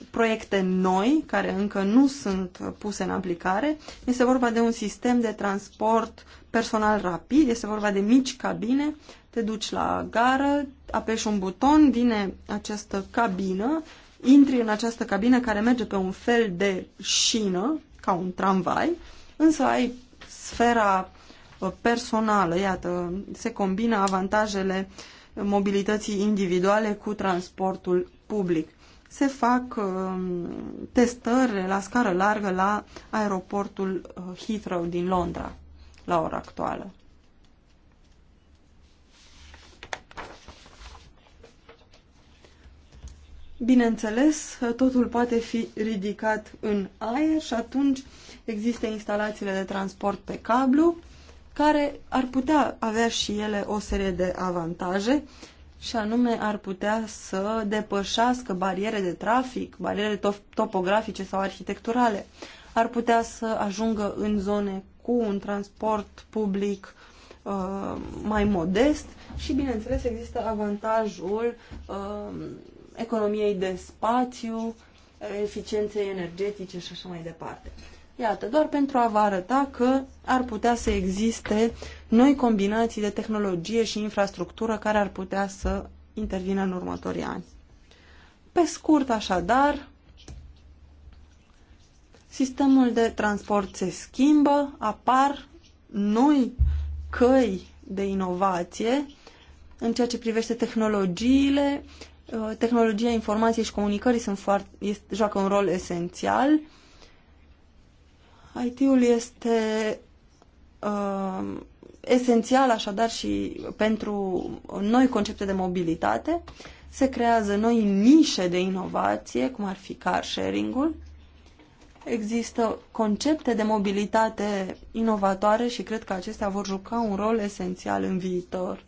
proiecte noi care încă nu sunt puse în aplicare. Este vorba de un sistem de transport personal rapid, este vorba de mici cabine, te duci la gară, apeși un buton, vine această cabină, intri în această cabină care merge pe un fel de șină, ca un tramvai, însă ai sfera uh, personală, iată, se combină avantajele uh, mobilității individuale cu transportul public. Se fac um, testări la scară largă la aeroportul uh, Heathrow din Londra la ora actuală. Bineînțeles, totul poate fi ridicat în aer și atunci există instalațiile de transport pe cablu care ar putea avea și ele o serie de avantaje și anume ar putea să depășească bariere de trafic, bariere topografice sau arhitecturale. Ar putea să ajungă în zone cu un transport public uh, mai modest și, bineînțeles, există avantajul uh, economiei de spațiu, eficienței energetice și așa mai departe. Iată, doar pentru a vă arăta că ar putea să existe noi combinații de tehnologie și infrastructură care ar putea să intervină în următorii ani. Pe scurt, așadar, sistemul de transport se schimbă, apar noi căi de inovație în ceea ce privește tehnologiile. Uh, tehnologia informației și comunicării sunt foarte, este, joacă un rol esențial IT-ul este uh, esențial așadar și pentru noi concepte de mobilitate. Se creează noi nișe de inovație, cum ar fi car sharing-ul. Există concepte de mobilitate inovatoare și cred că acestea vor juca un rol esențial în viitor.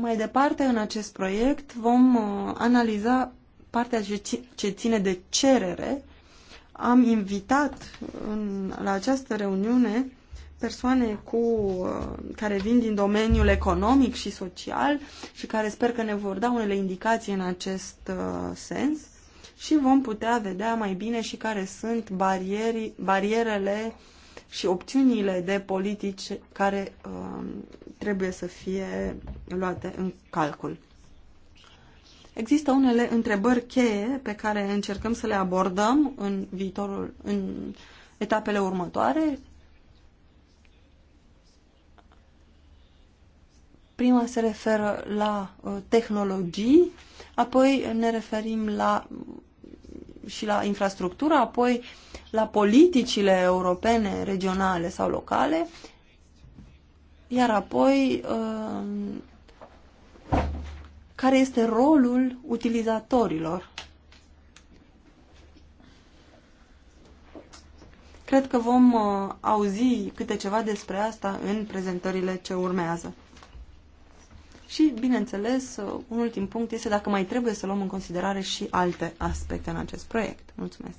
Mai departe, în acest proiect vom uh, analiza partea ce ține de cerere. Am invitat în, la această reuniune persoane cu, uh, care vin din domeniul economic și social și care sper că ne vor da unele indicații în acest uh, sens și vom putea vedea mai bine și care sunt barierii, barierele și opțiunile de politici care uh, trebuie să fie luate în calcul. Există unele întrebări cheie pe care încercăm să le abordăm în viitorul, în etapele următoare. Prima se referă la uh, tehnologii, apoi ne referim la și la infrastructură, apoi la politicile europene, regionale sau locale, iar apoi um, care este rolul utilizatorilor. Cred că vom uh, auzi câte ceva despre asta în prezentările ce urmează. Și, bineînțeles, un ultim punct este dacă mai trebuie să luăm în considerare și alte aspecte în acest proiect. Mulțumesc!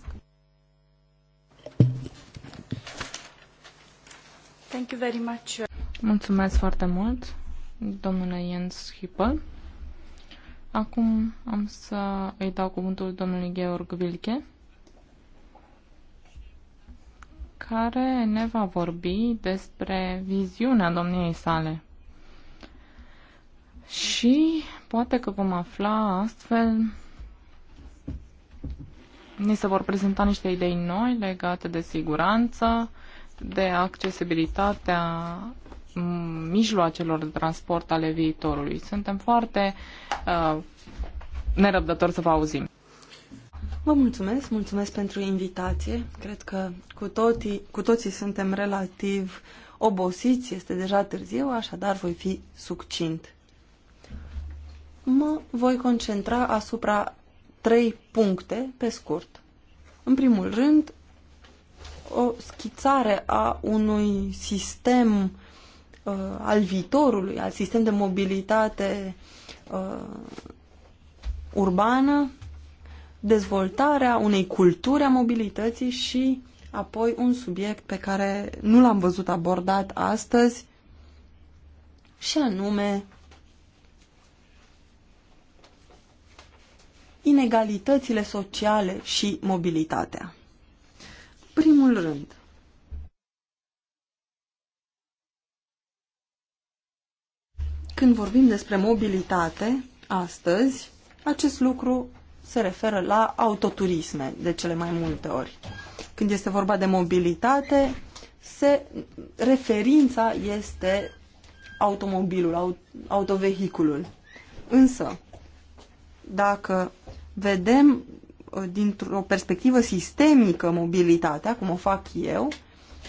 Thank you very much. Mulțumesc foarte mult, domnule Jens Hippel. Acum am să îi dau cuvântul domnului Georg Wilke, care ne va vorbi despre viziunea domniei sale și poate că vom afla astfel ni se vor prezenta niște idei noi legate de siguranță, de accesibilitatea mijloacelor de transport ale viitorului. Suntem foarte uh, nerăbdători să vă auzim. Vă mulțumesc, mulțumesc pentru invitație. Cred că cu, toții, cu toții suntem relativ obosiți, este deja târziu, așadar voi fi succint mă voi concentra asupra trei puncte, pe scurt. În primul rând, o schițare a unui sistem uh, al viitorului, al sistem de mobilitate uh, urbană, dezvoltarea unei culturi a mobilității și apoi un subiect pe care nu l-am văzut abordat astăzi, și anume inegalitățile sociale și mobilitatea. Primul rând. Când vorbim despre mobilitate, astăzi, acest lucru se referă la autoturisme de cele mai multe ori. Când este vorba de mobilitate, se, referința este automobilul, autovehiculul. Însă, dacă vedem uh, dintr-o perspectivă sistemică mobilitatea, cum o fac eu,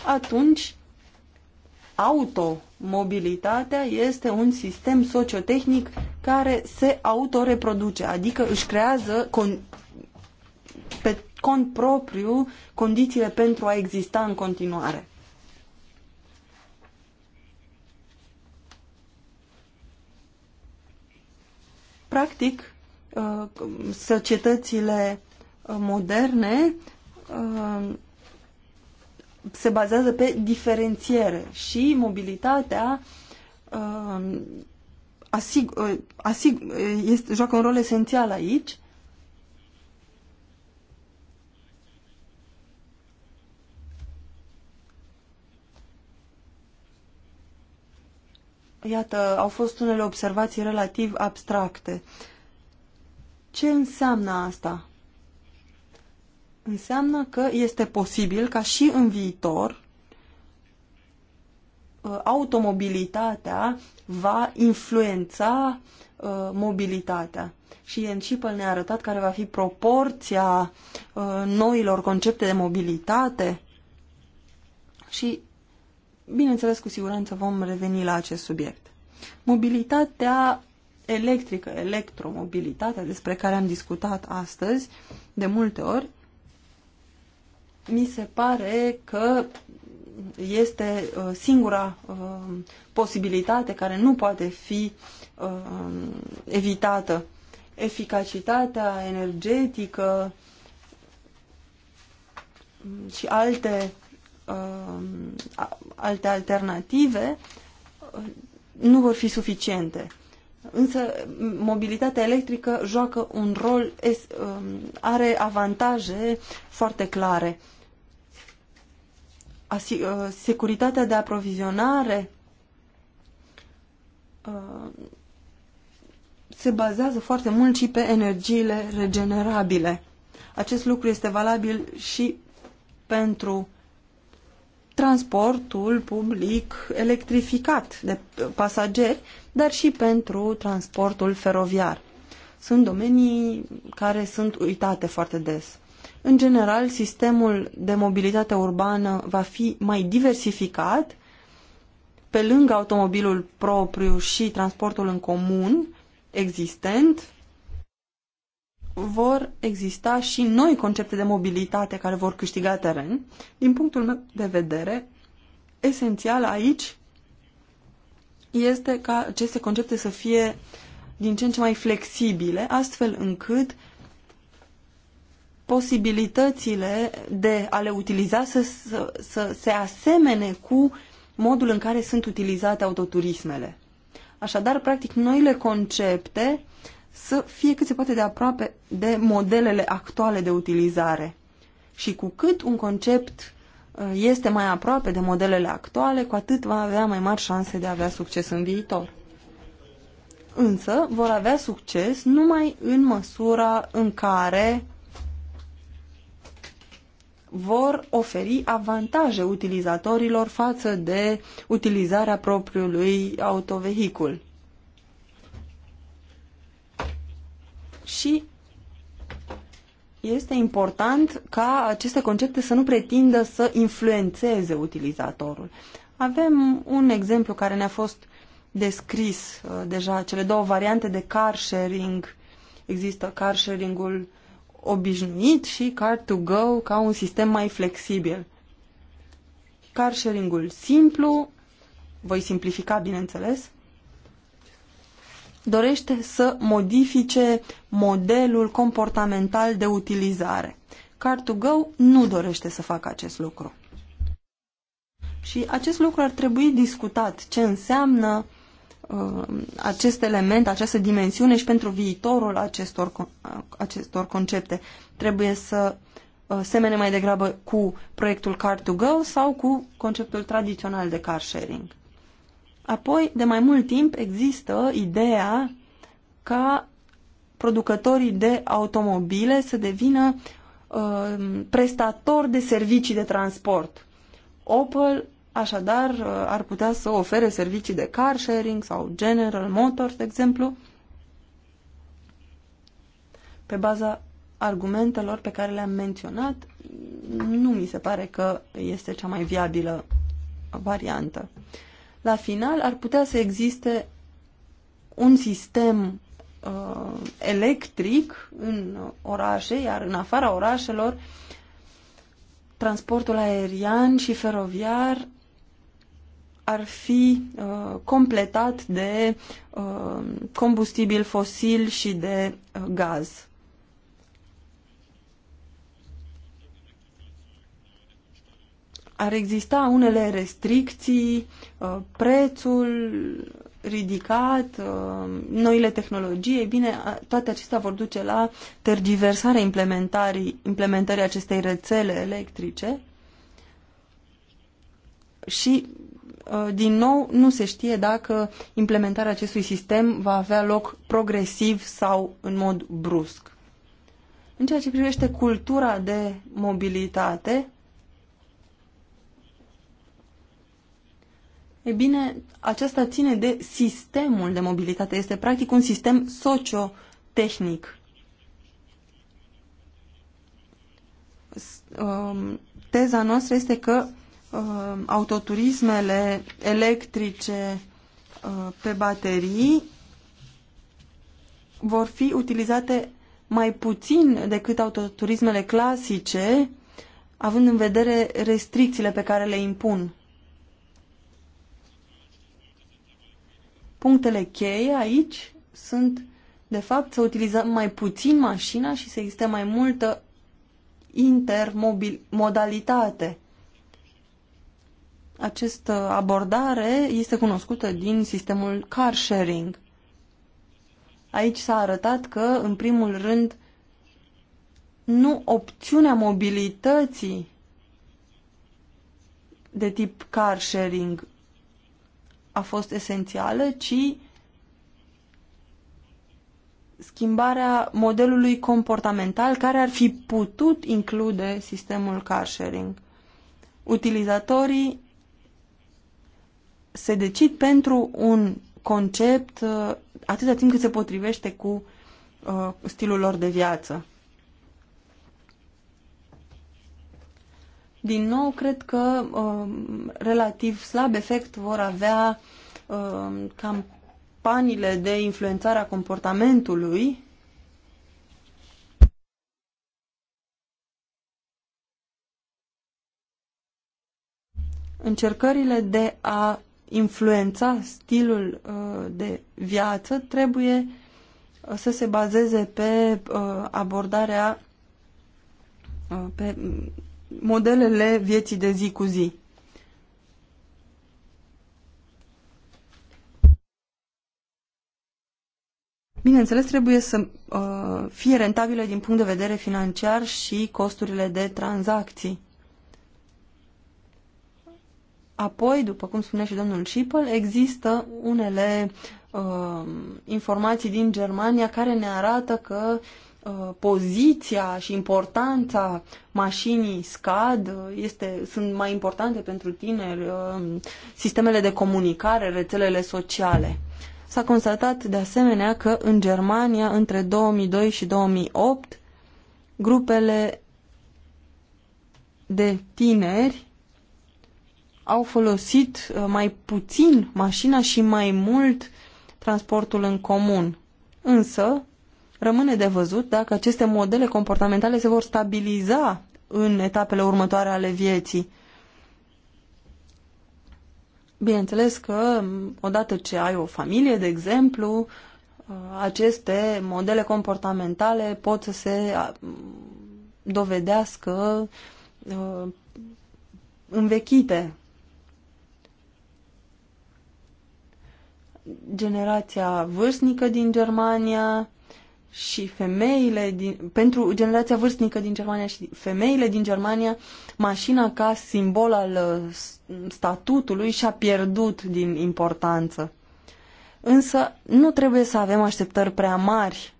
atunci automobilitatea este un sistem sociotehnic care se autoreproduce, adică își creează con pe cont propriu condițiile pentru a exista în continuare. Practic, Uh, societățile moderne uh, se bazează pe diferențiere și mobilitatea uh, asig, asig, este, joacă un rol esențial aici. Iată, au fost unele observații relativ abstracte. Uh, ce înseamnă asta? Înseamnă că este posibil ca și în viitor uh, automobilitatea va influența uh, mobilitatea. Și în Cipăl ne-a arătat care va fi proporția uh, noilor concepte de mobilitate și, bineînțeles, cu siguranță vom reveni la acest subiect. Mobilitatea electrică, electromobilitatea despre care am discutat astăzi de multe ori, mi se pare că este uh, singura uh, posibilitate care nu poate fi uh, evitată. Eficacitatea energetică mm, și alte, alte alternative nu vor fi suficiente. Însă mobilitatea electrică joacă un rol, um, are avantaje foarte clare. Uh, securitatea de aprovizionare uh, se bazează foarte mult și pe energiile regenerabile. Acest lucru este valabil și pentru transportul public electrificat de pasageri, dar și pentru transportul feroviar. Sunt domenii care sunt uitate foarte des. În general, sistemul de mobilitate urbană va fi mai diversificat, pe lângă automobilul propriu și transportul în comun existent, vor exista și noi concepte de mobilitate care vor câștiga teren. Din punctul meu de vedere, esențial aici este ca aceste concepte să fie din ce în ce mai flexibile, astfel încât posibilitățile de a le utiliza să, să, să se asemene cu modul în care sunt utilizate autoturismele. Așadar, practic, noile concepte să fie cât se poate de aproape de modelele actuale de utilizare. Și cu cât un concept uh, este mai aproape de modelele actuale, cu atât va avea mai mari șanse de a avea succes în viitor. Însă vor avea succes numai în măsura în care vor oferi avantaje utilizatorilor față de utilizarea propriului autovehicul. și este important ca aceste concepte să nu pretindă să influențeze utilizatorul. Avem un exemplu care ne-a fost descris uh, deja, cele două variante de car sharing. Există car sharing-ul obișnuit și car to go ca un sistem mai flexibil. Car sharing-ul simplu, voi simplifica bineînțeles, dorește să modifice modelul comportamental de utilizare. Car2Go nu dorește să facă acest lucru. Și acest lucru ar trebui discutat, ce înseamnă uh, acest element, această dimensiune și pentru viitorul acestor, acestor concepte. Trebuie să uh, semene mai degrabă cu proiectul Car2Go sau cu conceptul tradițional de car sharing. Apoi, de mai mult timp, există ideea ca producătorii de automobile să devină uh, prestatori de servicii de transport. Opel, așadar, uh, ar putea să ofere servicii de car sharing sau General Motors, de exemplu, pe baza argumentelor pe care le-am menționat, nu mi se pare că este cea mai viabilă variantă. Uh, la final ar putea să existe un sistem uh, electric în orașe, iar în afara orașelor transportul aerian și feroviar ar fi uh, completat de uh, combustibil fosil și de uh, gaz. ar exista unele restricții, uh, prețul ridicat, uh, noile tehnologii, e bine, toate acestea vor duce la tergiversarea implementării, implementării acestei rețele electrice și uh, din nou, nu se știe dacă implementarea acestui sistem va avea loc progresiv sau în mod brusc. În ceea ce privește cultura de mobilitate, E bine, acesta ține de sistemul de mobilitate. Este practic un sistem socio-tehnic. Um, teza noastră este că um, autoturismele electrice uh, pe baterii vor fi utilizate mai puțin decât autoturismele clasice, având în vedere restricțiile pe care le impun Punctele cheie aici sunt, de fapt, să utilizăm mai puțin mașina și să existe mai multă intermodalitate. Această abordare este cunoscută din sistemul car sharing. Aici s-a arătat că, în primul rând, nu opțiunea mobilității de tip car sharing a fost esențială, ci schimbarea modelului comportamental care ar fi putut include sistemul car sharing. Utilizatorii se decid pentru un concept uh, atâta timp cât se potrivește cu uh, stilul lor de viață. Din nou, cred că um, relativ slab efect vor avea um, campaniile de influențare a comportamentului încercările de a influența stilul uh, de viață trebuie uh, să se bazeze pe uh, abordarea pe modelele vieții de zi cu zi. Bineînțeles, trebuie să uh, fie rentabile din punct de vedere financiar și costurile de tranzacții. Apoi, după cum spunea și domnul Schipel, există unele uh, informații din Germania care ne arată că uh, Uh, poziția și importanța mașinii scad, uh, este, sunt mai importante pentru tineri uh, sistemele de comunicare, rețelele sociale. S-a constatat de asemenea că în Germania, între 2002 și 2008, grupele de tineri au folosit mai puțin mașina și mai mult transportul în comun. Însă, Rămâne de văzut dacă aceste modele comportamentale se vor stabiliza în etapele următoare ale vieții. Bineînțeles că odată ce ai o familie, de exemplu, aceste modele comportamentale pot să se dovedească învechite. Generația vârstnică din Germania și femeile din, pentru generația vârstnică din Germania și femeile din Germania, mașina ca simbol al uh, statutului și-a pierdut din importanță. Însă nu trebuie să avem așteptări prea mari.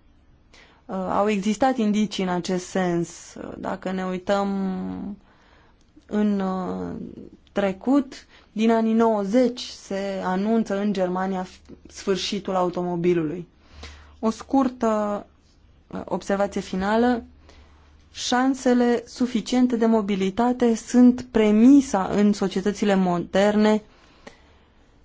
Uh, au existat indicii în acest sens. Uh, dacă ne uităm în trecut, din anii 90 se anunță în Germania sfârșitul automobilului. O scurtă uh, observație finală. Șansele suficiente de mobilitate sunt premisa în societățile moderne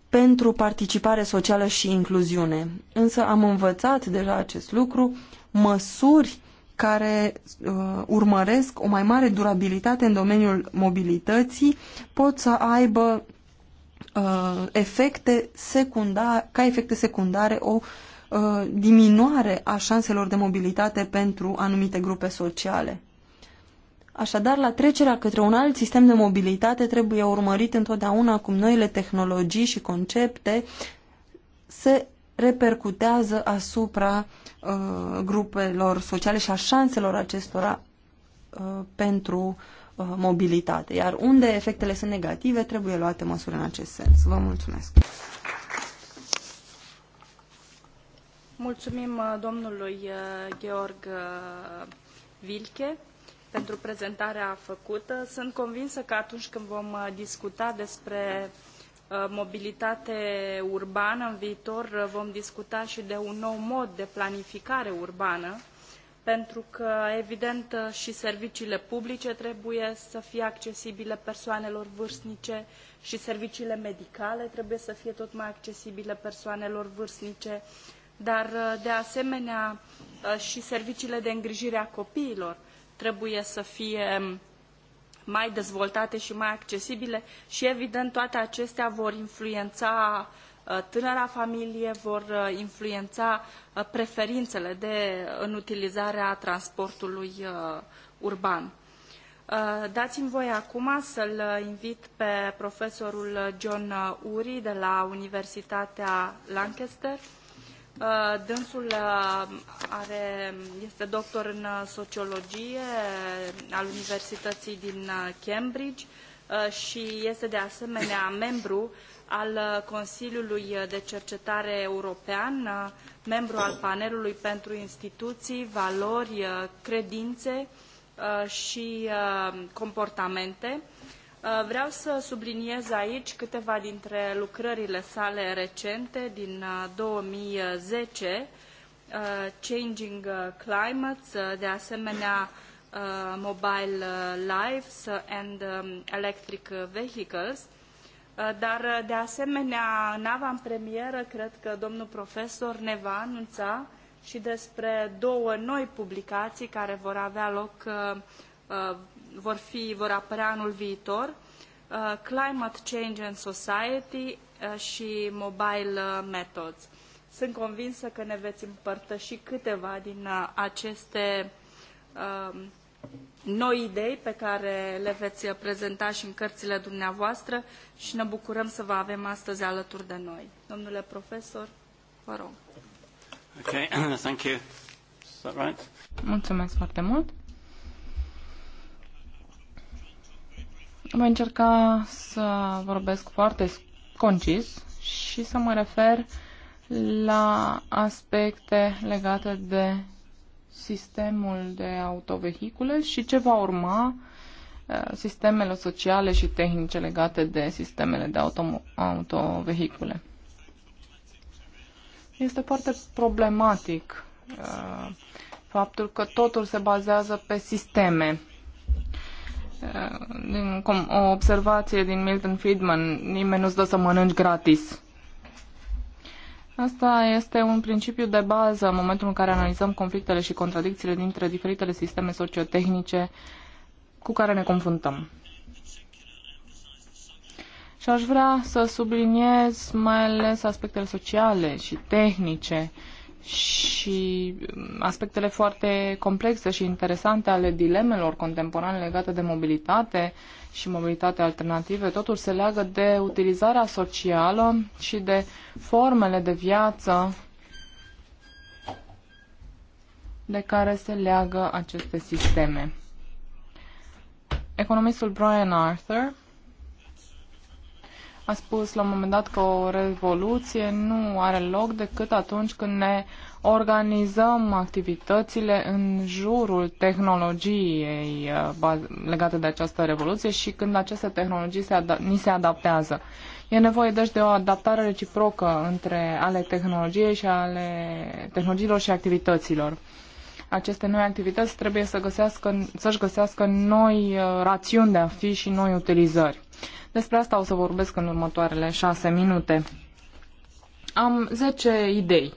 pentru participare socială și incluziune. Însă am învățat deja acest lucru, măsuri care uh, urmăresc o mai mare durabilitate în domeniul mobilității pot să aibă uh, efecte secundare, ca efecte secundare o Uh, diminuare a șanselor de mobilitate pentru anumite grupe sociale. Așadar, la trecerea către un alt sistem de mobilitate trebuie urmărit întotdeauna cum noile tehnologii și concepte se repercutează asupra uh, grupelor sociale și a șanselor acestora uh, pentru uh, mobilitate. Iar unde efectele sunt negative, trebuie luate măsuri în acest sens. Vă mulțumesc! Mulțumim uh, domnului uh, Georg uh, Vilche pentru prezentarea făcută. Sunt convinsă că atunci când vom discuta despre mobilitate urbană în viitor, vom discuta și de un nou mod de planificare urbană, pentru că, evident, și serviciile publice trebuie să fie accesibile persoanelor vârstnice și serviciile medicale trebuie să fie tot mai accesibile persoanelor vârstnice dar uh, de asemenea uh, și serviciile de îngrijire a copiilor trebuie să fie um, mai dezvoltate și mai accesibile și evident toate acestea vor influența uh, tânăra familie, vor influența preferințele de, în utilizarea transportului urban. Dați-mi voi acum să-l invit pe profesorul John Uri de la Universitatea Lancaster Uh, dânsul uh, are, este doctor în uh, sociologie al Universității din Cambridge și este de asemenea membru al Consiliului de Cercetare European, membru al panelului pentru instituții, valori, credințe și comportamente Uh, vreau să subliniez aici câteva dintre lucrările sale recente din 2010, uh, uh, Changing Climates, de asemenea Mobile Lives and um, Electric Vehicles, dar de asemenea în avantpremieră cred că domnul profesor ne va anunța și despre două noi publicații care vor avea loc vor, fi, vor apărea anul viitor, uh, Climate Change and Society uh, și Mobile uh, Methods. Sunt convinsă că ne veți împărtăși câteva din aceste um, noi idei pe care le veți prezenta și în cărțile dumneavoastră și ne bucurăm să vă avem astăzi alături de noi. Domnule profesor, vă rog. Okay, thank you. Is that right? Mulțumesc foarte mult. Voi încerca să vorbesc foarte concis și să mă refer la aspecte legate de sistemul de autovehicule și ce va urma uh, sistemele sociale și tehnice legate de sistemele de auto, autovehicule. Este foarte problematic uh, faptul că totul se bazează pe sisteme din, cum, o observație din Milton Friedman, nimeni nu-ți dă să mănânci gratis. Asta este un principiu de bază în momentul în care analizăm conflictele și contradicțiile dintre diferitele sisteme sociotehnice cu care ne confruntăm. Și aș vrea să subliniez mai ales aspectele sociale și tehnice uh, și um, aspectele foarte complexe și interesante ale dilemelor contemporane legate de mobilitate și mobilitate alternative, totul se leagă de utilizarea socială și de formele de viață de care se leagă aceste sisteme. Economistul Brian Arthur a spus la un moment dat că o revoluție nu are loc decât atunci când ne organizăm activitățile în jurul tehnologiei uh, legate de această revoluție și când aceste tehnologii se ni se adaptează. E nevoie deci de o adaptare reciprocă între ale tehnologiei și ale tehnologiilor și activităților. Aceste noi activități trebuie să găsească, să-și găsească noi uh, rațiuni de a fi și noi utilizări. Despre asta o să vorbesc în următoarele șase minute. Am zece idei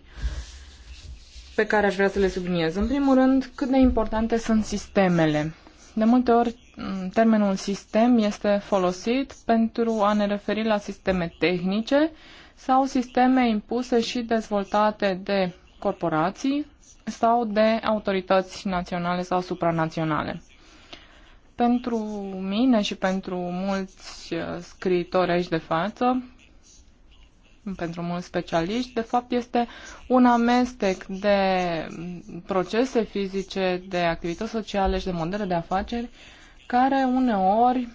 pe care aș vrea să le subliniez. În primul rând, cât de importante sunt sistemele. De multe ori, termenul sistem este folosit pentru a ne referi la sisteme tehnice sau sisteme impuse și dezvoltate de corporații sau de autorități naționale sau supranaționale. Pentru mine și pentru mulți uh, scriitori aici de față, pentru mulți specialiști, de fapt este un amestec de procese fizice, de activități sociale și de modele de afaceri care uneori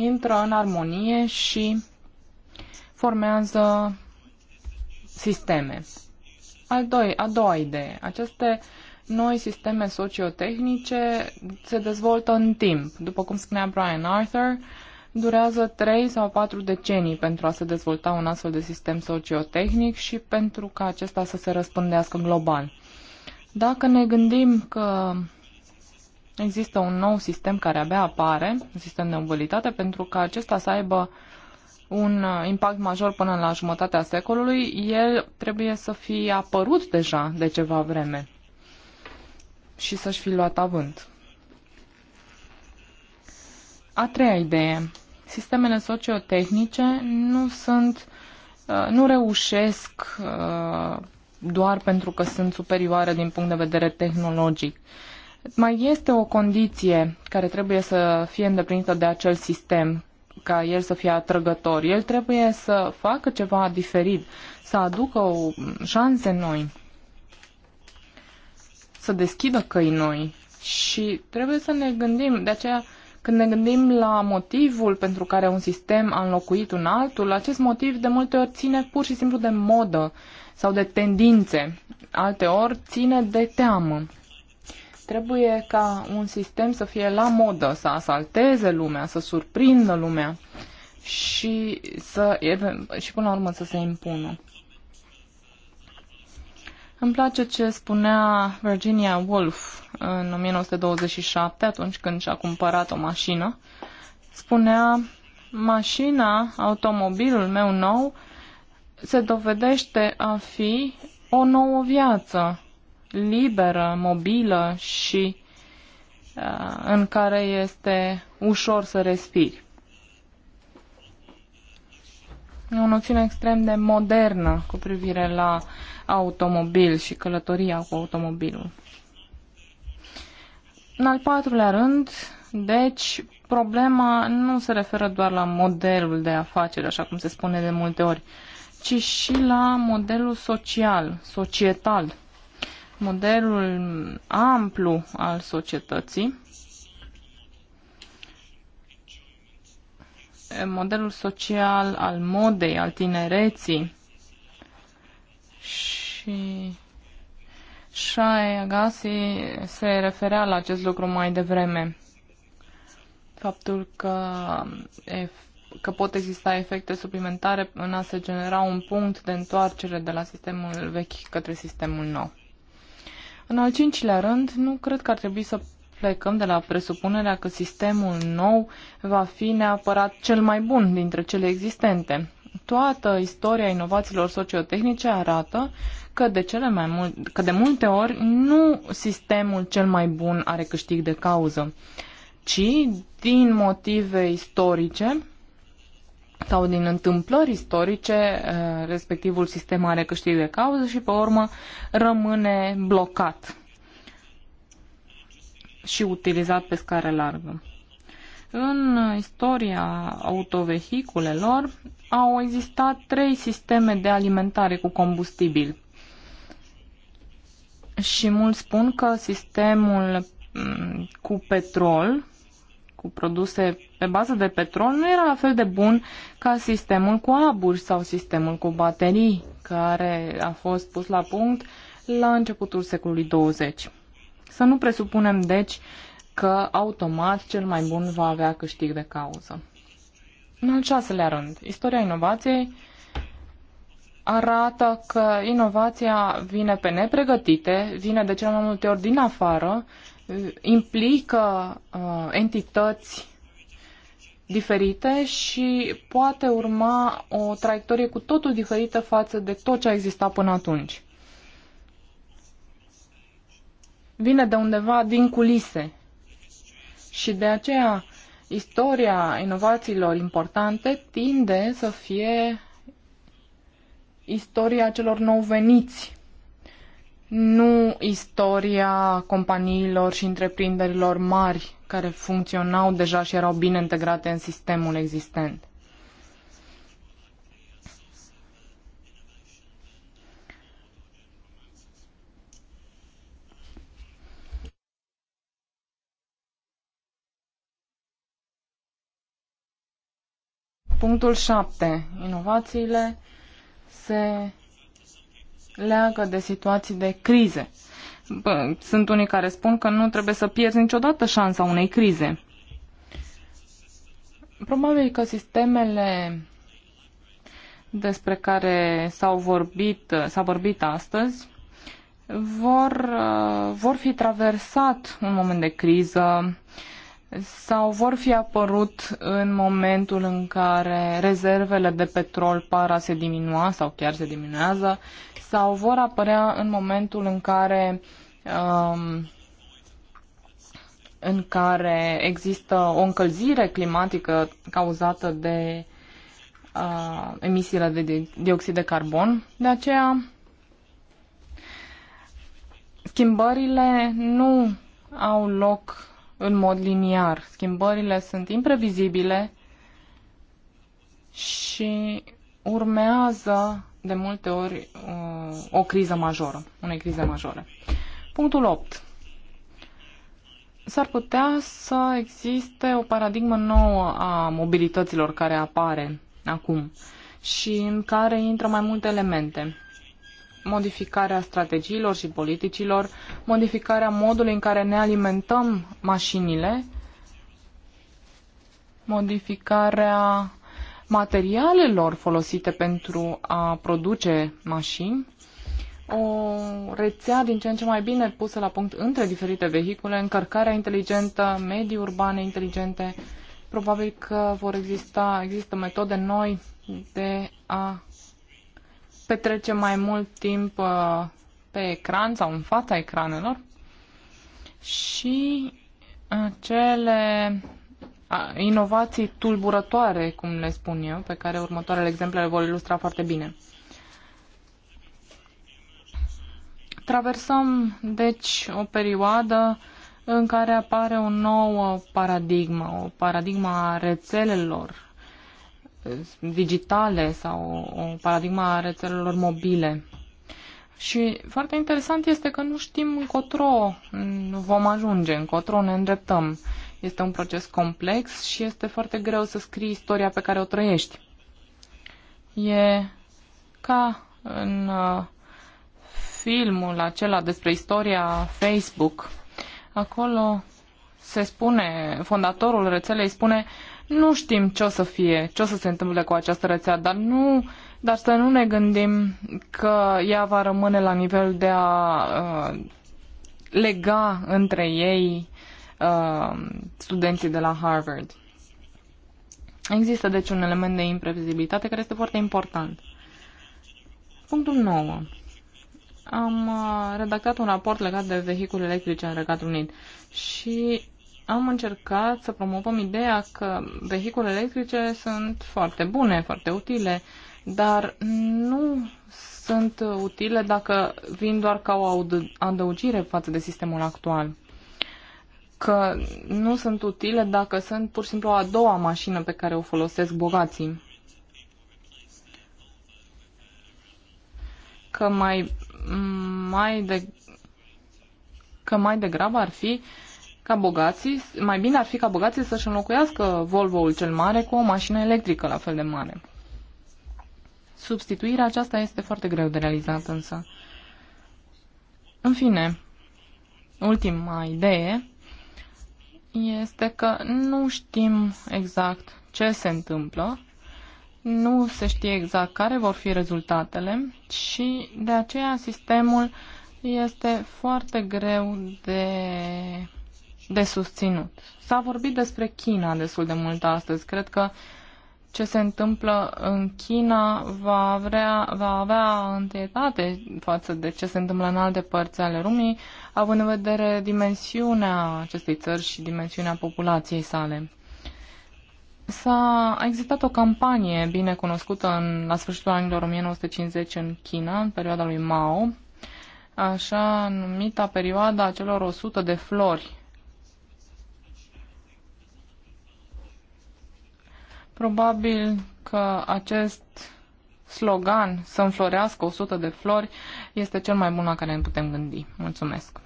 intră în armonie și formează sisteme. Al doi, a doua idee. Aceste uh, noi sisteme sociotehnice se dezvoltă în timp. După cum spunea Brian Arthur, durează 3 sau 4 decenii pentru a se dezvolta un astfel de sistem sociotehnic și pentru ca acesta să se răspândească global. Dacă ne gândim că există un nou sistem care abia apare, un sistem de mobilitate, pentru ca acesta să aibă un impact major până la jumătatea secolului, el trebuie să fie apărut deja de ceva vreme și să-și fi luat avânt. A treia idee. Sistemele sociotehnice nu sunt, uh, nu reușesc uh, doar pentru că sunt superioare din punct de vedere tehnologic. Mai este o condiție care trebuie să fie îndeplinită de acel sistem ca el să fie atrăgător. El trebuie să facă ceva diferit, să aducă o șanse noi să deschidă căi noi și trebuie să ne gândim, de aceea când ne gândim la motivul pentru care un sistem a înlocuit un altul, acest motiv de multe ori ține pur și simplu de modă sau de tendințe, alte ori ține de teamă. Trebuie ca un sistem să fie la modă, să asalteze lumea, să surprindă lumea și, să, și până la urmă să se impună. Îmi place ce spunea Virginia Woolf în 1927, atunci când și-a cumpărat o mașină. Spunea, mașina, automobilul meu nou, se dovedește a fi o nouă viață, liberă, mobilă și uh, în care este ușor să respiri. E o noțiune extrem de modernă cu privire la automobil și călătoria cu automobilul. În al patrulea rând, deci, problema nu se referă doar la modelul de afaceri, așa cum se spune de multe ori, ci și la modelul social, societal, modelul amplu al societății, modelul social al modei, al tinereții și Shai Agassi se referea la acest lucru mai devreme. Faptul că, că pot exista efecte suplimentare în a se genera un punct de întoarcere de la sistemul vechi către sistemul nou. În al cincilea rând, nu cred că ar trebui să plecăm de la presupunerea că sistemul nou va fi neapărat cel mai bun dintre cele existente. Toată istoria inovațiilor sociotehnice arată că de, cele mai mult, că de multe ori nu sistemul cel mai bun are câștig de cauză, ci din motive istorice sau din întâmplări istorice, eh, respectivul sistem are câștig de cauză și pe urmă rămâne blocat și utilizat pe scară largă. În istoria autovehiculelor au existat trei sisteme de alimentare cu combustibil. Și mulți spun că sistemul mm, cu petrol, cu produse pe bază de petrol, nu era la fel de bun ca sistemul cu aburi sau sistemul cu baterii, care a fost pus la punct la începutul secolului 20. Să nu presupunem, deci, că automat cel mai bun va avea câștig de cauză. În al șaselea rând, istoria inovației arată că inovația vine pe nepregătite, vine de cele mai multe ori din afară, implică uh, entități diferite și poate urma o traiectorie cu totul diferită față de tot ce a existat până atunci. vine de undeva din culise. Și de aceea istoria inovațiilor importante tinde să fie istoria celor nou veniți, nu istoria companiilor și întreprinderilor mari care funcționau deja și erau bine integrate în sistemul existent. Punctul 7. Inovațiile se leagă de situații de crize. Bă, sunt unii care spun că nu trebuie să pierzi niciodată șansa unei crize. Probabil că sistemele despre care s-au vorbit, s-a vorbit astăzi vor, uh, vor fi traversat un moment de criză, uh, sau vor fi apărut în momentul în care rezervele de petrol para se diminua sau chiar se diminuează sau vor apărea în momentul în care um, în care există o încălzire climatică cauzată de uh, emisiile de dioxid de carbon. De aceea, schimbările nu au loc în mod liniar. Schimbările sunt imprevizibile și urmează de multe ori o, uh, o criză majoră, unei crize majore. Punctul 8. S-ar putea să existe o paradigmă nouă a mobilităților care apare acum și în care intră mai multe elemente modificarea strategiilor și politicilor, modificarea modului în care ne alimentăm mașinile, modificarea materialelor folosite pentru a produce mașini, o rețea din ce în ce mai bine pusă la punct între diferite vehicule, încărcarea inteligentă, medii urbane inteligente. Probabil că vor exista, există metode noi de a petrecem mai mult timp uh, pe ecran sau în fața ecranelor și acele uh, inovații tulburătoare, cum le spun eu, pe care următoarele exemple le vor ilustra foarte bine. Traversăm, deci, o perioadă în care apare o nouă paradigmă, o paradigma a rețelelor digitale sau o paradigma a rețelelor mobile. Și foarte interesant este că nu știm încotro vom ajunge, încotro ne îndreptăm. Este un proces complex și este foarte greu să scrii istoria pe care o trăiești. E ca în uh, filmul acela despre istoria Facebook. Acolo se spune, fondatorul rețelei spune, uh, nu știm ce o să fie, ce o să se întâmple cu această rețea, dar nu dar să nu ne gândim că ea va rămâne la nivel de a uh, lega între ei uh, studenții de la Harvard. Există deci un element de imprevizibilitate care este foarte important. Punctul 9. Am uh, redactat un raport legat de vehicule electrice în Regatul Unit și am încercat să promovăm ideea că vehiculele electrice sunt foarte bune, foarte utile, dar nu sunt utile dacă vin doar ca o adăugire față de sistemul actual. Că nu sunt utile dacă sunt pur și simplu a doua mașină pe care o folosesc bogații. Că mai, mai, de, că mai degrabă ar fi uh, ca bogații, mai bine ar fi ca bogații să-și înlocuiască Volvo-ul cel mare cu o mașină electrică la fel de mare. Substituirea aceasta este foarte greu de realizat însă. În fine, ultima idee este că nu știm exact ce se întâmplă, nu se știe exact care vor fi rezultatele și de aceea sistemul este foarte greu de de susținut. S-a vorbit despre China destul de mult astăzi. Cred că ce se întâmplă în China va, vrea, va avea întâietate față de ce se întâmplă în alte părți ale lumii, având în vedere dimensiunea acestei țări și dimensiunea populației sale. S-a, a existat o campanie bine cunoscută în, la sfârșitul anilor 1950 în China, în perioada lui Mao, așa numita perioada celor 100 de flori, Probabil că acest slogan să înflorească 100 de flori este cel mai bun la care ne putem gândi. Mulțumesc!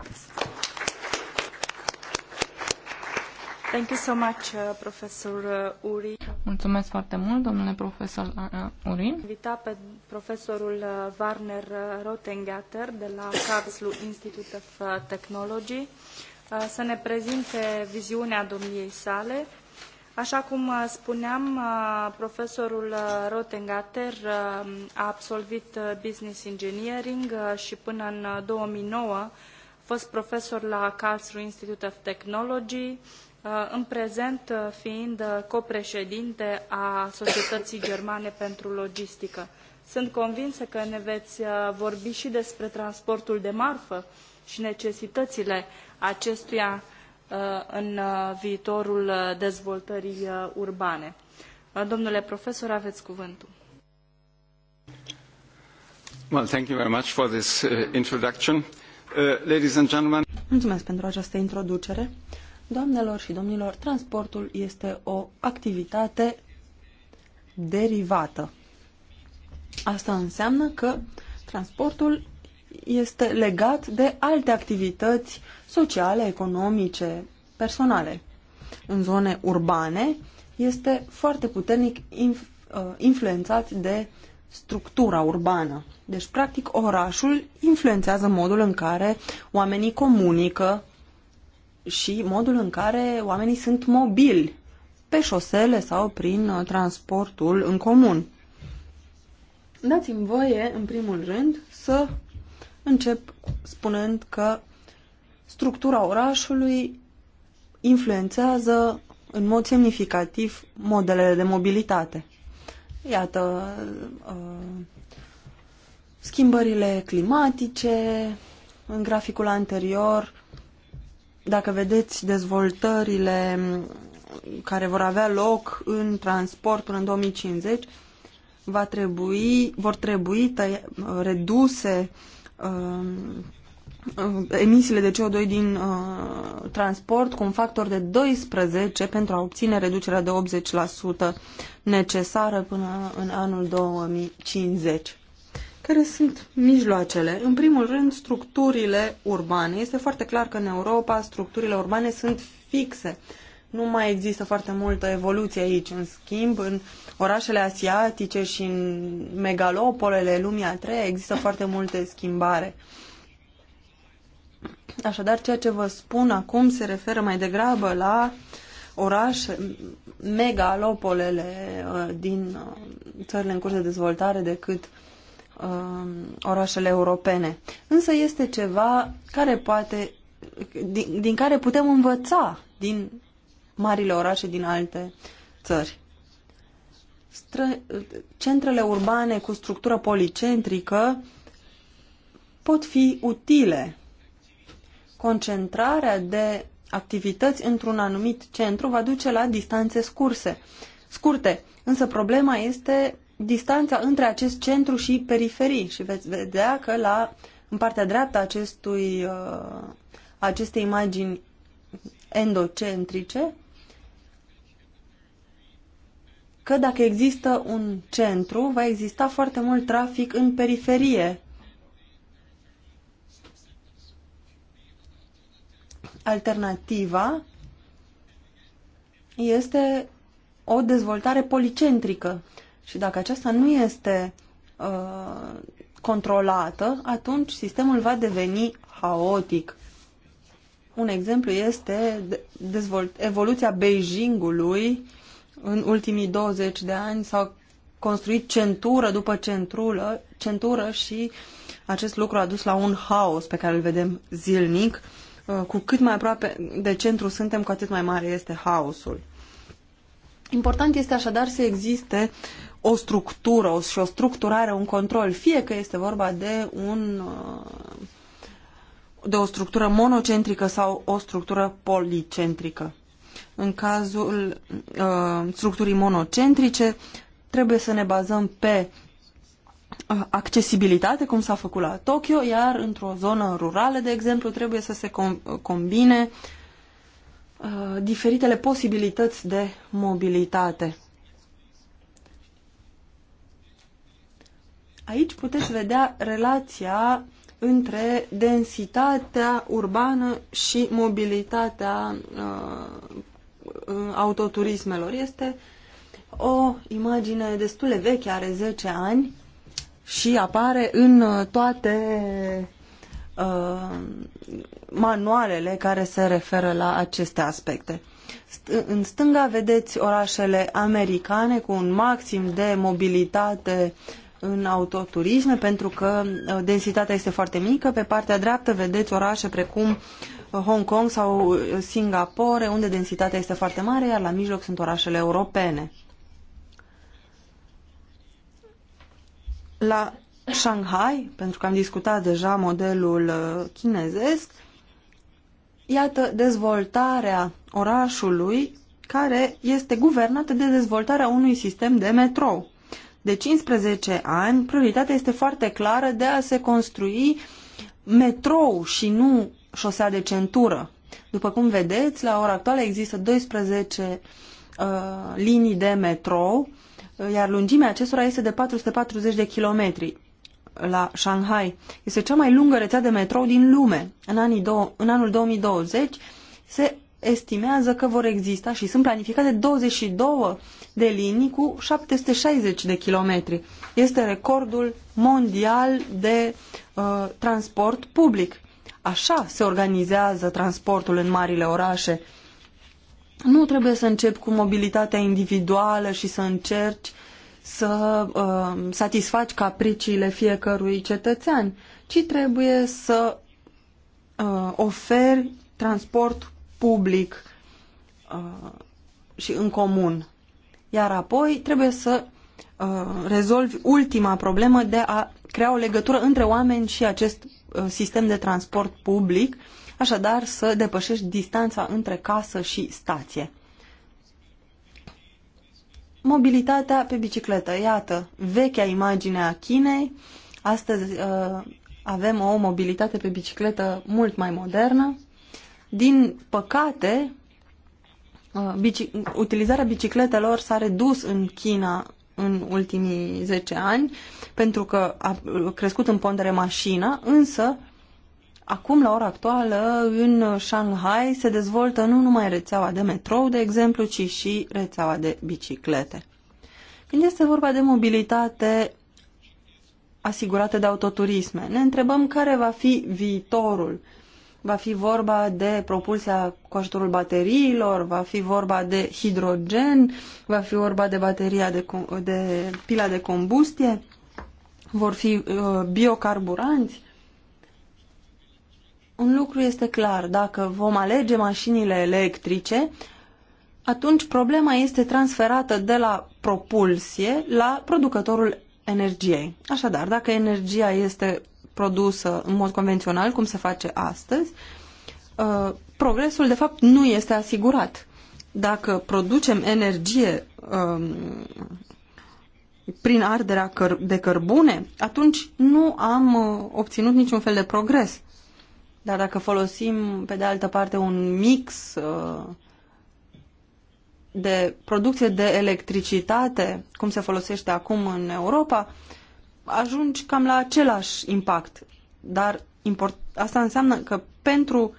Thank you so much, uh, profesor uh, Uri. Mulțumesc foarte mult, domnule profesor uh, Uri. Invita pe profesorul Warner Rotengatter de la Karlsruhe Institute of Technology să ne prezinte viziunea domniei sale Așa cum uh, spuneam, uh, profesorul uh, Rotengater a absolvit Business Engineering și până în 2009 a fost profesor la Karlsruhe Institute of Technology, în prezent fiind copreședinte a Societății Germane pentru Logistică. Sunt convinsă că ne veți vorbi și despre transportul de marfă și necesitățile acestuia Uh, în uh, viitorul uh, dezvoltării urbane. Domnule profesor, aveți cuvântul. Well, thank you very much for this introduction. Uh, ladies and gentlemen. Mulțumesc pentru această introducere. Doamnelor și domnilor, transportul este o activitate derivată. Asta înseamnă că transportul este legat de alte activități sociale, economice, personale. În zone urbane este foarte puternic uh, influențat de structura urbană. Deci, practic, orașul influențează modul în care oamenii comunică și modul în care oamenii sunt mobili pe șosele sau prin uh, transportul în comun. Dați-mi voie, în primul rând, să Încep spunând că structura orașului influențează în mod semnificativ modelele de mobilitate. Iată, uh, schimbările climatice, în graficul anterior, dacă vedeți dezvoltările care vor avea loc în transport până în 2050, va trebui, vor trebui tăia, reduse Uh, emisiile de CO2 din uh, transport cu un factor de 12 pentru a obține reducerea de 80% necesară până în anul 2050. Care sunt mijloacele? În primul rând, structurile urbane. Este foarte clar că în Europa structurile urbane sunt fixe. Uh, nu mai există foarte multă evoluție aici. În schimb, în orașele asiatice și în megalopolele lumii a treia există foarte multe schimbare. Așadar, ceea ce vă spun acum se referă mai degrabă la orașe, megalopolele uh, din uh, țările în curs de dezvoltare decât uh, orașele europene. Însă este ceva care poate, din, din care putem învăța din marile orașe din alte țări. Stră, centrele urbane cu structură policentrică pot fi utile. Concentrarea de activități într-un anumit centru va duce la distanțe scurse, scurte, însă problema este distanța între acest centru și periferii și veți vedea că la, în partea dreaptă acestui, uh, acestei imagini endocentrice că dacă există un centru, va exista foarte mult trafic în periferie. Alternativa este o dezvoltare policentrică. Și dacă aceasta nu este uh, controlată, atunci sistemul va deveni haotic. Un exemplu este dezvolt evoluția Beijingului în ultimii 20 de ani s-au construit centură după centrulă, centură și acest lucru a dus la un haos pe care îl vedem zilnic. Uh, cu cât mai aproape de centru suntem, cu atât mai mare este haosul. Important este așadar să existe o structură și o structurare, un control, fie că este vorba de un uh, de o structură monocentrică sau o structură policentrică în cazul uh, structurii monocentrice, trebuie să ne bazăm pe uh, accesibilitate, cum s-a făcut la Tokyo, iar într-o zonă rurală, de exemplu, trebuie să se com- combine uh, diferitele posibilități de mobilitate. Aici puteți vedea relația între densitatea urbană și mobilitatea uh, Uh, autoturismelor. Este o imagine destul de veche, are 10 ani și apare în uh, toate uh, manualele care se referă la aceste aspecte. St în stânga vedeți orașele americane cu un maxim de mobilitate în autoturisme pentru că uh, densitatea este foarte mică. Pe partea dreaptă vedeți orașe precum Hong Kong sau uh, Singapore, unde densitatea este foarte mare, iar la mijloc sunt orașele europene. La Shanghai, pentru că am discutat deja modelul uh, chinezesc, iată dezvoltarea orașului care este guvernată de dezvoltarea unui sistem de metrou. De 15 ani, prioritatea este foarte clară de a se construi metrou și nu șosea de centură. După cum vedeți, la ora actuală există 12 uh, linii de metrou, uh, iar lungimea acestora este de 440 de kilometri la Shanghai. Este cea mai lungă rețea de metrou din lume. În, anii în anul 2020 se estimează că vor exista și sunt planificate 22 de linii cu 760 de kilometri. Este recordul mondial de uh, transport public. Așa se organizează transportul în marile orașe. Nu trebuie să încep cu mobilitatea individuală și să încerci să uh, satisfaci capriciile fiecărui cetățean, ci trebuie să uh, oferi transport public uh, și în comun. Iar apoi trebuie să Uh, rezolvi ultima problemă de a crea o legătură între oameni și acest uh, sistem de transport public, așadar să depășești distanța între casă și stație. Mobilitatea pe bicicletă, iată, vechea imagine a Chinei, astăzi uh, avem o mobilitate pe bicicletă mult mai modernă. Din păcate, uh, bici, utilizarea bicicletelor s-a redus în China în ultimii 10 ani, pentru că a crescut în pondere mașina, însă acum, la ora actuală, în Shanghai se dezvoltă nu numai rețeaua de metrou, de exemplu, ci și rețeaua de biciclete. Când este vorba de mobilitate asigurată de autoturisme, ne întrebăm care va fi viitorul uh, Va fi vorba de propulsia cu ajutorul bateriilor, va fi vorba de hidrogen, va fi vorba de bateria de, de pila de combustie, vor fi uh, biocarburanți. Un lucru este clar, dacă vom alege mașinile electrice, atunci problema este transferată de la propulsie la producătorul energiei. Așadar, dacă energia este produsă în mod convențional, cum se face astăzi, uh, progresul de fapt nu este asigurat. Dacă producem energie um, prin arderea de cărbune, atunci nu am uh, obținut niciun fel de progres. Dar dacă folosim, pe de altă parte, un mix uh, de producție de electricitate, cum se folosește acum în Europa, ajungi cam la același impact. Dar import, asta înseamnă că pentru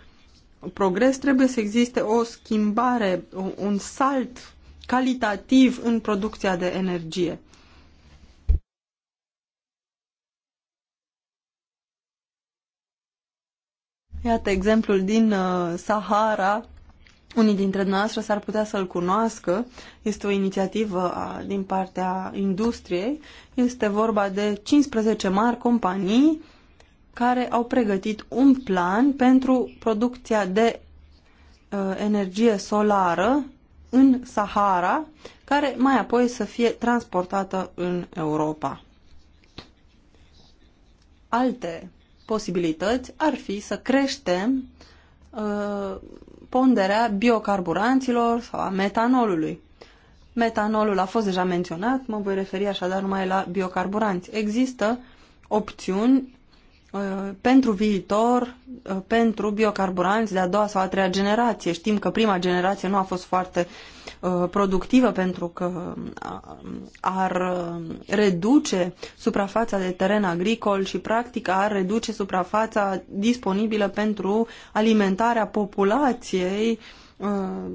progres trebuie să existe o schimbare, un salt calitativ în producția de energie. Iată exemplul din uh, Sahara, unii dintre noastre s-ar putea să-l cunoască. Este o inițiativă din partea industriei. Este vorba de 15 mari companii care au pregătit un plan pentru producția de uh, energie solară în Sahara, care mai apoi să fie transportată în Europa. Alte posibilități ar fi să creștem uh, ponderea biocarburanților sau a metanolului. Metanolul a fost deja menționat, mă voi referi așadar numai la biocarburanți. Există opțiuni uh, pentru viitor, uh, pentru biocarburanți de a doua sau a treia generație. Știm că prima generație nu a fost foarte uh, Uh, productivă pentru că uh, ar uh, reduce suprafața de teren agricol și practic ar reduce suprafața disponibilă pentru alimentarea populației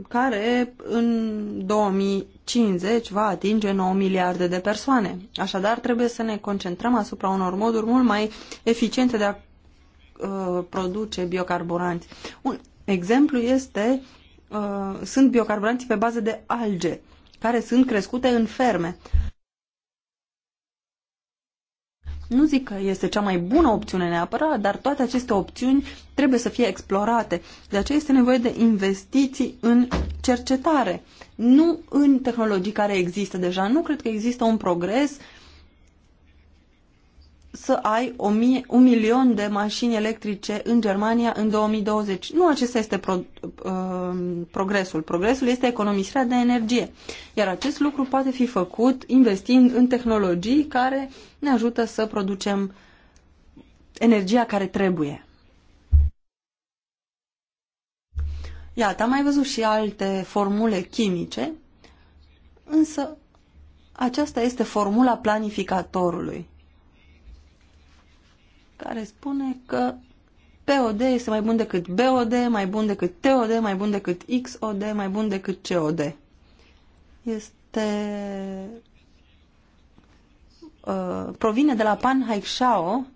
care în 2050 va atinge 9 miliarde de persoane. Așadar, trebuie să ne concentrăm asupra unor moduri mult mai eficiente de a produce biocarburanți. Un exemplu este Uh, sunt biocarburanții pe bază de alge, care sunt crescute în ferme. Nu zic că este cea mai bună opțiune neapărat, dar toate aceste opțiuni trebuie să fie explorate. De aceea este nevoie de investiții în cercetare, nu în tehnologii care există deja. Nu cred că există un progres uh, să ai o mie, un milion de mașini electrice în Germania în 2020. Nu acesta este pro, uh, progresul. Progresul este economisirea de energie. Iar acest lucru poate fi făcut investind în tehnologii care ne ajută să producem energia care trebuie. Iată, am mai văzut și alte formule chimice, însă aceasta este formula planificatorului care spune că POD este mai bun decât BOD, mai bun decât TOD, mai bun decât XOD, mai bun decât COD. Este uh, provine de la Pan Haixiao,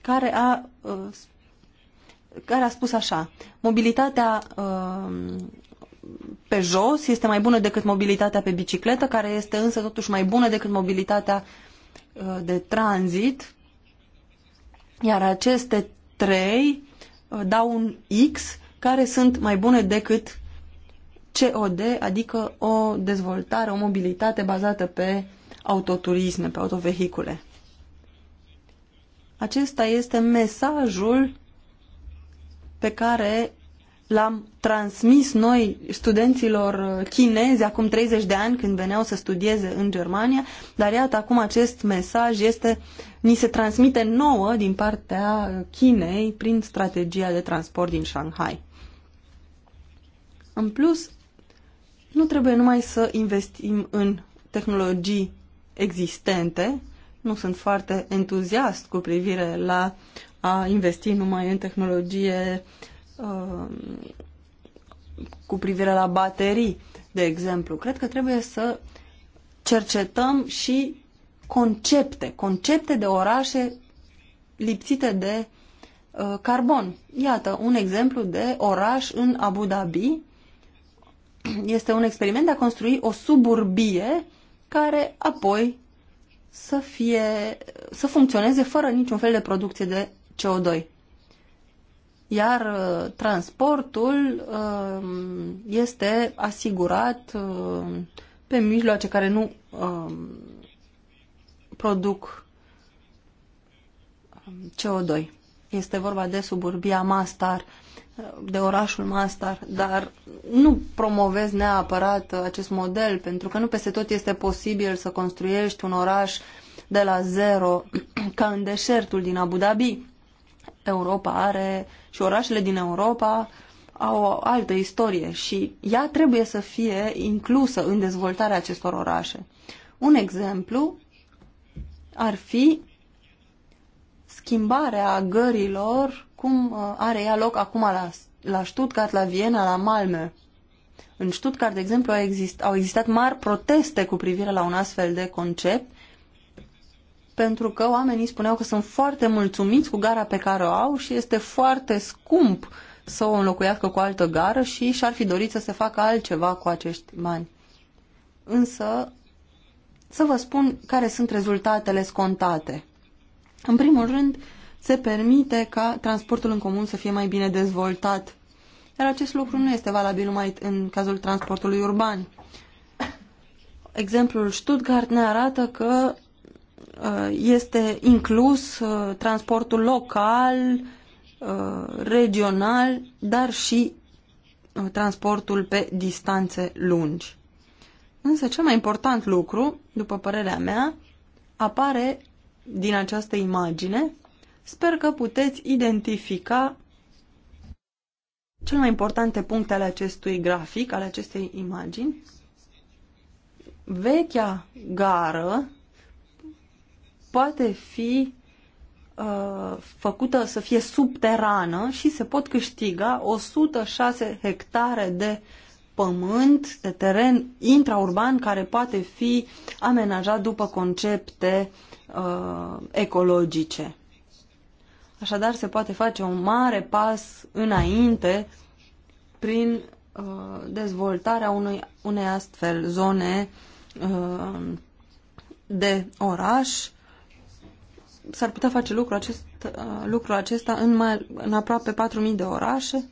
care a uh, care a spus așa, mobilitatea uh, pe jos este mai bună decât mobilitatea pe bicicletă, care este însă totuși mai bună decât mobilitatea uh, de tranzit iar aceste trei uh, dau un X care sunt mai bune decât COD, adică o dezvoltare, o mobilitate bazată pe autoturisme, pe autovehicule. Acesta este mesajul pe care l-am transmis noi studenților chinezi acum 30 de ani când veneau să studieze în Germania, dar iată acum acest mesaj este, ni se transmite nouă din partea Chinei prin strategia de transport din Shanghai. În plus, nu trebuie numai să investim în tehnologii existente, nu sunt foarte entuziast cu privire la a investi numai în tehnologie uh, Uh, cu privire la baterii, de exemplu. Cred că trebuie să cercetăm și concepte, concepte de orașe lipsite de uh, carbon. Iată, un exemplu de oraș în Abu Dhabi este un experiment de a construi o suburbie care apoi să, fie, să funcționeze fără niciun fel de producție de CO2 iar uh, transportul um, este asigurat um, pe mijloace care nu um, produc CO2. Este vorba de suburbia Mastar, uh, de orașul Mastar, dar nu promovez neapărat uh, acest model, pentru că nu peste tot este posibil să construiești un oraș de la zero, ca în deșertul din Abu Dhabi Europa are și orașele din Europa au o altă istorie și ea trebuie să fie inclusă în dezvoltarea acestor orașe. Un exemplu ar fi schimbarea gărilor, cum uh, are ea loc acum la, la Stuttgart, la Viena, la Malmö. În Stuttgart, de exemplu, au, exist, au existat mari proteste cu privire la un astfel de concept pentru că oamenii spuneau că sunt foarte mulțumiți cu gara pe care o au și este foarte scump să o înlocuiască cu altă gară și și-ar fi dorit să se facă altceva cu acești bani. Însă, să vă spun care sunt rezultatele scontate. În primul rând, se permite ca transportul în comun să fie mai bine dezvoltat, iar acest lucru nu este valabil numai în cazul transportului urban. Exemplul Stuttgart ne arată că Uh, este inclus uh, transportul local, uh, regional, dar și transportul pe distanțe lungi. Însă cel mai important lucru, după părerea mea, apare din această imagine. Sper că puteți identifica cel mai importante puncte ale acestui grafic, ale acestei imagini. Vechea gară poate fi uh, făcută să fie subterană și se pot câștiga 106 hectare de pământ, de teren intraurban care poate fi amenajat după concepte uh, ecologice. Așadar, se poate face un mare pas înainte prin uh, dezvoltarea unui, unei astfel zone uh, de oraș s-ar putea face lucrul, acest, uh, lucru acesta în, mai, în aproape 4.000 de orașe.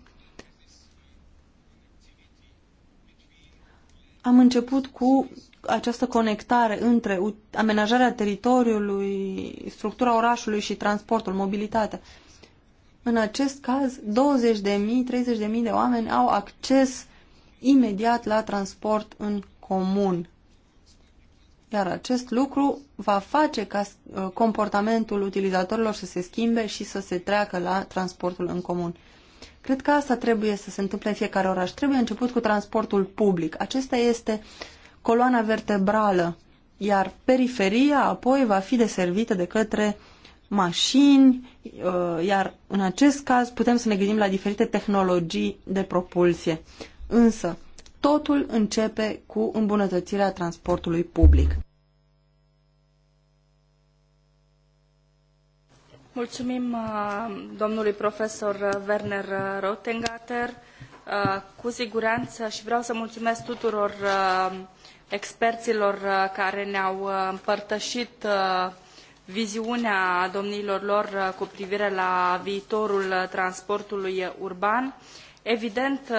Am început cu această conectare între amenajarea teritoriului, structura orașului și transportul, mobilitatea. În acest caz, 20.000-30.000 de oameni au acces imediat la transport în comun. Iar acest lucru va face ca uh, comportamentul utilizatorilor să se schimbe și să se treacă la transportul în comun. Cred că asta trebuie să se întâmple în fiecare oraș. Trebuie început cu transportul public. Acesta este coloana vertebrală, iar periferia apoi va fi deservită de către mașini, uh, iar în acest caz putem să ne gândim la diferite tehnologii de propulsie. Însă, totul începe cu îmbunătățirea transportului public. Mulțumim uh, domnului profesor Werner Rotengater. Uh, cu siguranță și vreau să mulțumesc tuturor uh, experților care ne-au împărtășit viziunea domnilor lor cu privire la viitorul transportului urban. Evident, uh,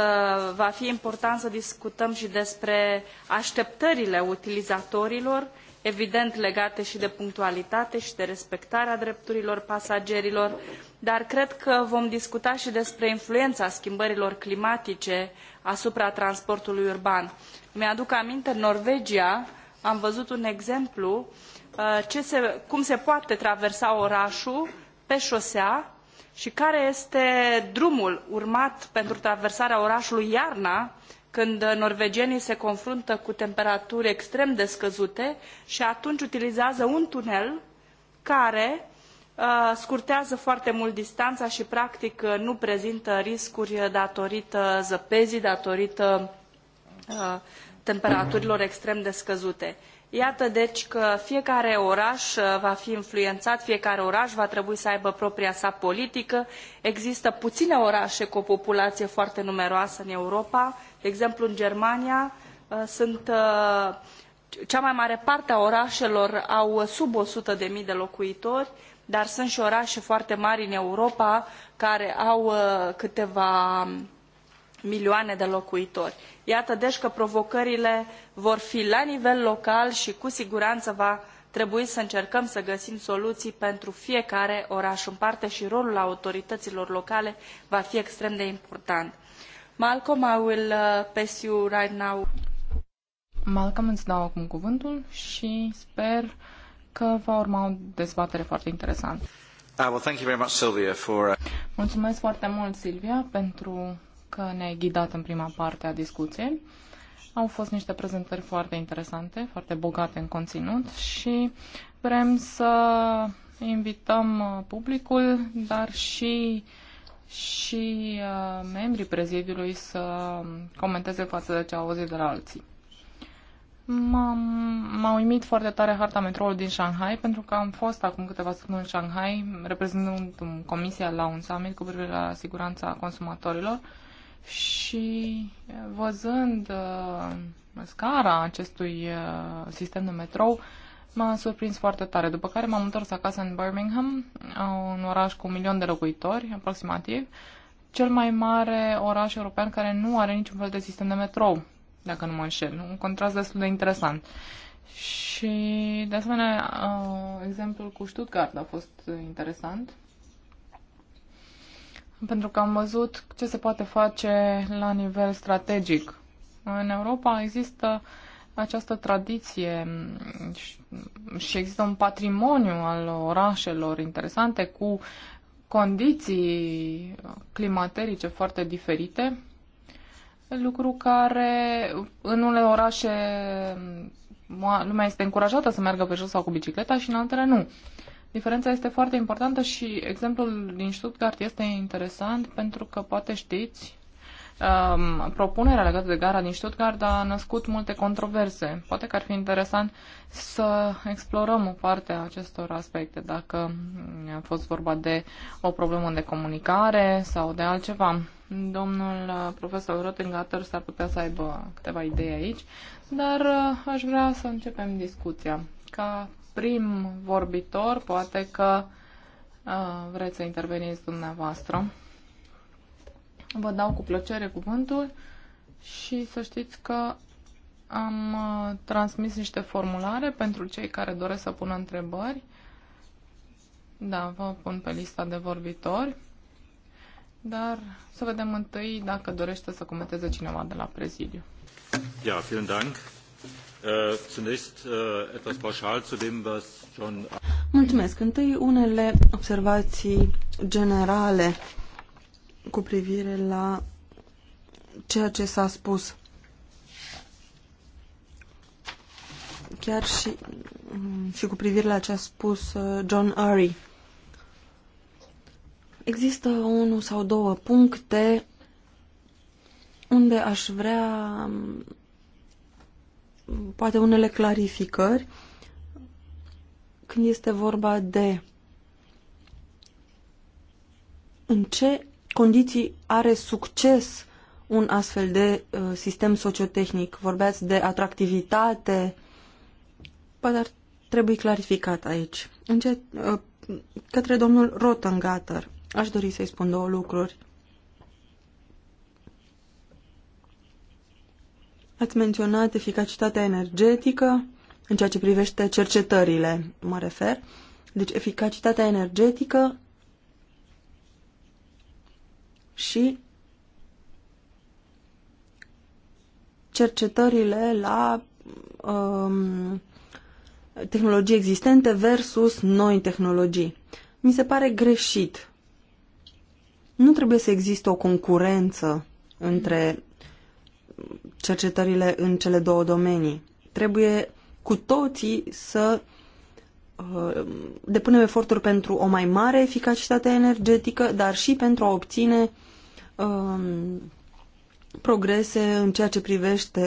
va fi important să discutăm și despre așteptările utilizatorilor, evident legate și de punctualitate și de respectarea drepturilor pasagerilor, dar cred că vom discuta și despre influența schimbărilor climatice asupra transportului urban. Mi-aduc aminte, în Norvegia am văzut un exemplu uh, se, cum se poate traversa orașul pe șosea și care este drumul urmat pentru traversarea orașului iarna când norvegienii se confruntă cu temperaturi extrem de scăzute și atunci utilizează un tunel care uh, scurtează foarte mult distanța și practic uh, nu prezintă riscuri datorită zăpezii, datorită uh, temperaturilor extrem de scăzute. Iată deci că fiecare oraș uh, va fi influențat, fiecare oraș va trebui să aibă propria sa politică. Există puține orașe cu o populație foarte numeroasă în Europa. De exemplu, în Germania uh, sunt uh, cea mai mare parte a orașelor au sub 100.000 de, de locuitori, dar sunt și orașe foarte mari în Europa care au câteva um, milioane de locuitori. Iată deci că provocările vor fi la nivel local și cu siguranță va trebui să încercăm să găsim soluții pentru fiecare oraș în parte și rolul autorităților locale va fi extrem de important. Malcolm, I will uh, pass you right now. Malcolm, îți dau acum cuvântul și sper că va urma o dezbatere foarte interesantă. Uh, well, thank you very much, for... Uh, Mulțumesc foarte mult, Silvia, pentru că ne-ai ghidat în prima parte a discuției. Au fost niște prezentări foarte interesante, foarte bogate în conținut și vrem să invităm uh, publicul, dar și și uh, membrii prezidiului să comenteze față de ce au auzit de la alții. M-a uimit foarte tare harta metroului din Shanghai, pentru că am fost acum câteva săptămâni în Shanghai, reprezentând comisia la un summit cu privire la siguranța consumatorilor și eh, văzând eh, scara acestui eh, sistem de metrou, m-a surprins foarte tare. După care m-am întors acasă în Birmingham, un oraș cu un milion de locuitori, aproximativ, cel mai mare oraș european care nu are niciun fel de sistem de metrou, dacă nu mă înșel. Un contrast destul de interesant. Și, de asemenea, exemplul cu Stuttgart a fost interesant pentru că am văzut ce se poate face la nivel strategic. În Europa există această tradiție și există un patrimoniu al orașelor interesante cu condiții climaterice foarte diferite, lucru care în unele orașe lumea este încurajată să meargă pe jos sau cu bicicleta și în altele nu. Diferența este foarte importantă și exemplul din Stuttgart este interesant pentru că poate știți um, propunerea legată de gara din Stuttgart a născut multe controverse. Poate că ar fi interesant să explorăm o parte a acestor aspecte, dacă a fost vorba de o problemă de comunicare sau de altceva. Domnul uh, profesor Rottengatter s-ar putea să aibă câteva idei aici, dar uh, aș vrea să începem discuția ca prim vorbitor, poate că uh, vreți să interveniți dumneavoastră. Vă dau cu plăcere cuvântul și să știți că am uh, transmis niște formulare pentru cei care doresc să pună întrebări. Da, vă pun pe lista de vorbitori. Dar să vedem întâi dacă dorește să comenteze cineva de la prezidiu. Ja, vielen Dank. Äh, äh, Mulțumesc. Întâi unele observații generale cu privire la ceea ce s-a spus. Chiar și, mm, și cu privire la ce a spus uh, John Urry. Există unul sau două puncte unde aș vrea mm, poate unele clarificări când este vorba de în ce condiții are succes un astfel de uh, sistem sociotehnic. Vorbeați de atractivitate. Poate ar trebui clarificat aici. În ce, uh, către domnul Rotengatter aș dori să-i spun două lucruri. Ați menționat eficacitatea energetică în ceea ce privește cercetările, mă refer. Deci eficacitatea energetică și cercetările la um, tehnologii existente versus noi tehnologii. Mi se pare greșit. Nu trebuie să existe o concurență între cercetările în cele două domenii. Trebuie cu toții să uh, depunem eforturi pentru o mai mare eficacitate energetică, dar și pentru a obține um, progrese în ceea ce privește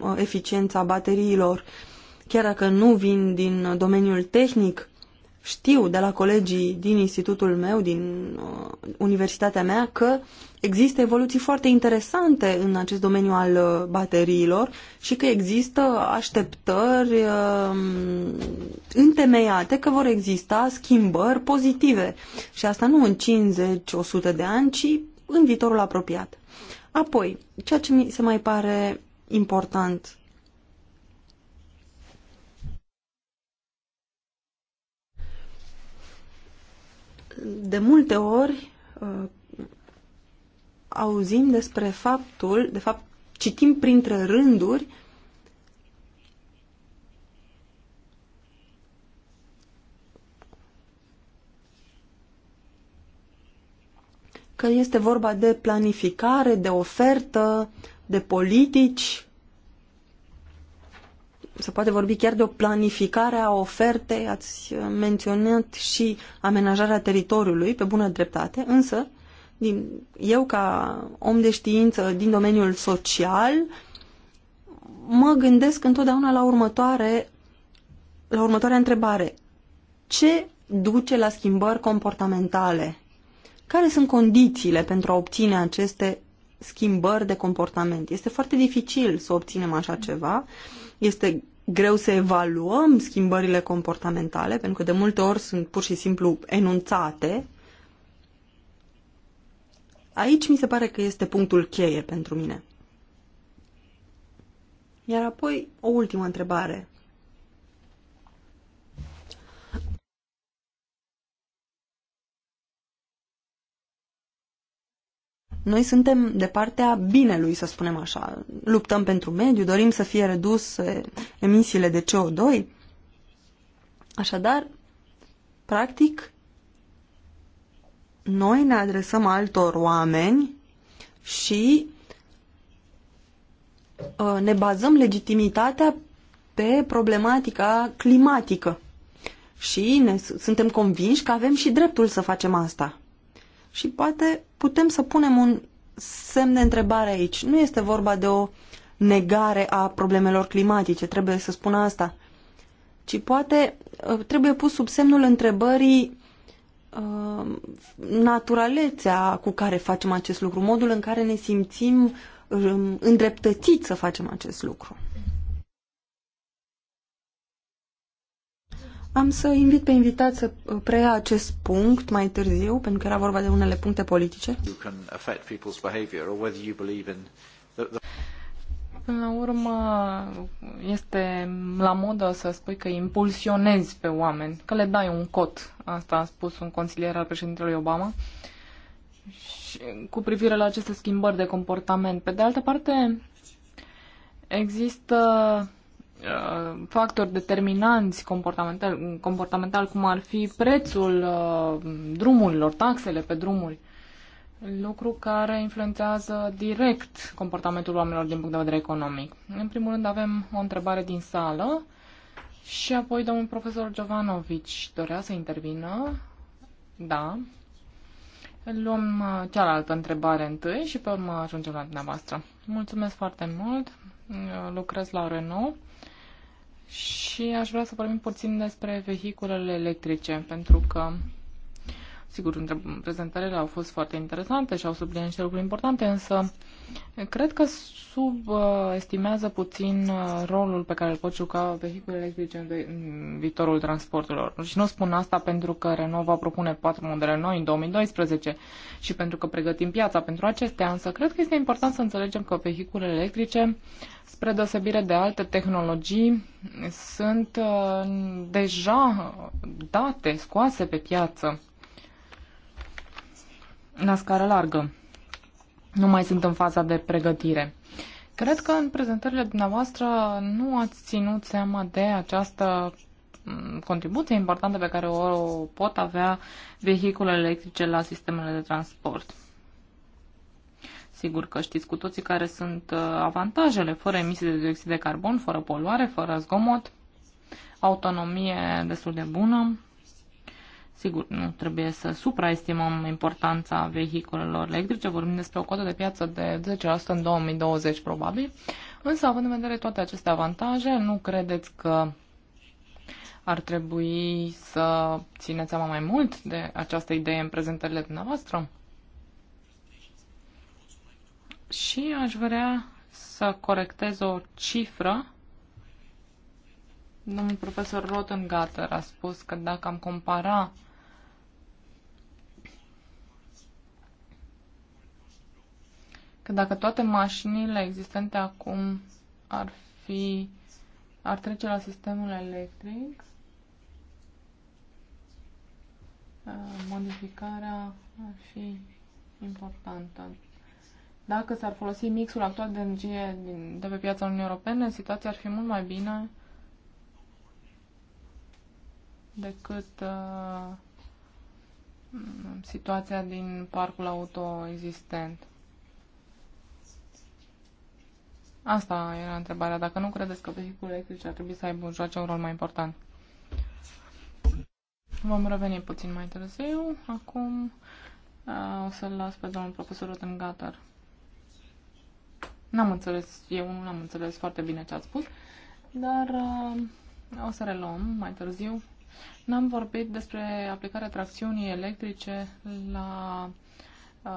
uh, eficiența bateriilor. Chiar dacă nu vin din domeniul tehnic, știu de la colegii din institutul meu, din uh, universitatea mea, că există evoluții foarte interesante în acest domeniu al uh, bateriilor și că există așteptări uh, întemeiate că vor exista schimbări pozitive. Și asta nu în 50-100 de ani, ci în viitorul apropiat. Apoi, ceea ce mi se mai pare important de multe ori uh, auzim despre faptul, de fapt citim printre rânduri că este vorba de planificare, de ofertă, de politici se poate vorbi chiar de o planificare a ofertei, ați menționat și amenajarea teritoriului, pe bună dreptate, însă din, eu ca om de știință din domeniul social mă gândesc întotdeauna la următoare la următoarea întrebare. Ce duce la schimbări comportamentale? Care sunt condițiile pentru a obține aceste schimbări de comportament? Este foarte dificil să obținem așa ceva. Uh, este greu să evaluăm schimbările comportamentale, pentru că de multe ori sunt pur și simplu enunțate. Aici mi se pare că este punctul cheie pentru mine. Iar apoi o ultimă întrebare. Noi suntem de partea binelui, să spunem așa. Luptăm pentru mediu, dorim să fie redus emisiile de CO2. Așadar, practic, noi ne adresăm altor oameni și uh, ne bazăm legitimitatea pe problematica climatică. Și ne, suntem convinși că avem și dreptul să facem asta și poate putem să punem un semn de întrebare aici. Nu este vorba de o negare a problemelor climatice, trebuie să spun asta, ci poate uh, trebuie pus sub semnul întrebării uh, naturalețea cu care facem acest lucru, modul în care ne simțim uh, îndreptățiți să facem acest lucru. Am să invit pe invitat să uh, preia acest punct mai târziu, pentru că era vorba de unele puncte politice. Până la urmă, este la modă să spui că impulsionezi pe oameni, că le dai un cot. Asta a spus un consilier al președintelui Obama. Și cu privire la aceste schimbări de comportament. Pe de altă parte, există Uh, factori determinanți comportamental, comportamental, cum ar fi prețul uh, drumurilor, taxele pe drumuri, lucru care influențează direct comportamentul oamenilor din punct de vedere economic. În primul rând avem o întrebare din sală și apoi domnul profesor Jovanovici dorea să intervină. Da. Luăm uh, cealaltă întrebare întâi și pe urmă ajungem la dumneavoastră. Mulțumesc foarte mult. lucrez la Renault și aș vrea să vorbim puțin despre vehiculele electrice, pentru că Sigur, prezentările au fost foarte interesante și au subliniat niște lucruri importante, însă cred că subestimează puțin uh, rolul pe care îl pot juca vehiculele electrice în viitorul transporturilor. Și nu spun asta pentru că Renault va propune patru modele noi în 2012 și pentru că pregătim piața pentru acestea, însă cred că este important să înțelegem că vehiculele electrice, spre deosebire de alte tehnologii, sunt uh, deja date, scoase pe piață la scară largă. Nu mai sunt în faza de pregătire. Cred că în prezentările dumneavoastră nu ați ținut seama de această mm, contribuție importantă pe care o pot avea vehiculele electrice la sistemele de transport. Sigur că știți cu toții care sunt uh, avantajele fără emisii de dioxid de carbon, fără poluare, fără zgomot, autonomie destul de bună, Sigur, nu trebuie să supraestimăm importanța vehiculelor electrice, vorbim despre o cotă de piață de 10% în 2020 probabil, însă având în vedere toate aceste avantaje, nu credeți că ar trebui să țineți seama mai mult de această idee în prezentările dumneavoastră? Și aș vrea să corectez o cifră. Domnul profesor Rottengatter a spus că dacă am compara că dacă toate mașinile existente acum ar fi ar trece la sistemul electric, uh, modificarea ar fi importantă. Dacă s-ar folosi mixul actual de energie de pe piața Uniunii Europene, situația ar fi mult mai bine decât uh, situația din parcul auto existent. Asta era întrebarea. Dacă nu credeți că vehiculele electrice ar trebui să aibă, joace un rol mai important. Vom reveni puțin mai târziu. Acum o să-l las pe domnul profesor Rottengatter. N-am înțeles, eu nu am înțeles foarte bine ce ați spus, dar o să reluăm mai târziu. N-am vorbit despre aplicarea tracțiunii electrice la Uh,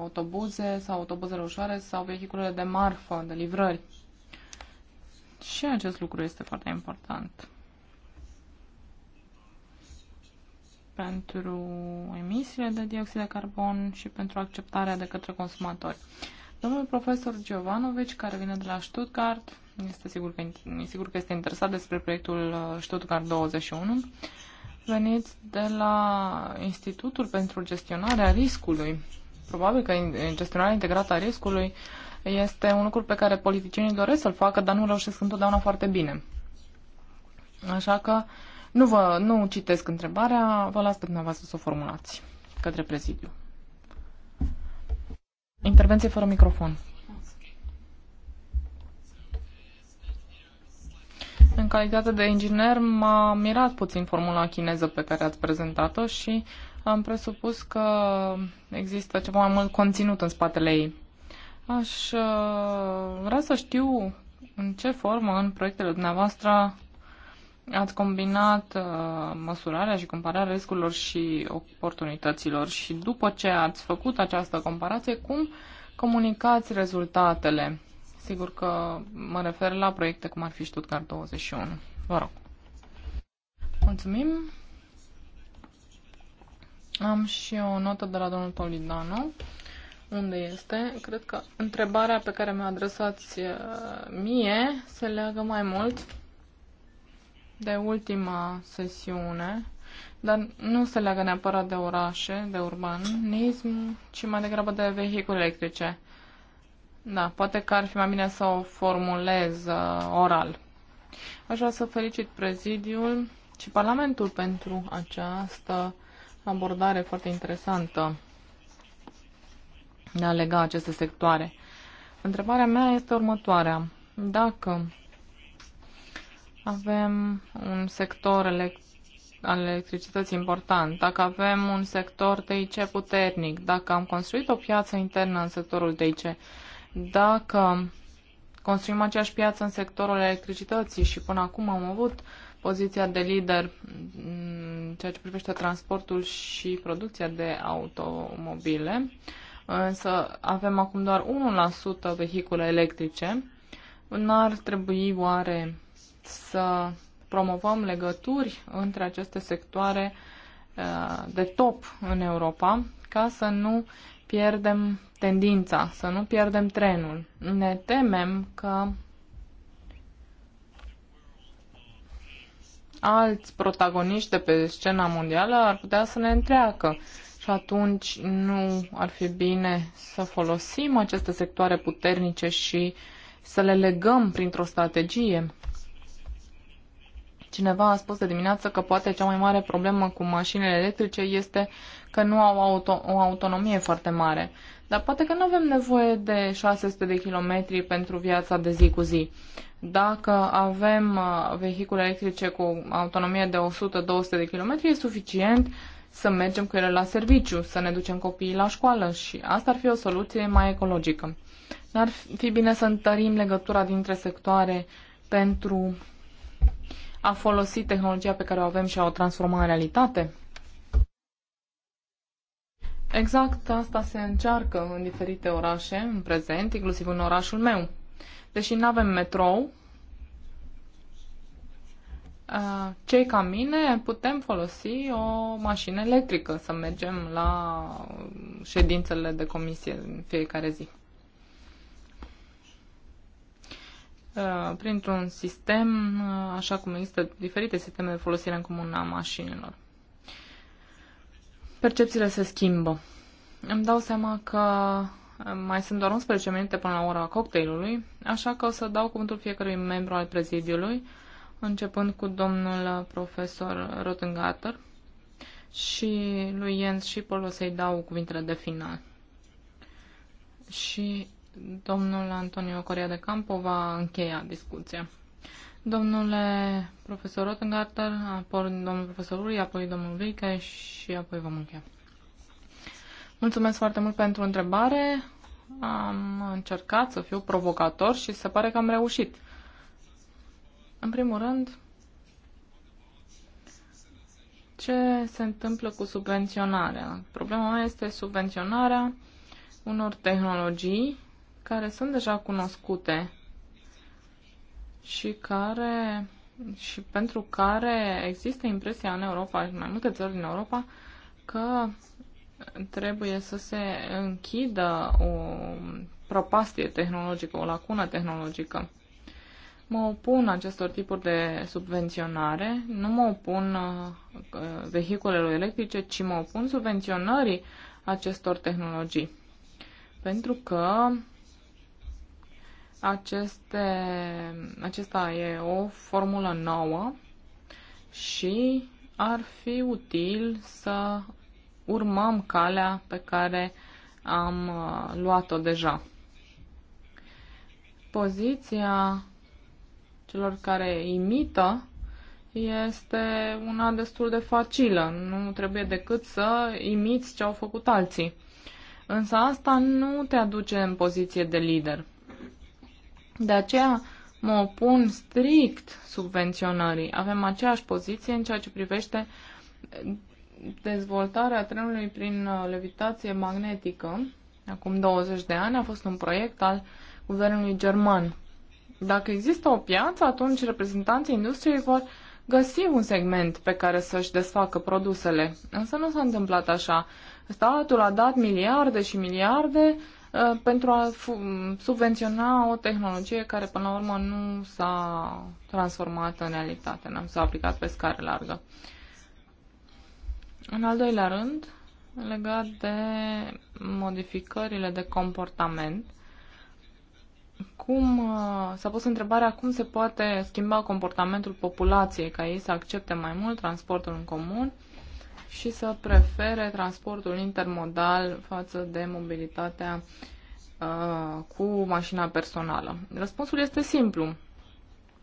autobuze sau autobuzele ușoare sau vehiculele de marfă, de livrări. Și acest lucru este foarte important. pentru emisiile de dioxid de carbon și pentru acceptarea de către consumatori. Domnul profesor Giovanovici, care vine de la Stuttgart, este sigur că, e sigur că este interesat despre proiectul uh, Stuttgart 21, veniți de la Institutul pentru Gestionarea Riscului Probabil că gestionarea integrată a riscului este un lucru pe care politicienii doresc să-l facă, dar nu reușesc întotdeauna foarte bine. Așa că nu, vă, nu citesc întrebarea, vă las pe dumneavoastră să o formulați către prezidiu. Intervenție fără microfon. În calitate de inginer m-a mirat puțin formula chineză pe care ați prezentat-o și uh, am presupus că există ceva mai mult conținut în spatele ei. Aș uh, vrea să știu în ce formă în proiectele dumneavoastră ați combinat uh, măsurarea și compararea riscurilor și oportunităților și după ce ați făcut această comparație, cum comunicați rezultatele? Sigur că mă refer la proiecte cum ar fi Stuttgart 21. Vă rog. Mulțumim. Am și o notă de la domnul Tolidano. Unde este? Cred că întrebarea pe care mi-o adresați uh, mie se leagă mai mult de ultima sesiune, dar nu se leagă neapărat de orașe, de urbanism, ci mai degrabă de vehicule electrice. Da, poate că ar fi mai bine să o formulez uh, oral. Aș vrea să felicit prezidiul și Parlamentul pentru această abordare foarte interesantă de a lega aceste sectoare. Întrebarea mea este următoarea. Dacă avem un sector al electricității important, dacă avem un sector TIC puternic, dacă am construit o piață internă în sectorul TIC, dacă construim aceeași piață în sectorul electricității și până acum am avut uh, poziția de lider în ceea ce privește transportul și producția de automobile, însă avem acum doar 1% vehicule electrice. N-ar trebui oare să promovăm legături între aceste sectoare uh, de top în Europa ca să nu pierdem tendința, să nu pierdem trenul. Ne temem că alți protagoniști de pe scena mondială ar putea să ne întreacă. Și atunci nu ar fi bine să folosim aceste sectoare puternice și să le legăm printr-o strategie. Cineva a spus de dimineață că poate cea mai mare problemă cu mașinile electrice este că nu au auto- o autonomie foarte mare. Dar poate că nu avem nevoie de 600 de kilometri pentru viața de zi cu zi. Dacă avem uh, vehicule electrice cu autonomie de 100-200 de kilometri, e suficient să mergem cu ele la serviciu, să ne ducem copiii la școală și asta ar fi o soluție mai ecologică. N-ar fi bine să întărim legătura dintre sectoare pentru a folosi tehnologia pe care o avem și a o transforma în realitate? Exact asta se încearcă în diferite orașe, în prezent, inclusiv în orașul meu. Deși nu avem metrou, cei ca mine putem folosi o mașină electrică să mergem la ședințele de comisie în fiecare zi. Printr-un sistem, așa cum există diferite sisteme de folosire în comun a mașinilor. Percepțiile se schimbă. Îmi dau seama că uh, mai sunt doar 11 minute până la ora cocktailului, așa că o să dau cuvântul fiecărui membru al prezidiului, începând cu domnul profesor Rottengatter și lui Jens Schipol o să-i dau cuvintele de final. Și domnul Antonio Coria de Campo va încheia discuția. Domnule profesor Rottengarter, apoi domnul profesor Uri, apoi domnul Vilke și apoi vom încheia. Mulțumesc foarte mult pentru întrebare. Am încercat să fiu provocator și se pare că am reușit. În primul rând, ce se întâmplă cu subvenționarea? Problema mea este subvenționarea unor tehnologii care sunt deja cunoscute și care și pentru care există impresia în Europa și în mai multe țări din Europa că trebuie să se închidă o propastie tehnologică, o lacună tehnologică. Mă opun acestor tipuri de subvenționare, nu mă opun uh, vehiculelor electrice, ci mă opun subvenționării acestor tehnologii. Pentru că aceste, acesta e o formulă nouă și ar fi util să urmăm calea pe care am uh, luat-o deja. Poziția celor care imită este una destul de facilă. Nu trebuie decât să imiți ce au făcut alții. Însă asta nu te aduce în poziție de lider. De aceea mă opun strict subvenționării. Avem aceeași poziție în ceea ce privește dezvoltarea trenului prin uh, levitație magnetică. Acum 20 de ani a fost un proiect al guvernului german. Dacă există o piață, atunci reprezentanții industriei vor găsi un segment pe care să-și desfacă produsele. Însă nu s-a întâmplat așa. Statul a dat miliarde și miliarde Uh, pentru a subvenționa o tehnologie care până la urmă nu s-a transformat în realitate, nu s-a aplicat pe scară largă. În al doilea rând, legat de modificările de comportament, cum uh, s-a pus întrebarea cum se poate schimba comportamentul populației ca ei să accepte mai mult transportul în comun și să prefere transportul intermodal față de mobilitatea uh, cu mașina personală? Răspunsul este simplu.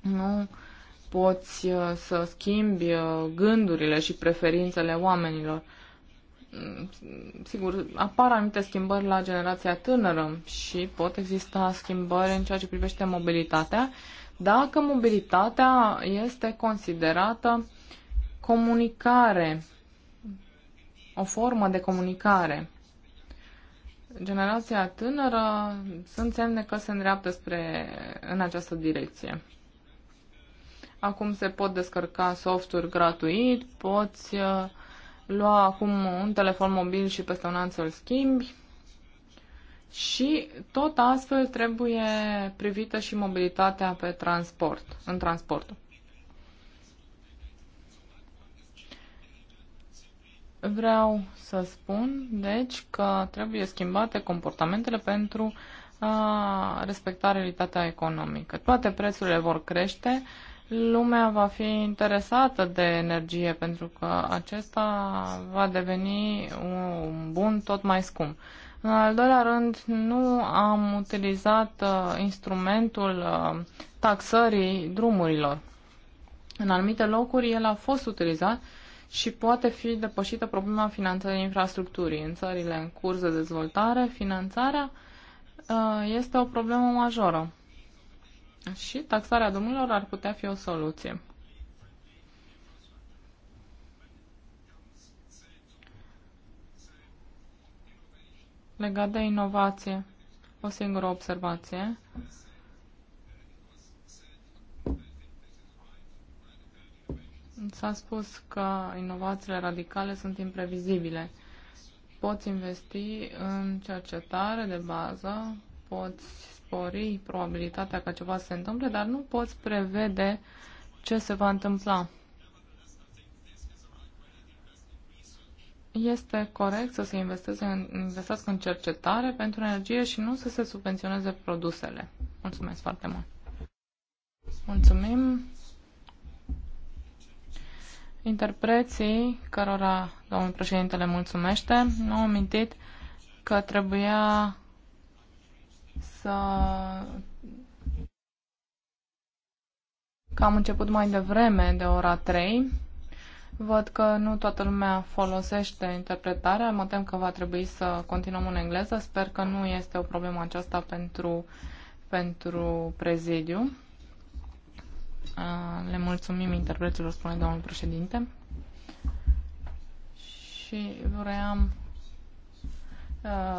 Nu poți uh, să schimbi uh, gândurile și preferințele oamenilor. Mm, sigur, apar anumite schimbări la generația tânără și pot exista schimbări în ceea ce privește mobilitatea, dacă mobilitatea este considerată comunicare o formă de comunicare. Generația tânără sunt semne că se îndreaptă spre, în această direcție. Acum se pot descărca softuri gratuit, poți uh, lua acum un telefon mobil și peste un an să-l schimbi. Și tot astfel trebuie privită și mobilitatea pe transport, în transportul. Vreau să spun, deci, că trebuie schimbate comportamentele pentru a respecta realitatea economică. Toate prețurile vor crește, lumea va fi interesată de energie pentru că acesta va deveni un bun tot mai scump. În al doilea rând, nu am utilizat uh, instrumentul uh, taxării drumurilor. În anumite locuri el a fost utilizat și poate fi depășită problema finanțării infrastructurii. În țările în curs de dezvoltare, finanțarea uh, este o problemă majoră și taxarea domnilor ar putea fi o soluție. Legat de inovație, o singură observație. S-a spus că inovațiile radicale sunt imprevizibile. Poți investi în cercetare de bază, poți spori probabilitatea ca ceva să se întâmple, dar nu poți prevede ce se va întâmpla. Este corect să se investeze în, investească în cercetare pentru energie și nu să se subvenționeze produsele. Mulțumesc foarte mult! Mulțumim! Interpreții, cărora domnul președinte le mulțumește, au amintit că trebuia să... că am început mai devreme de ora 3. Văd că nu toată lumea folosește interpretarea. Mă tem că va trebui să continuăm în engleză. Sper că nu este o problemă aceasta pentru, pentru prezidiu. Le mulțumim interpreților, spune domnul președinte. Și vreau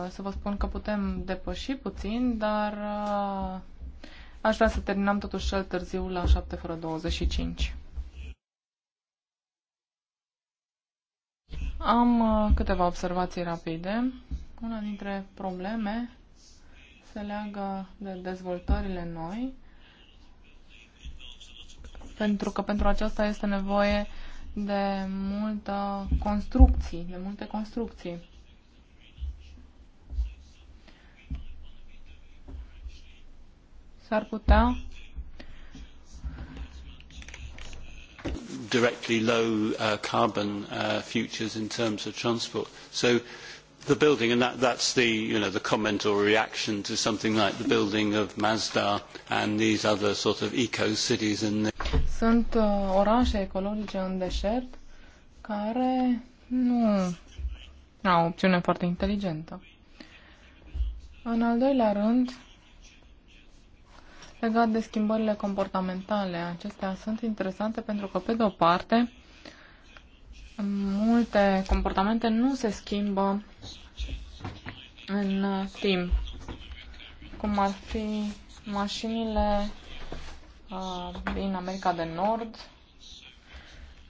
să vă spun că putem depăși puțin, dar aș vrea să terminăm totuși cel târziu la 7 fără 25. Am câteva observații rapide. Una dintre probleme se leagă de dezvoltările noi pentru că pentru aceasta este nevoie de multă construcții, de multe construcții. S-ar putea directly low uh, carbon uh, futures in terms of transport. So the building, and that, that's the, you know, the comment or reaction to something like the building of Mazda and these other sort of eco-cities in the... Sunt uh, orașe ecologice în deșert care nu au o opțiune foarte inteligentă. În al doilea rând, legat de schimbările comportamentale, acestea sunt interesante pentru că, pe de o parte, multe comportamente nu se schimbă în timp, cum ar fi mașinile Ah, din America de Nord.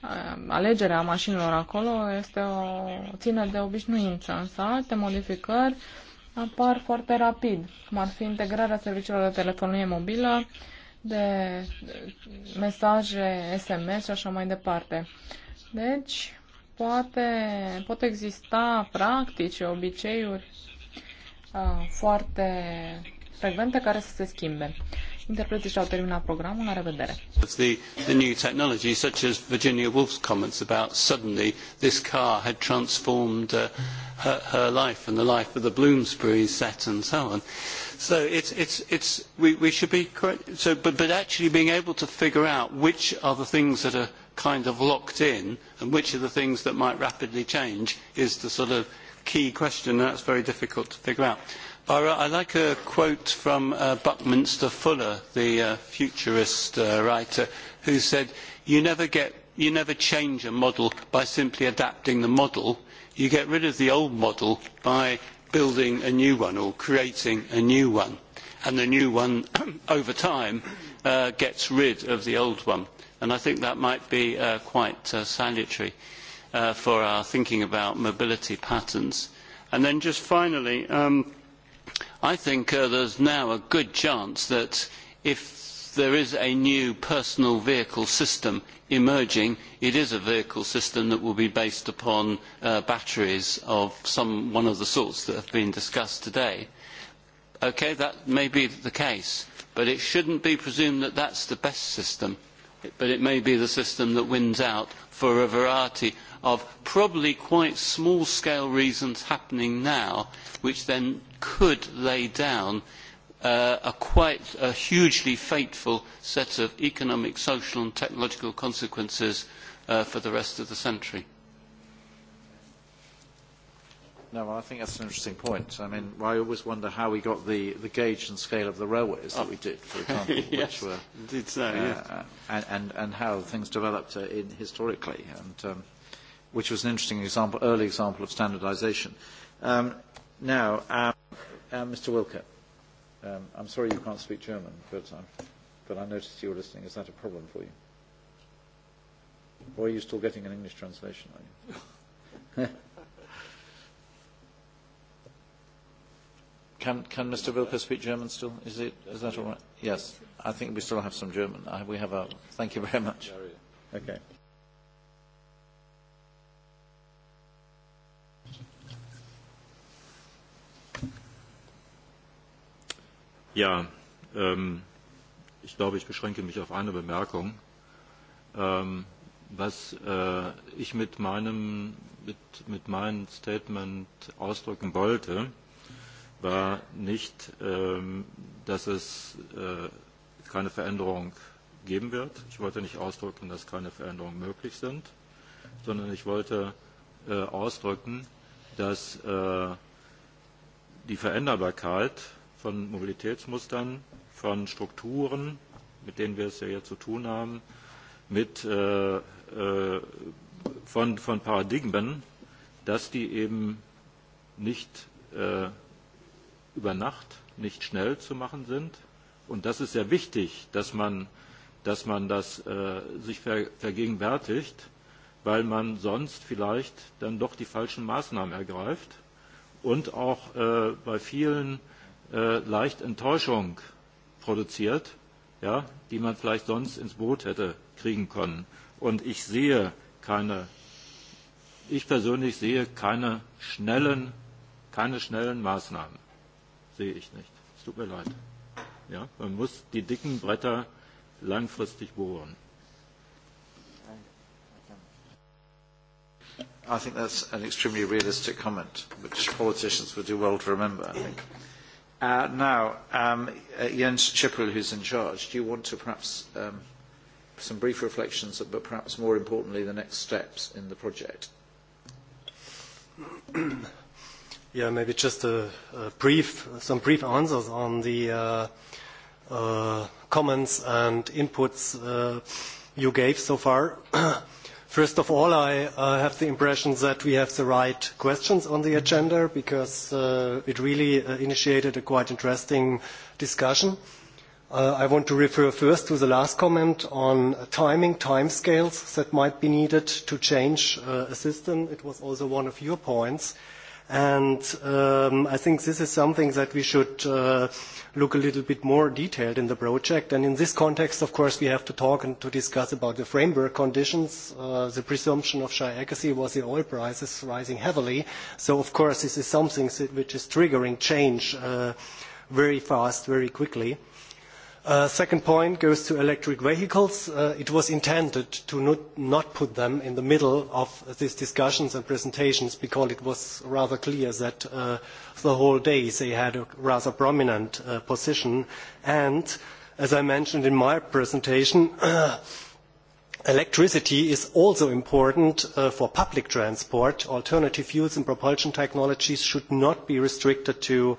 Ah, alegerea mașinilor acolo este o ține de obișnuință, însă alte modificări apar foarte rapid, cum ar fi integrarea serviciilor de telefonie mobilă, de mesaje, SMS și așa mai departe. Deci, poate, pot exista practici, obiceiuri uh, foarte frecvente care să se schimbe. Interpreții și-au terminat programul. La revedere. The, the new technology, such as Virginia Woolf's comments about suddenly this car had transformed uh, her, her life and the life of the Bloomsbury set and so on. So it's, it's, it's, we, we should be correct. So, but, but actually being able to figure out which are the things that are kind of locked in and which are the things that might rapidly change is the sort of key question and that's very difficult to figure out. Ira, I like a quote from uh, Buckminster Fuller, the uh, futurist uh, writer, who said, you never, get, you never change a model by simply adapting the model. You get rid of the old model by building a new one or creating a new one. And the new one, over time, uh, gets rid of the old one. And I think that might be uh, quite uh, salutary uh, for our thinking about mobility patterns. And then just finally, um, I think there uh, there's now a good chance that if there is a new personal vehicle system emerging, it is a vehicle system that will be based upon uh, batteries of some one of the sorts that have been discussed today. Okay, that may be the case, but it shouldn't be presumed that that's the best system. But it may be the system that wins out for a variety of probably quite small scale reasons happening now which then could lay down uh, a quite a hugely fateful set of economic, social and technological consequences uh, for the rest of the century. No, well, I think that's an interesting point. I mean, well, I always wonder how we got the, the gauge and scale of the railways that oh. we did, for oh. example, yes, which were, indeed so, uh, yes. and, and, and how things developed uh, in, historically. And um, which was an interesting example, early example of standardisation. Um, now, um, uh, Mr. Wilke, um, I'm sorry you can't speak German, but, um, but I noticed you were listening. Is that a problem for you? Or are you still getting an English translation? Are you? Can, can Mr. Wilke speak German still? Is, it, is that all right? Yes. I think we still have some German. I, we have a... Thank you very much. Okay. Ja, ähm, ich glaube, ich beschränke mich auf eine Bemerkung. Ähm, was äh, ich mit meinem mit, mit meinem Statement ausdrücken wollte, war nicht, ähm, dass es äh, keine Veränderung geben wird. Ich wollte nicht ausdrücken, dass keine Veränderungen möglich sind, sondern ich wollte äh, ausdrücken, dass äh, die Veränderbarkeit von Mobilitätsmustern, von Strukturen, mit denen wir es ja hier zu tun haben, mit, äh, äh, von, von Paradigmen, dass die eben nicht äh, über Nacht, nicht schnell zu machen sind. Und das ist sehr wichtig, dass man, dass man das äh, sich ver, vergegenwärtigt, weil man sonst vielleicht dann doch die falschen Maßnahmen ergreift und auch äh, bei vielen äh, leicht Enttäuschung produziert, ja, die man vielleicht sonst ins Boot hätte kriegen können. Und ich sehe keine, ich persönlich sehe keine schnellen, keine schnellen Maßnahmen. Sehe ich nicht. Es tut mir leid. Ja, man muss die dicken Bretter langfristig bohren. I think that's an extremely realistic comment, which politicians would do well to remember, I think. Uh, now, um, uh, Jens Schippel, who's in charge, do you want to perhaps um, some brief reflections, but perhaps more importantly, the next steps in the project? yeah, maybe just a, a brief, some brief answers on the uh, uh, comments and inputs uh, you gave so far. First of all, I uh, have the impression that we have the right questions on the agenda because uh, it really uh, initiated a quite interesting discussion. Uh, I want to refer first to the last comment on timing, timescales that might be needed to change uh, a system. It was also one of your points. Uh, And um, I think this is something that we should uh, look a little bit more detailed in the project. And in this context, of course, we have to talk and to discuss about the framework conditions. Uh, the presumption of shy accuracy was the oil prices rising heavily. So, of course, this is something which is triggering change uh, very fast, very quickly. Uh, second point goes to electric vehicles. Uh, it was intended to not, put them in the middle of these discussions and presentations because it was rather clear that uh, the whole day they had a rather prominent uh, position. And as I mentioned in my presentation, electricity is also important for public transport. Alternative fuels and propulsion technologies should not be restricted to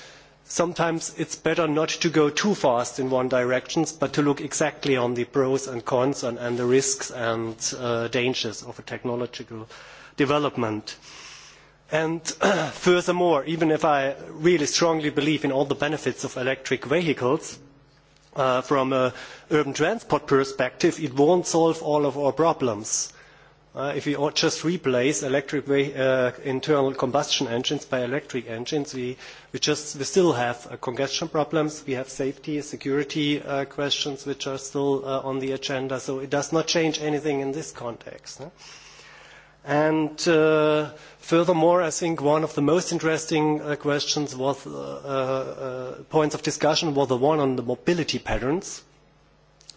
sometimes it is better not to go too fast in one direction but to look exactly at the pros and cons and, the risks and uh, dangers of a technological development. And furthermore, even if I really strongly believe in all the benefits of electric vehicles, uh, from an urban transport perspective, it won't solve all of our problems Uh, if we just replace electric uh, internal combustion engines by electric engines, we, we, just, we still have uh, congestion problems. We have safety, security uh, questions which are still uh, on the agenda. So it does not change anything in this context. And uh, furthermore, I think one of the most interesting questions was points of discussion was the one on the mobility patterns.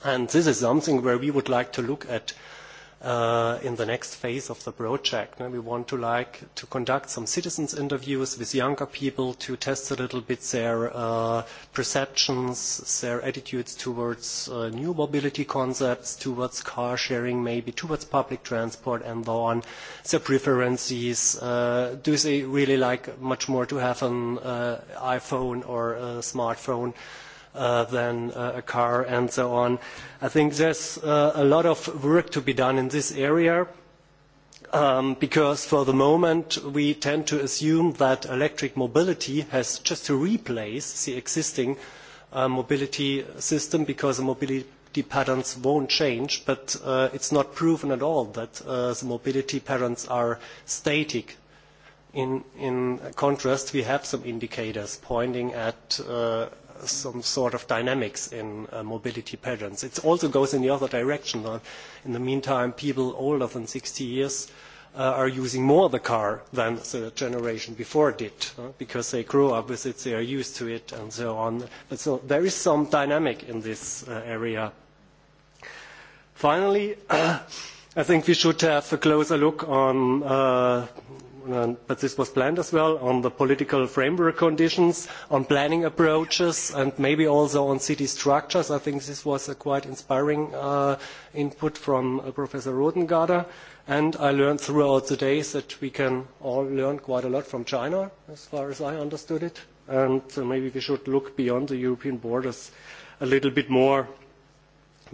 And this is something where we would like to look at uh, in the next phase of the project. We want to like to conduct some citizens interviews with younger people to test a little bit their uh, perceptions, their attitudes towards uh, new mobility concepts, towards car sharing maybe, towards public transport and so on, their preferences. Uh, do they really like much more to have an uh, iPhone or a smartphone? uh, than uh, a car and so on. I think there's uh, a lot of work to be done in this area. Um, because for the moment we tend to assume that electric mobility has just to replace the existing uh, mobility system because the mobility patterns won't change, but uh, it's not proven at all that uh, the mobility patterns are static. In, in contrast, we have some indicators pointing at uh, some sort of dynamics in uh, mobility patterns. It also goes in the other direction. Uh, in the meantime, people older than 60 years uh, are using more the car than the generation before did because they grew up with it, they are used to it, and so on. But so there is some dynamic in this uh, area. Finally, I think we should have a closer look on uh, but this was planned as well on the political framework conditions on planning approaches and maybe also on city structures. i think this was a quite inspiring uh, input from uh, professor rodengarder and i learned throughout the days that we can all learn quite a lot from china as far as i understood it and uh, maybe we should look beyond the european borders a little bit more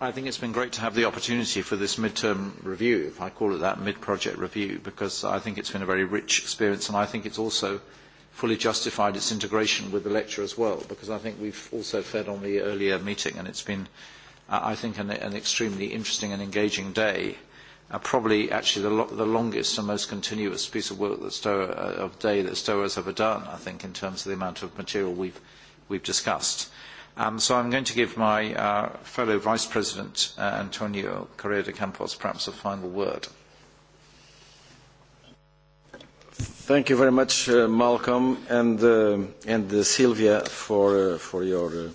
I think it's been great to have the opportunity for this mid-term review, if I call it that, mid-project review, because I think it's been a very rich experience and I think it's also fully justified its integration with the lecture as well, because I think we've also fed on the earlier meeting and it's been, uh, I think, an, an extremely interesting and engaging day. Uh, probably actually the, lo the longest and most continuous piece of work that Stoa, uh, of day that Stoa has ever done, I think, in terms of the amount of material we've, we've discussed. Um, so I'm going to give my uh, fellow Vice President, uh, Antonio Correa de Campos, perhaps a final word. Thank you very much, uh, Malcolm and, uh, and uh, Sylvia, for, uh, for your uh,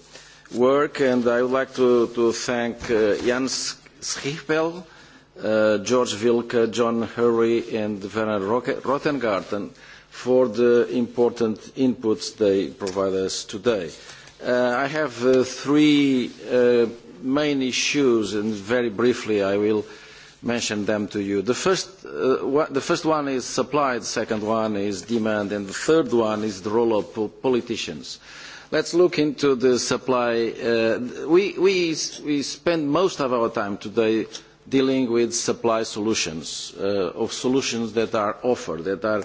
work. And I would like to, to thank uh, Jan Schiepel, uh, George Wilke, John Hurry, and Werner Rottengarten for the important inputs they provide us today. Uh, I have uh, three uh, main issues, and very briefly I will mention them to you. The first, uh, the first one is supply, the second one is demand, and the third one is the role of po politicians. Let's look into the supply. Uh, we, we, we spend most of our time today dealing with supply solutions, uh, of solutions that are offered, that are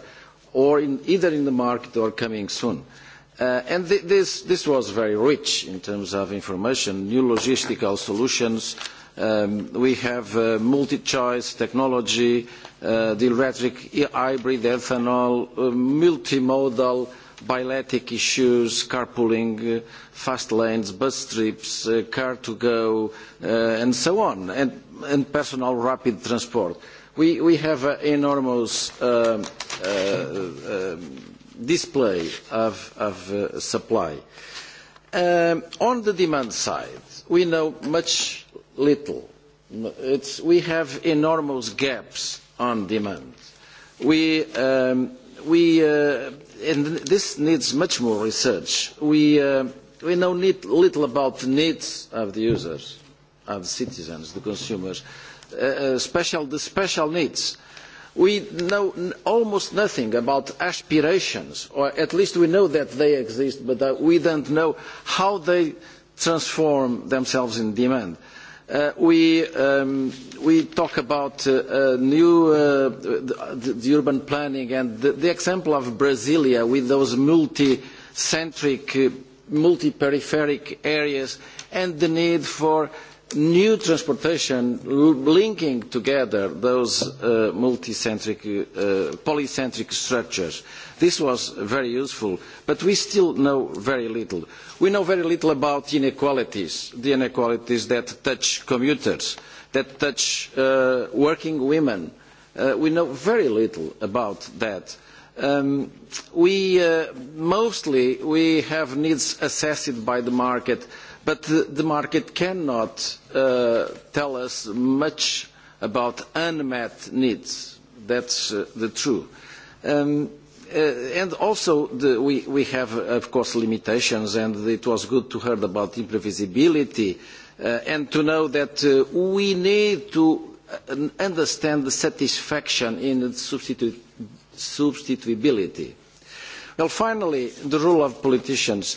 or in, either in the market or coming soon. Uh, Uh, and th this, this, was very rich in terms of information, new logistical solutions. Um, we have uh, multi-choice technology, uh, the electric hybrid ethanol, uh, multimodal biletic issues, carpooling, uh, fast lanes, bus trips, uh, car to go, and so on, and, and, personal rapid transport. We, we have an enormous um, um, display of, of uh, supply. Um, on the demand side, we know much little. It's, we have enormous gaps on demand. We, um, we, uh, and this needs much more research. We, uh, we know need, little about the needs of the users, of the citizens, the consumers, uh, uh special, the special needs We know almost nothing about aspirations, or at least we know that they exist, but uh, we don't know how they transform themselves in demand. Uh, we, um, we talk about uh, uh, new the, the urban planning and the, the, example of Brasilia with those multi-centric, uh, multi-peripheric areas and the need for new transportation linking together those uh, multicentric, uh, polycentric structures. This was very useful, but we still know very little. We know very little about inequalities, the inequalities that touch commuters, that touch uh, working women. Uh, we know very little about that. Um, we uh, mostly we have needs assessed by the market But the market cannot uh, tell us much about unmet needs. That's uh, the truth. Um, uh, and also, the, we, we have, of course, limitations, and it was good to hear about imprevisibility uh, and to know that uh, we need to uh, understand the satisfaction in substitu substitutability. Well, finally, the role of politicians.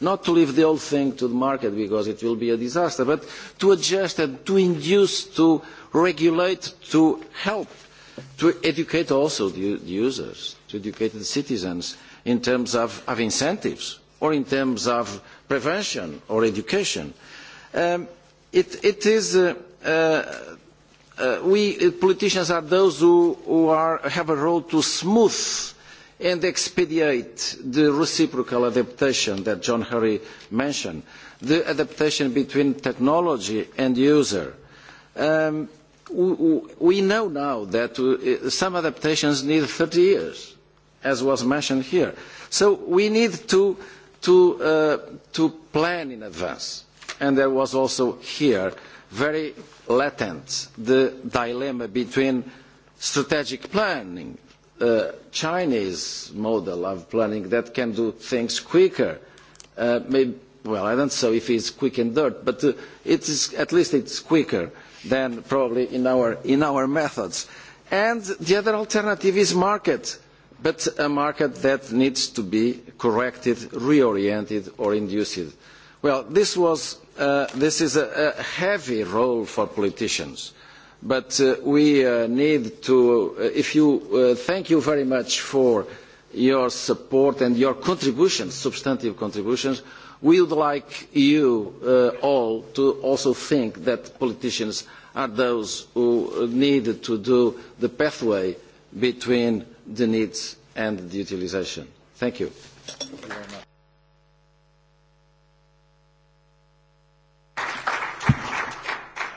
not to leave the whole thing to the market because it will be a disaster, but to adjust and to induce, to regulate, to help, to educate also the, the users, to educate the citizens in terms of, of, incentives or in terms of prevention or education. Um, it, it is, uh, uh, uh, we uh, politicians are those who, who are, have a role to smooth and expedite the reciprocal adaptation that John Hurry mentioned, the adaptation between technology and user. Um, we know now that uh, some adaptations need 30 years, as was mentioned here. So we need to, to, uh, to plan in advance. And there was also here very latent the dilemma between strategic planning uh, Chinese model of planning that can do things quicker. Uh, maybe, well, I don't know if it's quick and dirt, but uh, it is, at least it's quicker than probably in our, in our methods. And the other alternative is market, but a market that needs to be corrected, reoriented or induced. Well, this, was, uh, this is a, a heavy role for politicians but uh, we uh, need to uh, if you uh, thank you very much for your support and your contributions substantive contributions we would like you uh, all to also think that politicians are those who uh, need to do the pathway between the needs and the utilisation. Thank you. Thank you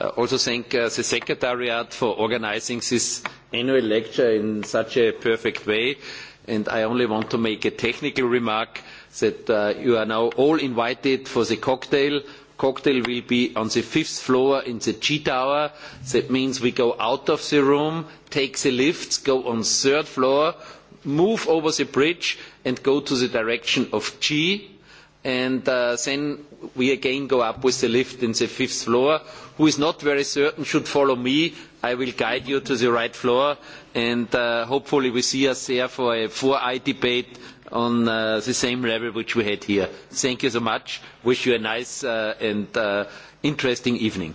Uh, also thank uh, the Secretariat for organizing this annual lecture in such a perfect way. And I only want to make a technical remark that uh, you are now all invited for the cocktail. Cocktail will be on the fifth floor in the G Tower. That means we go out of the room, take the lifts, go on third floor, move over the bridge and go to the direction of G and uh, then we again go up with the lift in the fifth floor. Who is not very certain should follow me. I will guide you to the right floor, and uh, hopefully we see us there for a four-eye debate on uh, the same level which we had here. Thank you so much. Wish you a nice uh, and uh, interesting evening.